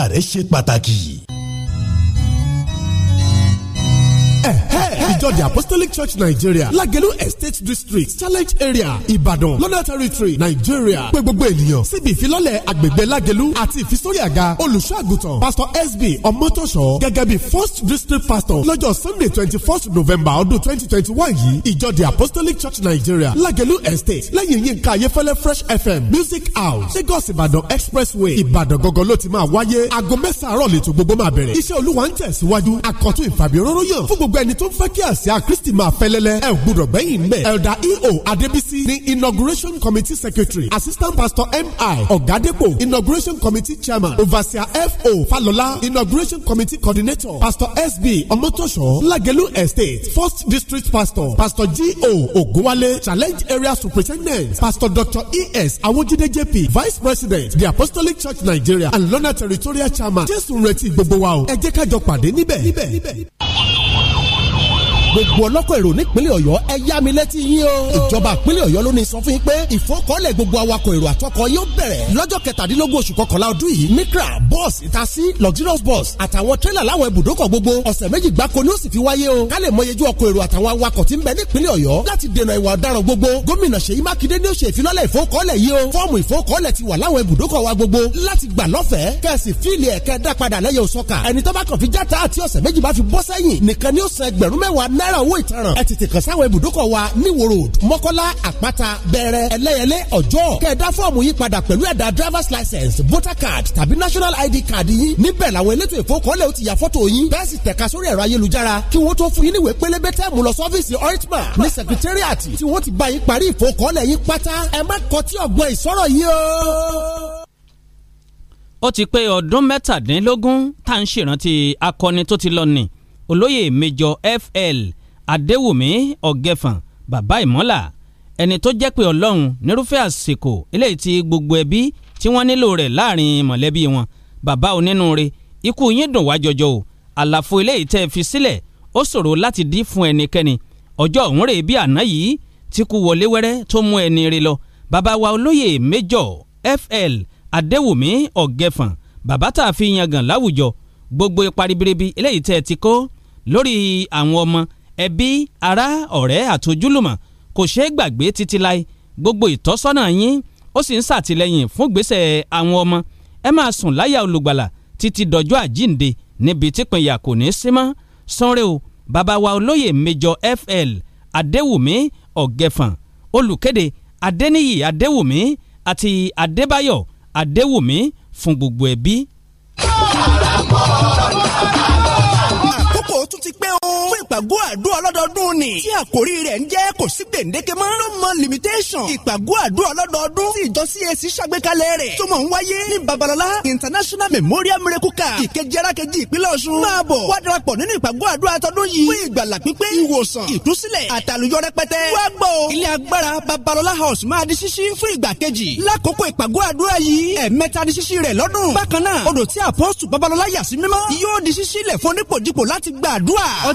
ìlera rẹ ṣe pàtàkì. ìjọ the apostolic church nigeria lagelu estate district challenge area ìbàdàn london territory nigeria pé gbogbo ènìyàn síbi ìfilọ́lẹ̀ àgbègbè lagelu àti ìfisórí àga olùṣọ́ àgùntàn pastor sb ọmọtọ́ṣọ́ gẹ́gẹ́ bí first district pastor lọ́jọ́ sunday twenty first november ọdún twenty twenty one yìí ìjọ the apostolic church nigeria lagelu estate lẹ́yìn yínká ayéfẹ́lẹ́ fresh fm music house lagos ìbàdàn expressway ìbàdàn gọ́gọ́ ló ti máa wáyé aago mẹ́sàn-án àárọ̀ lẹ́tọ̀ gbogbo máa bẹ̀rẹ̀ iṣẹ́ olúwa ń tẹ̀síwájú àkọ́tún ìfàbíọ́rọ́rọ́ kí àsíá kristi máa fẹ́lẹ́lẹ́ ẹ gbúdọ̀ gbẹ̀yìn mẹ́ elder eo adebisi ni inauguration committee secretary assistant pastor mi ọ̀gádépò inauguration committee chairman overseer fo falola inauguration committee coordinator pastor sb ọmọtọ́ṣọ́ lagelu estate first district pastor pastor go ogunwale challenge area superintendent pastor dr es awojide jp vice president the apostolic church nigeria and london territorial chairman jésù retí gbogbo wa o ẹ jẹ́ ká jọ pàdé níbẹ̀. níbẹ̀. níbẹ̀. níbẹ̀ gbogbo ọlọ́kọ̀ èrò nípínlẹ̀ ọ̀yọ́ ẹ yá mi létí yín o. ìjọba ìpínlẹ̀ ọ̀yọ́ ló ní sọ fún yín pé ìfọkànlẹ̀ gbogbo awakọ̀ èrò àtọkọ̀ yóò bẹ̀rẹ̀ lọ́jọ́ kẹtàdínlógún oṣù kọkànlá ọdún yìí micra bus itasi luxurious bus àtàwọn tírélà láwọn ibùdókọ̀ gbogbo ọ̀sẹ̀ méjì gbáko ni ó sì fi wáyé o. ká lè mọ iyejú ọkọ̀ èrò àtàwọn awakọ̀ tí ń bẹ nípínlẹ̀ ọ̀yọ́ láti dènà ìwà ọ̀daràn gbogbo gómìnà ṣèyí mákindé ni ó ṣe ìfilọ́lẹ̀ ìfowókọ́lẹ̀ yìí o. fọ́ọ̀mù ìfowókọ́lẹ̀ ti wà láwọn ibùdókọ̀ wa gbogbo láti gbà lọ́fẹ̀ẹ́ kẹ́sì fíìlì ẹ̀kẹ́ dá padà lẹ́yìn òsọ̀kà ẹni tó bá kàn fi játa àti ọ̀sẹ̀ méjì bá fi bọ́ sẹ́yìn nìkan ni ó san ẹgbẹ̀rún mẹ́wàá náírà náírà owó ìtanràn ẹ tètè kàn sáwọn ibùdókọ̀ wa níwòrò mọ́kọ́lá àpáta bẹ̀rẹ̀ ẹlẹ́yẹlé ọjọ́ kẹ̀dá fọ́ọ̀mù yìí padà pẹ̀lú ẹ̀dà driver's license voter card tàbí national id card yín níbẹ̀ làwọn elétò ìfowópamọ́ ti yà fọ́tò yín bẹ́ẹ̀ sì tẹ̀ka sórí ẹ̀rọ ayélujára kí wọ́n tó fún yín níwèé pélébé tẹ́ẹ̀mù lọ sọ́fíìsì oritma ní secretariat tí wọ́n ti bá yín parí ìfowópamọ́ yín pátá ẹ má kọtí ọ̀gbọ́n ìsọ̀rọ̀ yìí o ó ti pé ọdún mẹ́tàdínlógún tá à ń olóyè mẹ́jọ FL adéwùmí ọ̀gẹ̀fọ̀n bàbá ìmọ́là ẹni tó jẹ́ pé ọlọ́run nírúfẹ́ àsìkò eléyìí tí gbogbo ẹbí tí wọ́n nílò rẹ̀ láàrin mọ̀lẹ́bí wọn bàbá onínúure ikú yín dùn wá jọjọ o àlàfo eléyìí tẹ́ ẹ fi sílẹ̀ ó ṣòro láti dí fún ẹnikẹ́ni ọjọ́ òun rè bí àná yìí tí kú wọlé wẹ́rẹ́ tó mú ẹni rè lọ bàbá wa olóyè méjọ FL adéwùmí ọ̀gẹ̀fọ̀n bàbá tá a fi yangàn láwùjọ gbogbo ipa ribiribi eléyìí tẹ́ ẹ ti kó lórí àwọn ọmọ ẹbí ará ọ̀rẹ́ àtojúlùmọ̀ kò ṣeé gbàgbé títí láì gbogbo ìtọ́sọ́nà yín ó sì ń ṣàtìlẹ́yìn fún gbèsè àwọn ọmọ ẹ máa sùn láyà olùgbàlà títí dọjọ́ àjíǹde níbi típínyà kò ní í sí mọ́ sanre o bàbá wa olóyè mẹ́jọ FL adéwùmí ọ̀gẹ̀fọ̀n olùkéde adéníyì adéwùmí àti adébáyọ̀ adéwùmí fún gbogbo ẹbí. àkókò tún ti pé o fún ìpàgọ́ àdó ọlọ́dọọdún ni tí àkórí rẹ̀ ń jẹ́ kò sí gbèǹdéke mọ́ no more limitation ìpàgọ́ àdó ọlọ́dọọdún tí ìjọ CAC ṣàgbékalẹ̀ rẹ̀ tó mọ̀ ń wáyé ní babalọla international memorial miracle car ìkejì-arakejì ìpínlẹ̀ ọ̀ṣun máa bọ̀ wá darapọ̀ nínú ìpàgọ́ àdó àtọ́dún yìí fún ìgbàlà pípé ìwòsàn ìtúsílẹ̀ àtàlùyọ rẹpẹtẹ wá gbọ́ house máa di ṣíṣí fún ìgbà kejì lákòókò ìpàgọ́ àdúrà yìí ẹ̀ẹ̀mẹ́ta di ṣíṣí rẹ̀ lọ́dún bákan náà odò tí àpọ́sù babalọla yà sí mímọ́ yóò di ṣíṣí lẹ̀ fún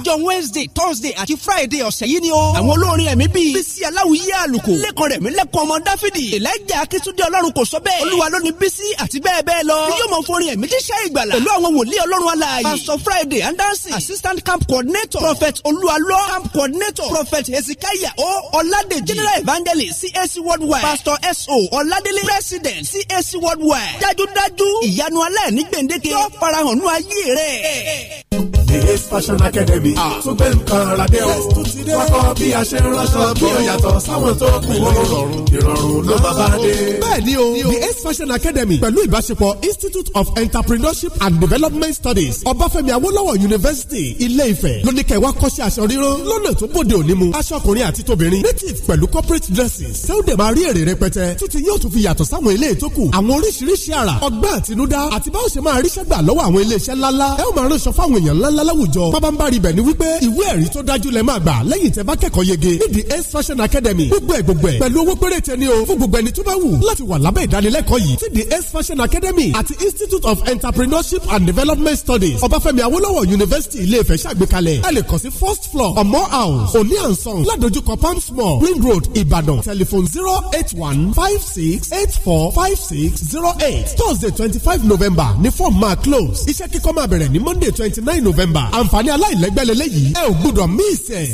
lọ́jọ́ wednesday thursday àti friday ọ̀sẹ̀ yìí ni o. àwọn olórin ẹ̀mí bíi bísí aláwìyé àlùkò lẹ́kọ̀ọ́ rẹ̀ mí lẹ́kọ̀ọ́ ọmọ dáfídì elijah akitunde ọlọ́run kò sọ bẹ́ẹ̀ olúwa ló ní bísí àti bẹ́ẹ̀ bẹ́ẹ̀ lọ. yóò mọ forin ẹ̀mí jíṣẹ́ ìgbàlà pẹ̀lú àwọn wòlíì ọlọ́run alààyè pastor friday andansi assistant camp coordinator prophet olúwalọ camp coordinator prophet hezekiah o ọládèjì general evangelist cac worldwide pastor so ọládélé president cac worldwide dájúdájú ìyanu alẹ́ ní gbèǹdéke yóò farahàn nú ayé rẹ̀ the ace fashion academy ah. tún gbé nǹkan ara dé o wọ́n kọ́ bí a ṣe ń ránṣọ bí ó yàtọ̀ sáwọn tó kù ó ìrọ̀rùn ló máa bá dé. bẹ́ẹ̀ni o the ace fashion academy pẹ̀lú ìbáṣepọ̀ institute of entrepreneurship and development studies ọbáfẹ́mi Awolowo university ilé-ifẹ̀ lóníkẹ́ wa kọ́ṣẹ́ aṣọ ríro lọ́nà tó bòde òní mu aṣọ ọkùnrin àti tóbìnrin native pẹ̀lú corporate dresses sẹ́wọ́dẹ̀ máa rí èrè rẹpẹtẹ títí yóò tún fi yàtọ̀ sáwọn ilé ìtókù àwọn oríṣiríṣi àrà ọgbẹ́ àtinúdá àti báwo ṣe máa ríṣẹ́ gbà lọ́wọ́ àwọn ilé iṣẹ́ ńláńlá ẹ ó máa ránṣọ fáwọn èèyàn ńláńlá ńlá láwùjọ pábánbárì bẹ̀ ni wípé ìwé ẹ̀rí tó dájú lẹ máa gbà lẹ́yìn tẹ́ bá kẹ́kọ̀ọ́ yege ní the ace fashion academy gbogbo ẹ̀ gbogbo ẹ̀ pẹ̀lú owó péréte ni o fún gbogbo ẹni tó bá wù láti wà lábẹ́ ìdánilẹ́kọ̀ọ́ yìí ti the ace fashion academy àti institute of entrepreneurship and development studies ọbáfẹ́mi Awolowo university ilé-ifẹ̀ ṣàgbékalẹ̀ ẹ lè kàn sí first floor ọmọ house òní ànsán ládojúkọ palms small. ring road ìbàdàn telephone zero eight one five six eight four five six zero eight thursday twenty five november ni form ma close iṣẹ́ kíkọ́ máa bẹ̀rẹ̀ ní monday twenty nine november december àǹfààní aláìlẹ́gbẹ́lẹ́lẹ́yìí ẹ ò gbúdọ̀ mí ìsẹ̀.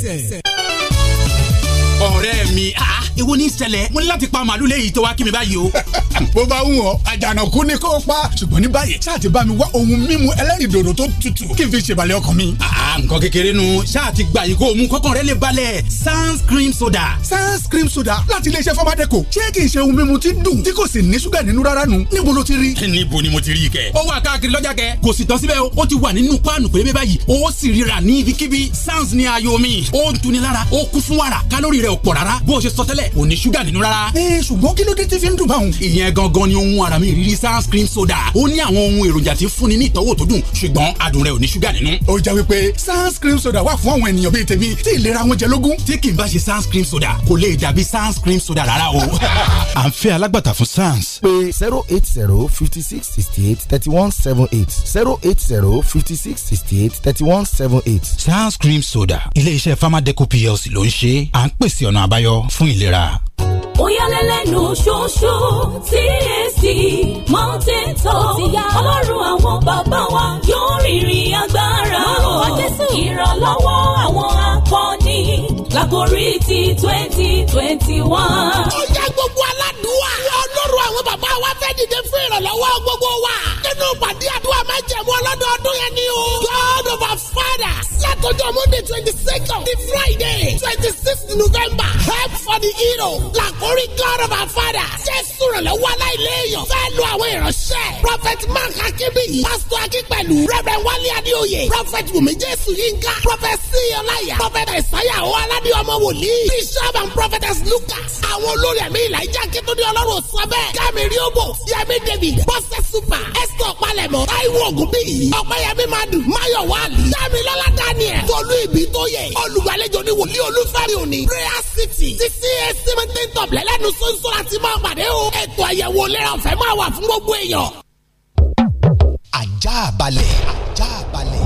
ọ̀rẹ́ mi ah èwo ní ṣẹlẹ̀ mo ní láti pa màálù léyìí tó wá kí mi báyìí o. bó bá wù ọ́ àjànàkú ni kó pa ṣùgbọ́n ní báyìí ṣáà bá mi wá ohun mímu ẹlẹ́rìndòdò tó tutù kí n fi ṣèbalẹ̀ ọkàn mi. nǹkan kékeré nu ṣáà gbà yìí kó o mú kọ́kàn rẹ lè balẹ̀ sans cream soda. sans cream soda láti iléeṣẹ́ fọmádẹ́kọ̀ ṣé kì í ṣe ohun mímu tí dùn tí kò sì ní ṣúgà nínú rárá nu níbo ló ti rí. níbo ni mo ti rí kẹ bẹ́ẹ̀ kò ní ṣúgà nínú rárá. ẹ ṣùgbọ́n kí ló dé tí fi ń dùn báwọn. ìyẹn gangan ni ohun ara mi ìrírí sans cream soda ó ní àwọn ohun èròjà tí fúnni ní ìtọ́wò tó dùn ṣùgbọ́n adùn rẹ̀ ò ní ṣúgà nínú. ó jẹ́ wípé sans cream soda wà fún àwọn ènìyàn bíi tèmi tí ìlera wọn jẹ lógún. tí kì í bá ṣe sans cream soda kò lè dàbí sans cream soda rárá o. à ń fẹ́ alágbàtà fún sans. pé zero eight zero fifty six sixty eight thirty one seven eight zero eight zero fifty six sixty eight thirty one seven eight. sans cream soda ilé iṣẹ́ farmadeco plc ló ń ṣe à ń pèsè ọ̀nà àbáyọ fún ìlera rà. Oyalẹ́lẹ́nu ṣoṣo TSC Mountain Top Ọlọ́run àwọn bàbá wa yóò rìnrìn agbára o. Ìrànlọ́wọ́ àwọn akọni lágorí ti twenty twenty one. Ó yá gbogbo aládùúwà. Ọlọ́run àwọn bàbá wa fẹ́ dìde fún ìrànlọ́wọ́ gbogbo wa. Nínú ìpàdé àdúrà májẹ̀mú ọlọ́dọọdún yẹn ni o of our fathers látọjọ́ monday twenty second the friday 26th november help for the hero glory, god of our fathers jésù rànlọ́wọ́ aláìléèyàn fẹ́ lu àwọn ìránṣẹ́ prophet mark akínbíyì pastor akínpẹ̀lú reverend wálé adéoyè prophet bùnmi jésù yínká prophet sí ọláyà prophet isaiah ọ̀ aládé ọmọ wòlíì bishop and prophetess lucas àwọn olórí ẹ̀mí ìlà ìjà kíntúndé ọlọ́run sọ bẹ́ẹ̀ kámi rí òbò yẹmi david bọ́sẹ̀ super esther palẹ̀mọ́ taiwo ògùnbíyì ọ̀pẹ̀yẹmí madu mayowa Wálé. Dámilọ́lá Daniel. Tolú ìbí tó yẹ. Olùgbàlejò ni wòlíì olúfẹ́rẹ́ òní. Prayer city ti CAC Mẹ́tẹ́ tọ̀blẹ̀ lẹ́nu sọ́nsọ́ láti máa pàdé o. Ètò àyẹ̀wò ìlera ọ̀fẹ́ máa wà fún gbogbo èèyàn. Ajá balẹ̀. Ajá balẹ̀.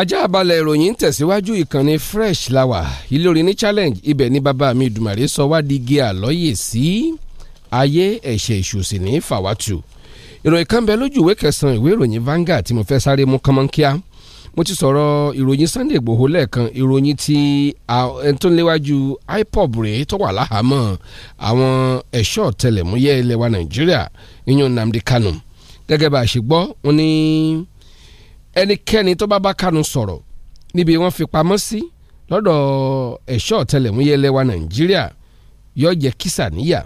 Ajá balẹ̀ ìròyìn tẹ̀síwájú ìkànnì fresh lawa Ìlọrin ní challenge ibẹ̀ ni bàbá mi Dùmàrè sọ wá di gé àlọ́yè sí ayé ẹ̀ṣẹ̀ ìṣòsì ìròyìn kan bẹ lójú ìwé kẹsàn-án ìwé ìròyìn Vanguard tí mo fẹ́ sáré mú kánmọ́nkíá mo ti sọ̀rọ̀ ìròyìn Sunday Igboho lẹ́ẹ̀kan ìròyìn ti ẹni tó ń léwájú IPOB rèé tó wà láhàámọ́ àwọn ẹ̀ṣọ́ ọ̀tẹlẹ̀múyẹ́ ilẹ̀ wa Nàìjíríà ìyún Nnamdi Kanu gẹ́gẹ́ bá a ṣe gbọ́ wọn ni ẹnikẹ́ni tó bá bá Kanu sọ̀rọ̀ níbi wọ́n fi pamọ́ sí lọ́dọ̀ ẹ̀ṣọ́ ọ̀tẹlẹ̀múyẹ́ ilẹ̀ wa Nàìjíríà yóò jẹ́ kísà níyà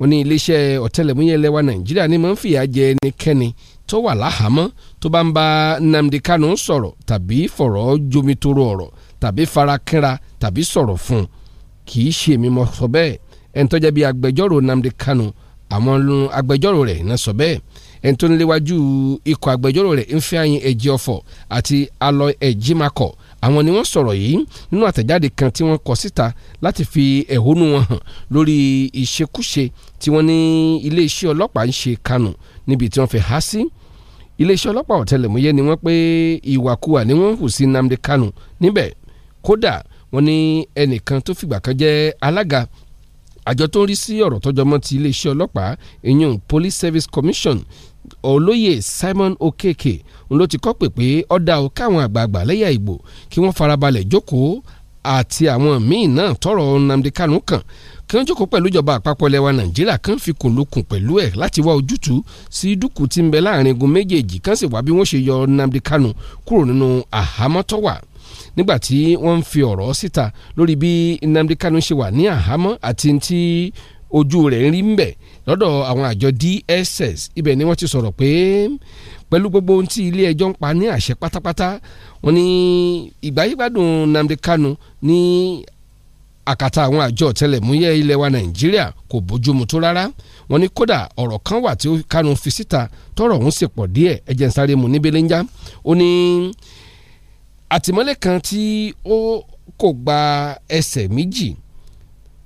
wọ́n ní iléeṣẹ́ ọ̀tẹlẹ̀múyẹ́ lẹ́wà nàìjíríà ni mò ń fìyà jẹ ẹnikẹ́ni tó wà láhàámọ́ tó bá ń bá Nnamdi Kanu sọ̀rọ̀ tàbí fọ̀rọ̀ jomitoro ọ̀rọ̀ tàbí farakínra tàbí sọ̀rọ̀ fún un kì í ṣe èmi mọ̀ sọ bẹ́ẹ̀ ẹni tó jẹ́ bí agbẹjọ́rò Nnamdi Kanu àwọn agbẹjọ́rò rẹ̀ náà sọ bẹ́ẹ̀ ẹni tó ń léwájú ikọ̀ agbẹjọ́rò rẹ̀ Ifeanyi àwọn ni wọ́n sọ̀rọ̀ yìí nínú àtẹ̀jáde kan tí wọ́n kọ síta láti fi ẹ̀hónú wọn hàn lórí ìṣekúṣe tí wọ́n ní iléeṣẹ́ ọlọ́pàá ń ṣe Kanu níbi tí wọ́n fi há sí iléeṣẹ́ ọlọ́pàá ọ̀tẹlẹ̀múyẹ́ ni wọ́n pé ìwàkuwà ni wọ́n hù sí Nnamdi Kanu níbẹ̀ kódà wọ́n ní ẹnìkan tó fìgbà kan jẹ́ alága àjọ tó ń rí sí ọ̀rọ̀ tọ́jọ́ mọ́ ti iléeṣẹ́ ọlọ́pàá ìyún Police Service Commission olóyè Simon Okeke n ló ti kọ́ pé pé ọ̀dà o káwọn àgbààgbà lẹ́yà ìgbò kí wọ́n farabalẹ̀ jókòó àti àwọn míì náà tọrọ Nnamdi Kanu kan kí wọ́n jókòó pẹ̀lú ìjọba àpapọ̀ lẹ́wà Nàìjíríà kan fi kùnlùkùn pẹ̀lú ẹ̀ láti wá ojútùú sí dúkù tí ń bẹ láàrin igun méjèèjì kan sì wá bí wọ́n ṣe yọ Nnamdi Kanu kúrò nínú àhámọ́ tó wà nígbà tí wọ́n ń fi ọ̀rọ̀ síta lórí bí Nnamdi Kanu ṣe wà ní àhámọ́ àti ti ojú rẹ̀ ń rí ń bẹ̀ lọ́dọ̀ àwọn àjọ DSS ibẹ̀ ni wọ́n ti sọ̀rọ̀ pé pẹ̀lú gbogbo ohun tí ilé ẹjọ́ ń pa ní àṣẹ pátápátá wọ́n ní ìgbáyégbádùn Nnamdi Kanu ní àkàtà àwọn àjọ ọ̀tẹlẹ̀múyẹ́ ilẹ̀ wa Nàìjíríà kò bójúmu tó rárá wọ́n ní kódà ọ̀rọ̀ kan wà tí Kanu fi síta tọ́rọ̀ ọ̀hún sì pọ̀ díẹ̀ ẹ̀jẹ̀ ń sáré mu níbele ń já ó àtìmọ́lé kan tí ó kò gba ẹsẹ̀ méjì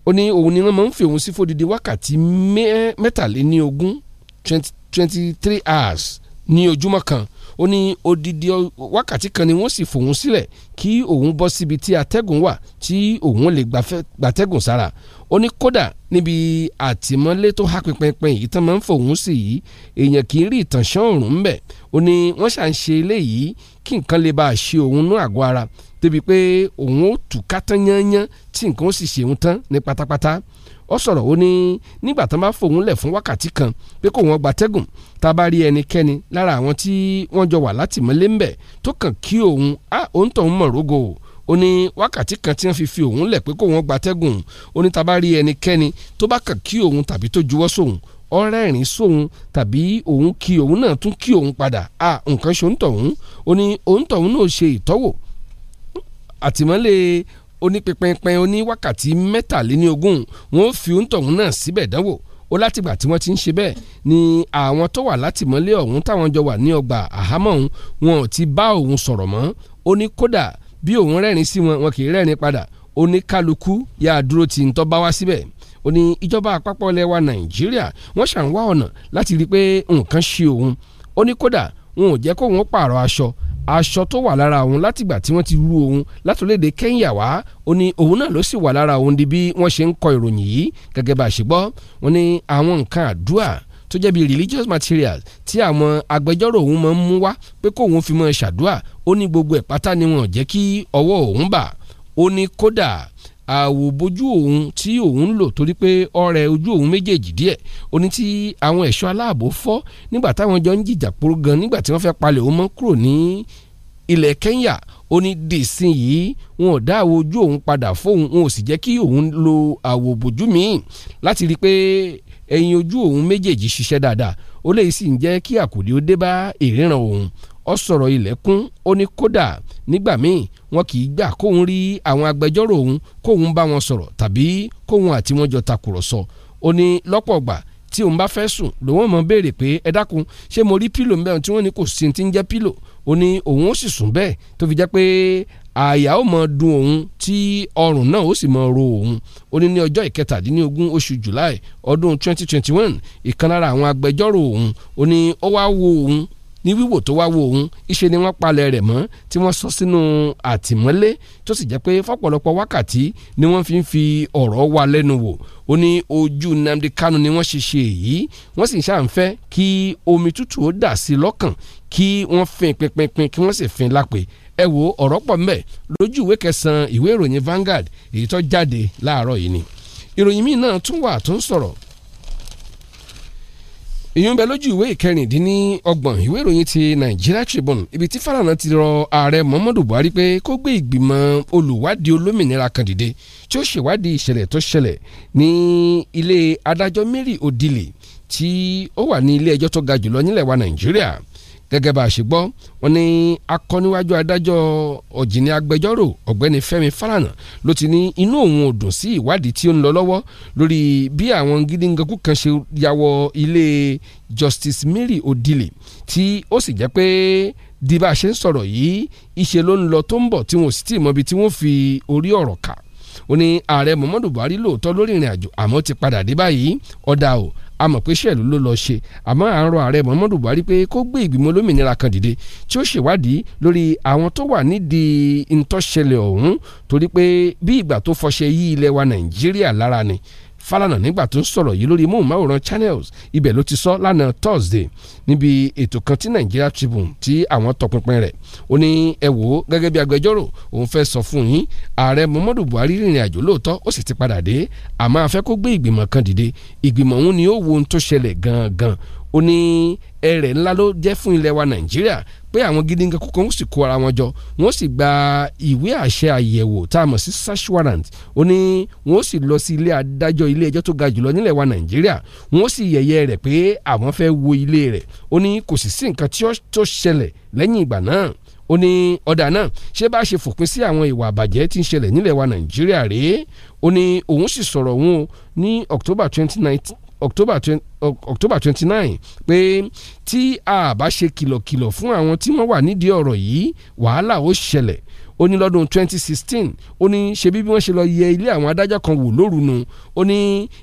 ó ní òun ni wọ́n máa ń fi òun sí fódìdí wákàtí mẹ́tàléníogún twenty three hours ní ojúmọ́ kan ó ní odidi wákàtí kan ni wọ́n sì fòun sílẹ̀ kí òun bọ́ síbi tí atẹ́gùn wà tí òun lè gbàtẹ́gùn sára ó ní kódà níbi àtìmọ́lé tó há pinpin yìí tán máa ń fòun sí yìí èèyàn kì í rí ìtànṣán òòrùn ńbẹ̀ ó ní wọ́n ṣà eléyìí kí nǹkan lè bá a ṣe òun ní àgọ́ ara débi pé òun ó tù kátán yányán tí nǹkan ó sì ṣe òun tán ní pátápátá ó sọ̀rọ̀ ó ní nígbà tán bá fòun lẹ̀ fún wákàtí kan pé kó wọn gbatẹ́gùn tá a bá rí ẹnikẹ́ni lára àwọn tí wọ́n jọ wà látìmọ́lé ń bẹ̀ tó kàn kí òun á òun tọ̀ ń mọ̀ rógo ó ní wákàtí kan tí wọ́n fi fi òun lẹ̀ pé kó wọn gbatẹ́gùn ó ní tá a bá rí ẹnikẹ́ni tó bá kàn kí òun tàbí tó juwọ́ sóun ọ̀rẹ́rìn sóun tàbí òun kí òun náà tún kí òun padà à nǹkan ṣe òǹtọ̀hún ó ní òǹtọ̀hún náà ṣe ìtọ́wò àtìmọ́lé onípinpin oníwákàtí mẹ́tàléníogún wọn ó fi òǹtọ̀hún náà síbẹ̀ dánwò ó látìgbà tí wọ́n ti ń ṣe bẹ́ẹ̀ ni àwọn tó wà látìmọ́lé ọ̀hún táwọn jọ wà ní ọgbà àhámọ́ ọ̀hún wọn ò ti bá òun sọ̀rọ̀ mọ́ ó ní kódà bí òun rẹ́rìn sí wọn wọn kì í rẹ́rìn padà ó ní kálukú yáa dúró ti ń tọ́ bá wá síbẹ̀ ó ní ìjọba àpapọ̀ ilẹ̀ nàìjíríà wọ́n ṣàn ọ̀nà láti rí pé nǹkan ṣe òun ó ní kódà wọn ò jẹ́ kóun pààrọ̀ aṣọ aṣọ tó wà lára òun látìgbà tí wọ́n ti rú òun látòlédè Kẹ́ńyà wá ó ní òun náà ló sì wà lára òun di bí wọ́n ṣe ń kọ ìròyìn yìí gẹ́gẹ́ bá a ṣe gbọ́ wọ́n ní àwọn nǹkan àdúrà tó jẹ́ bíi religious materials tí àwọn agbẹjọ́rò òun máa ń mú wá pé kóun fi máa ṣàdúrà ó ní gbogbo ẹ̀ pátá ni wọn ò jẹ́ kí ọwọ́ òun bà ó ní kódà àwòbójú òun tí òun lò torí pé ọrẹ ojú òun méjèèjì díẹ̀ oní tí àwọn ẹ̀ṣọ́ aláàbò fọ́ nígbà táwọn jọ ń jìjà poro gan nígbà tí wọ́n fẹ́ palẹ̀ òun mọ́ kúrò ní ilẹ̀ Kenya ó ní dìsín yìí wọn ò dá àwo ojú òun padà fóun wọn ò sì jẹ́ kí òun lo àwòbójú míì láti rí i pé ẹ̀yìn ojú òun méjèèjì ṣiṣẹ́ dáadáa ó lè sì ń jẹ́ kí àkùdé ó dé bá ìríran òun ó sọ̀rọ̀ ilẹ̀kùn ó ní kódà nígbà míì wọn kì í gbà kóun rí àwọn agbẹjọ́rò òun kóun bá wọn sọ̀rọ̀ tàbí kóun àti wọn jọ takùrọ̀sọ ó ní lọ́pọ̀ gbà tí òun bá fẹ́ sùn lòun mọ̀ béèrè pé ẹ dákun ṣé mo rí pílò mẹ́rin tí wọ́n ní kò sí ti ń jẹ́ pílò ó ní òun ó sì sùn bẹ́ẹ̀ tó fi jẹ́ pé àyà ó mọ dùn òun tí ọrùn náà ó sì mọ ro òun ó ní ní ọjọ́ ìkẹtàdínlógún oṣù july ọdún 2021 ìkan lára àwọn agbẹjọ́rò òun ó ní ó wá wo òun ní wíwò tó wá wo òun iṣẹ́ ni wọ́n palẹ̀ rẹ̀ mọ́ tí wọ́n sọ sínú àtìmọ́lé tó sì jẹ́ pé fọ́pọ̀lọpọ̀ wákàtí ni wọ́n fi ń fi ọ̀rọ̀ wa lẹ́nu wò ó ní ojú Nnamdi Kanu ni wọ́n ṣe ṣe èyí wọ́n sì ń ṣàǹfẹ́ kí omi tútù ó dà sí lọ́kàn kí wọ́n fin pinpin kí wọ́n sì fin lápè ẹ wo ọ̀rọ̀ pọ̀ mbẹ̀ lójú ìwé kẹsàn-án ìwé ìròyìn Vanguard èyí tó jáde láàárọ̀ yìí ni ìròyìn míì náà tún wà tó ń sọ̀rọ̀ ìyún bẹ lójú ìwé ìkẹrìndínlọ́gbọ̀n ìwé ìròyìn ti Nigeria Tribune ibi tí Fálànà ti rọ ààrẹ Muhammadu Buhari pé kó gbé ìgbìmọ̀ olùwádìí olómìnira kan dìde tí ó ṣèwádìí ìṣẹ̀lẹ̀ tó ṣẹlẹ̀ ní ilé adájọ́ Mary Odili tí ó wà ní ilé ẹjọ́ tó ga jùlọ nílẹ̀ wa Nàìjíríà gẹ́gẹ́ bá a ṣe gbọ́ wọn ní akọ́níwájú adájọ́ ọ̀jìnì agbẹjọ́rò ọ̀gbẹ́ni Fẹ́mi Fálànà ló ti ní inú òun ò dùn sí ìwádìí tí ó ń lọ lọ́wọ́ lórí bí àwọn gídíngangú kan ṣe yàwọ ilé Justice Mary Odile tí ó sì jẹ́ pé di bá a ṣe ń sọ̀rọ̀ yìí ìṣe ló ń lọ tó ń bọ̀ tí wọn ò sì tí ì mọbi tí wọ́n fi orí ọ̀rọ̀ kà ó ní ààrẹ Muhammadu Buhari lóòótọ́ lórí ìrìn àjò àmọ́ ti padà dé báyìí ọ̀dà o a mọ̀ pé ṣẹ̀lú ló lọ́ọ́ ṣe àmọ́ à ń rọ ààrẹ Muhammadu Buhari pé kó gbé ìgbìmọ̀ olómìnira kan dìde tí ó ṣèwádìí lórí àwọn tó wà nídìí ntọ́ṣẹlẹ̀ ọ̀hún torí pé bí ìgbà tó fọṣẹ yí ilẹ̀ wa Nàìjíríà lára ni Falana nígbà tó ń sọ̀rọ̀ yìí lórí móhùnmáwòrán Channels ibẹ̀ ló ti sọ lánàá Thursday níbi ètò kan tí Nigeria Tribune tí àwọn tọpinpin rẹ̀ ó ní ẹ wò ó gẹ́gẹ́ bí agbẹjọ́rò òun fẹ́ sọ fún yín ààrẹ Muhammadu Buhari rìnrìn àjò lóòótọ́ ó sì ti padà dé àmọ́ a fẹ́ kó gbé ìgbìmọ̀ kan dìde ìgbìmọ̀ òun ni ó wo ohun tó ṣẹlẹ̀ gangan ó ní ẹrẹ̀ ńlá ló jẹ́ fún ilẹ̀ wa Nàìjíríà pé àwọn gidi nǹkan kọ̀ọ̀kan ó sì kó ara wọn jọ wọ́n sì gba ìwé àṣẹ àyẹ̀wò tá a mọ̀ sí search warrant ó ní wọ́n sì lọ sí ilé adájọ́ ilé ẹjọ́ tó ga jùlọ nílẹ̀ wa nàìjíríà wọ́n sì yẹ̀yẹ́ rẹ̀ pé àwọn fẹ́ wo ilé rẹ̀ ó ní kò sì sí nǹkan tí ó tó ṣẹlẹ̀ lẹ́yìn ìgbà náà ó ní ọ̀dà náà ṣé bá ṣe fòpin sí àwọn ìwà àbàjẹ́ tí ń ṣẹlẹ̀ nílẹ̀ wa nàìjíríà rèé ó ní òun sì sọ̀rọ̀ òun ní October twenty nineteen October twenty, October twenty nine pé tí a bá ṣe kìlọ̀kìlọ̀ fún àwọn tí wọ́n wà nídìí ọ̀rọ̀ yìí wàhálà ó ṣẹlẹ̀ ó ní lọ́dún sixteen. ó ní ṣe bí wọ́n ṣe lọ yẹ ilé àwọn adájọ́ kan wò lóru nu ó ní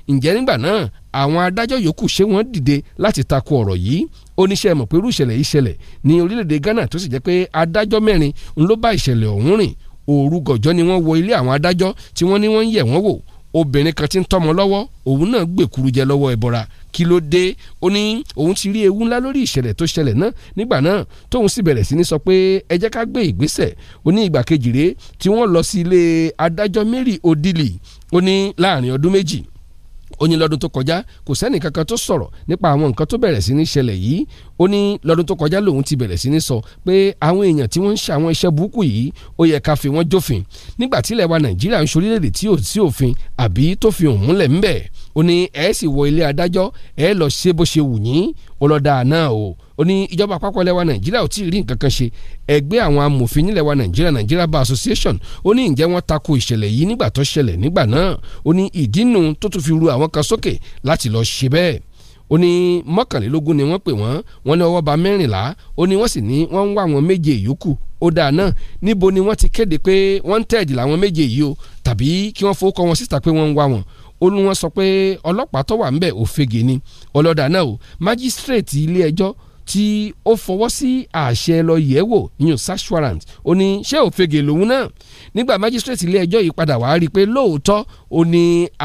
ǹjẹ́ nígbà náà àwọn adájọ́ yòókù ṣé wọ́n dìde láti tako ọ̀rọ̀ yìí ó ní ṣe mọ̀ pé irú ìṣẹ̀lẹ̀ yìí ṣẹlẹ̀ ní orílẹ̀-èdè Ghana tó sì jẹ́ pé adájọ́ mẹ́rin ń ló bá ìṣẹ̀lẹ̀ ọ̀hún rìn òru gọ̀jọ́ ni wọ́n wọ ilé àwọn adájọ́ tí wọ́n ní wọ́n ń yẹ̀ wọ́n wò obìnrin kan tí ń tọ́mọ lọ́wọ́ òun náà gbèkuru jẹ lọ́wọ́ ẹbọra kí ló dé ó ní òun ti rí ewu ńlá lórí ìṣẹ̀lẹ̀ tó ṣẹlẹ̀ náà nígbà náà tóun sì bẹ̀rẹ̀ sí ní sọ pé ẹ jẹ́ ká gbé ìgbésẹ̀ ó ní ìgbà kejì rèé tí wọ́n lọ sí ilé adájọ́ Mary Odili ó ní láàrin ọdún méjì ó ní lọ́dún tó kọjá kò sẹ́ni kankan tó sọ̀rọ̀ nípa àwọn nǹkan tó bẹ̀rẹ̀ sí ní ṣẹlẹ̀ yìí ó ní lọ́dún tó kọjá lòun ti bẹ̀rẹ̀ sí ní sọ pé àwọn èèyàn tí wọ́n ń ṣe àwọn iṣẹ́ burúkú yìí ó yẹ ká fi wọ́n jófin nígbà tí ilẹ̀ wa nàìjíríà ń ṣorílẹ̀-èdè tí ò sí òfin àbí tó fi òun múlẹ̀ ńbẹ̀ ó ní ẹ̀ sì wọ ilé adájọ́ ẹ̀ lọ ṣe bó ṣe wù yín ó lọ dáa náà o ó ní ìjọba àpapọ̀ lẹ́wà nàìjíríà ò tí ì rí nǹkan kan ṣe ẹgbẹ́ àwọn amòfin nílẹ̀ wa nàìjíríà nàìjíríà bar association ó ní ǹjẹ́ wọ́n tako ìṣẹ̀lẹ̀ yìí nígbà tó ṣẹlẹ̀ nígbà náà ó ní ìdínú tó tún fi ru àwọn kan sókè láti lọ ṣe bẹ́ẹ̀ ó ní mọ́kànlélógún ni wọ́n pè wọ́n wọ́n ní ọwọ́ ba mẹ́rìnlá ó ní wọ́n sì ní wọ́n ń wá àwọn méje yòókù ó dáa náà níbo ni wọ́n ti kéde pé wanted làwọn méje yìí o tàbí kí wọ́n fowó kọ́ wọn síta pé wọ́n ń wá wọn ó ní wọ́n sọ pé ọlọ́pàá tó wà ńbẹ̀ òfegè ni ọlọ́dà náà o májísírèètì ilé ẹjọ́ e tí ó fọwọ́ sí àṣẹ lọ yẹ̀ wò ìyún search warrant ó ní ṣé òfegè lòun náà nígbà májísírèètì ilé ẹjọ́ yìí padà wàá rí i pé lóòótọ́ ó ní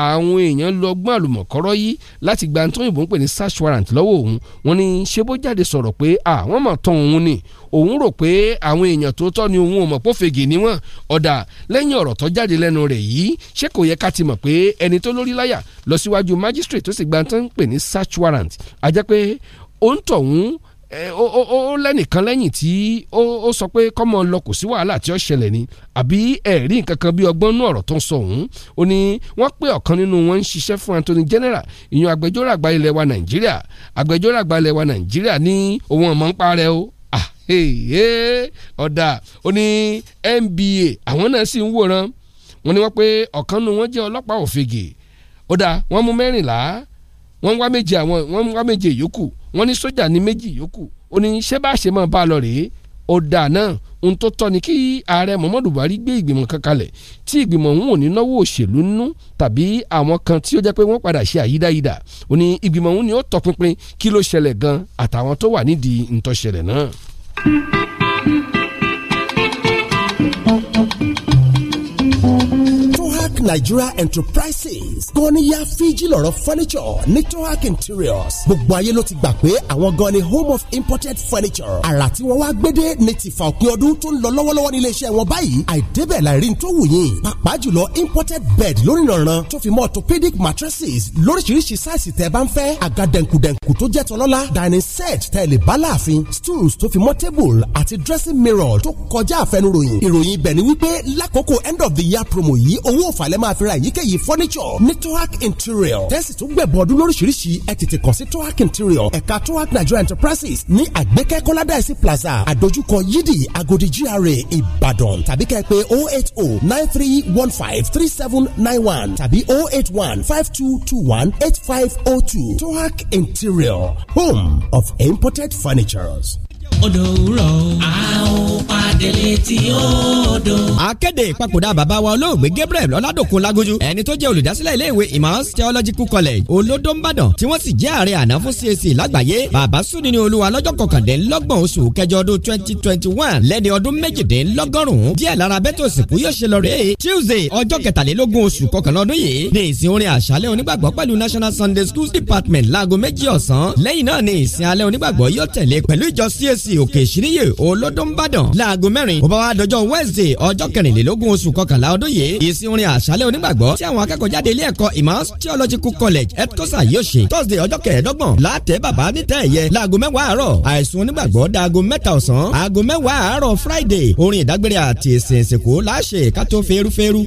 àwọn èèyàn lọ gbọ́n àlùmọ̀kọ́rọ́ yìí láti gba tó yìnbọn pè ní search warrant lọ́wọ́ òun wọ́n ní ṣé bó jáde sọ̀rọ̀ pé àwọn mọ̀ tán òun ni òun rò pé àwọn èèyàn tó tọ́ ni òun ò mọ̀ pófegè ni wọ́n ọ̀dà lẹ́yìn ọ̀rọ̀ tó jáde lẹ́nu rẹ̀ yìí ṣé kò yẹ ká ti mọ̀ pé ẹni tó lórí láyà lọ síwájú májísírèètì tó sì gba tó ń pè ní search warrant àjẹpẹ́ òǹtọ̀hún ó lẹ́nìkan lẹ́yìn tí ó sọ pé kọ́mọ lọ kò sí wàhálà tí ó ṣẹlẹ̀ ni àbí ẹ̀rí nǹkan kan bí ọgbọ́n nú ọ̀rọ̀ tó ń sọ òun ó ní wọ́n pé ọ̀kan nínú wọn ń ṣiṣẹ́ fún Anthony General ìyẹn agbẹjọ́rò àgbà ilẹ̀ wa Nàìjíríà agbẹjọ́rò àgbà ilẹ̀ wa Nàìjíríà ní òun ọ̀mọ́ ń parẹ́ o ọ̀dà ó ní NBA àwọn náà sì ń wòran wọ́n ní wọ́n pé ọ̀kan nínú wọn jẹ́ ọlọ́pàá òfegè ó wọ́n mú mẹ́rìnlá wọ́n ń wá méje àwọn wọ́n ń wá méje yòókù wọ́n ní sójà ní méjì yòókù ó ní ṣé bá ṣe máa bá a lọ rèé ó dà náà ohun tó tọ́ ni kí ààrẹ Muhammadu Buhari gbé ìgbìmọ̀ kan kalẹ̀ tí ìgbìmọ̀ ọ̀hún ò ní náwó òṣèlú nínú tàbí àwọn kan tí ó jẹ́ pé wọ́n padà ṣe àyídáyídà ó ní ìgbìmọ̀ ọ̀hún ni ó tọpinpin kí ló ṣẹlẹ̀ gan àtàwọn tó wà nídìí ntọ́ṣẹlẹ̀ náà. Nigeria Enterprises gọ́níyà fíjì lọ́rọ̀ furniture ní tohac interiors gbogbo ayé ló ti gbà pé àwọn gan ni home of imported furniture àrà tí wọ́n wá gbédé ní tìfà òpin ọdún tó ń lọ lọ́wọ́lọ́wọ́ ní iléeṣẹ́ wọn báyìí àìdébẹ̀ láìrí tó wù yín pàápàá jùlọ imported bed lónìrànràn tó fi mọ́ orthopedic mattresses lóríṣiríṣi sáìsì tẹ́ bá ń fẹ́ àga dẹ̀nkùdẹ̀nkù tó jẹ́ tọlọ́lá dining set tẹ́ lè bá láàfin stools tó fi mọ́ table àti dressing mirror tó kọjá àfẹnuròyìn ìròyìn ibẹ̀ ni wípé lákòókò end of the year promo yìí owó òfàlẹ́ lẹ́ máa fi ra èyíkéyìí furniture ní tohac interior tẹ́sí tó gbẹ̀bọ̀ ọdún lóríṣiríṣi ẹ̀ tètè kàn sí tohac interior ẹ̀ka tohac nigeria enterprises ní àgbẹ̀kẹ́ kọ́ládàísí plaza àdójúkọ yídì agodi gra ìbàdàn tàbí kẹ́ pé oh eight oh nine three one five three seven nine one tàbí oh eight one five two two one eight five oh two tohac interior home of imported furnitures odò òwúrọ̀. àwọn adèlè tí ó dò. akéde ìpapòdà bàbá wa olóògbé Gabriel Ọládòkun Lágúnjú ẹni tó jẹ́ olùdásílẹ̀ iléèwé Emmaus Theological College olódó ńbàdàn tí wọ́n sì jẹ́ ààrẹ àná fún CAC lágbàáyé bàbá sùn ní olúwa lọ́jọ́ kọkàndínlọ́gbọ̀n oṣù kẹjọ ọdún twenty twenty one lẹ́ni ọdún méjìdínlọ́gọ́rùn-ún díẹ̀ lára bẹ́tò sìnkú yóò ṣe lọ́rẹ́ Tuesday ọjọ́ kẹtàlélógún oṣù kọkànlá ọdún yìí ní ìsìn orin àṣálẹ́ onígbàgbọ́ pẹ̀lú National Sunday Schools Department láago méjì ọ̀sán lẹ́yìn náà ní ìsìn alẹ́ onígbàgbọ́ yóò tẹ̀lé pẹ̀lú ìjọ CAC fásitì òkè ìṣiríyè olódùnbàdàn láago mẹ́rin ó bá wá dọjọ́ wednesday ọjọ́ kẹrìnlélógún oṣù kọkànlá ọdún yìí ìsìn orin àṣálẹ́ onígbàgbọ́ tí àwọn akẹ́kọ̀ọ́ jáde ilé ẹ̀kọ́ emmaus theological college etcosa yóò ṣe thursday ọjọ́ kẹẹ̀ẹ́dọ́gbọ̀n látẹ̀ bàbá nítẹ̀ ẹ̀yẹ láago mẹ́wàá àárọ̀ àìsùn onígbàgbọ́ daago mẹ́ta ọ̀sán aago mẹ́wàá àárọ̀ friday orin ìdágbére àti ìsìn ìsìnkú láṣẹ kátó fẹ́rúfẹ́rú